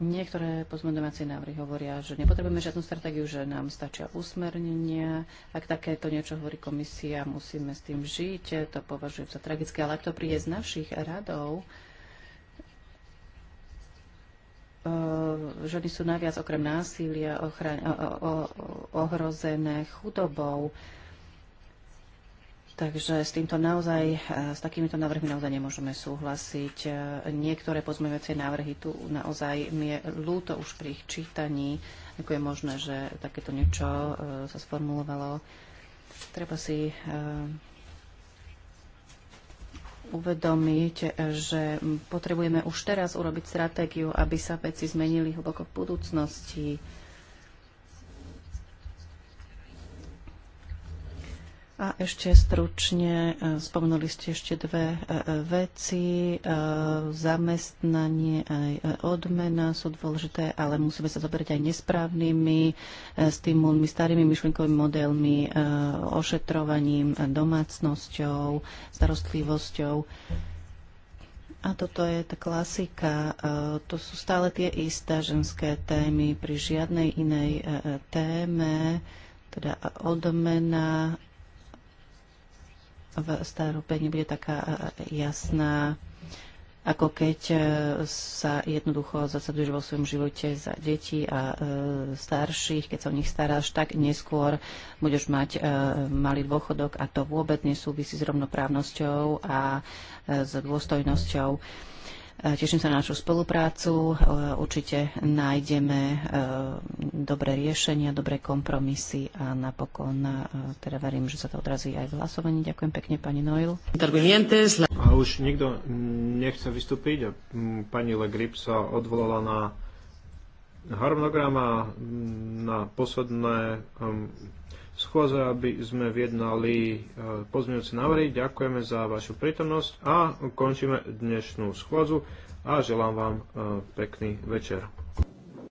Niektoré pozmeňovacie návrhy hovoria, že nepotrebujeme žiadnu stratégiu, že nám stačia usmernenia. Ak takéto niečo hovorí komisia, musíme s tým žiť. To považujem za tragické. Ale ak to príde z našich radov, e, ženy sú naviac okrem násilia ochraň, ohrozené chudobou, Takže s týmto naozaj, e, s takýmito návrhmi naozaj nemôžeme súhlasiť. E, niektoré pozmeňujúce návrhy tu naozaj mi je ľúto už pri ich čítaní, ako je možné, že takéto niečo e, sa sformulovalo. Treba si uvedomiť, že potrebujeme už teraz urobiť stratégiu, aby sa veci zmenili hlboko v budúcnosti A ešte stručne e, spomenuli ste ešte dve e, e, veci. Zamestnanie aj odmena sú dôležité, ale musíme sa zoberať aj nesprávnymi stimulmi, starými myšlienkovými modelmi, ošetrovaním, domácnosťou, starostlivosťou. A toto je tá klasika. To sú stále tie isté ženské témy pri žiadnej inej téme, teda odmena, v starobe nebude taká e, e, jasná, ako keď e, sa jednoducho zasaduješ vo svojom živote za deti a starších, keď sa o nich staráš, tak neskôr budeš mať malý dôchodok a to vôbec nesúvisí s rovnoprávnosťou a s dôstojnosťou E, teším sa na našu spoluprácu. E, určite nájdeme e, dobré riešenia, dobré kompromisy a napokon teda verím, že sa to odrazí aj v hlasovaní. Ďakujem pekne, pani Noil. A už nikto nechce vystúpiť. Pani Le Grip sa odvolala na harmonogram a na posledné schôze, aby sme vyjednali e, pozmeňujúce návrhy. Ďakujeme za vašu prítomnosť a končíme dnešnú schôdzu a želám vám e, pekný večer.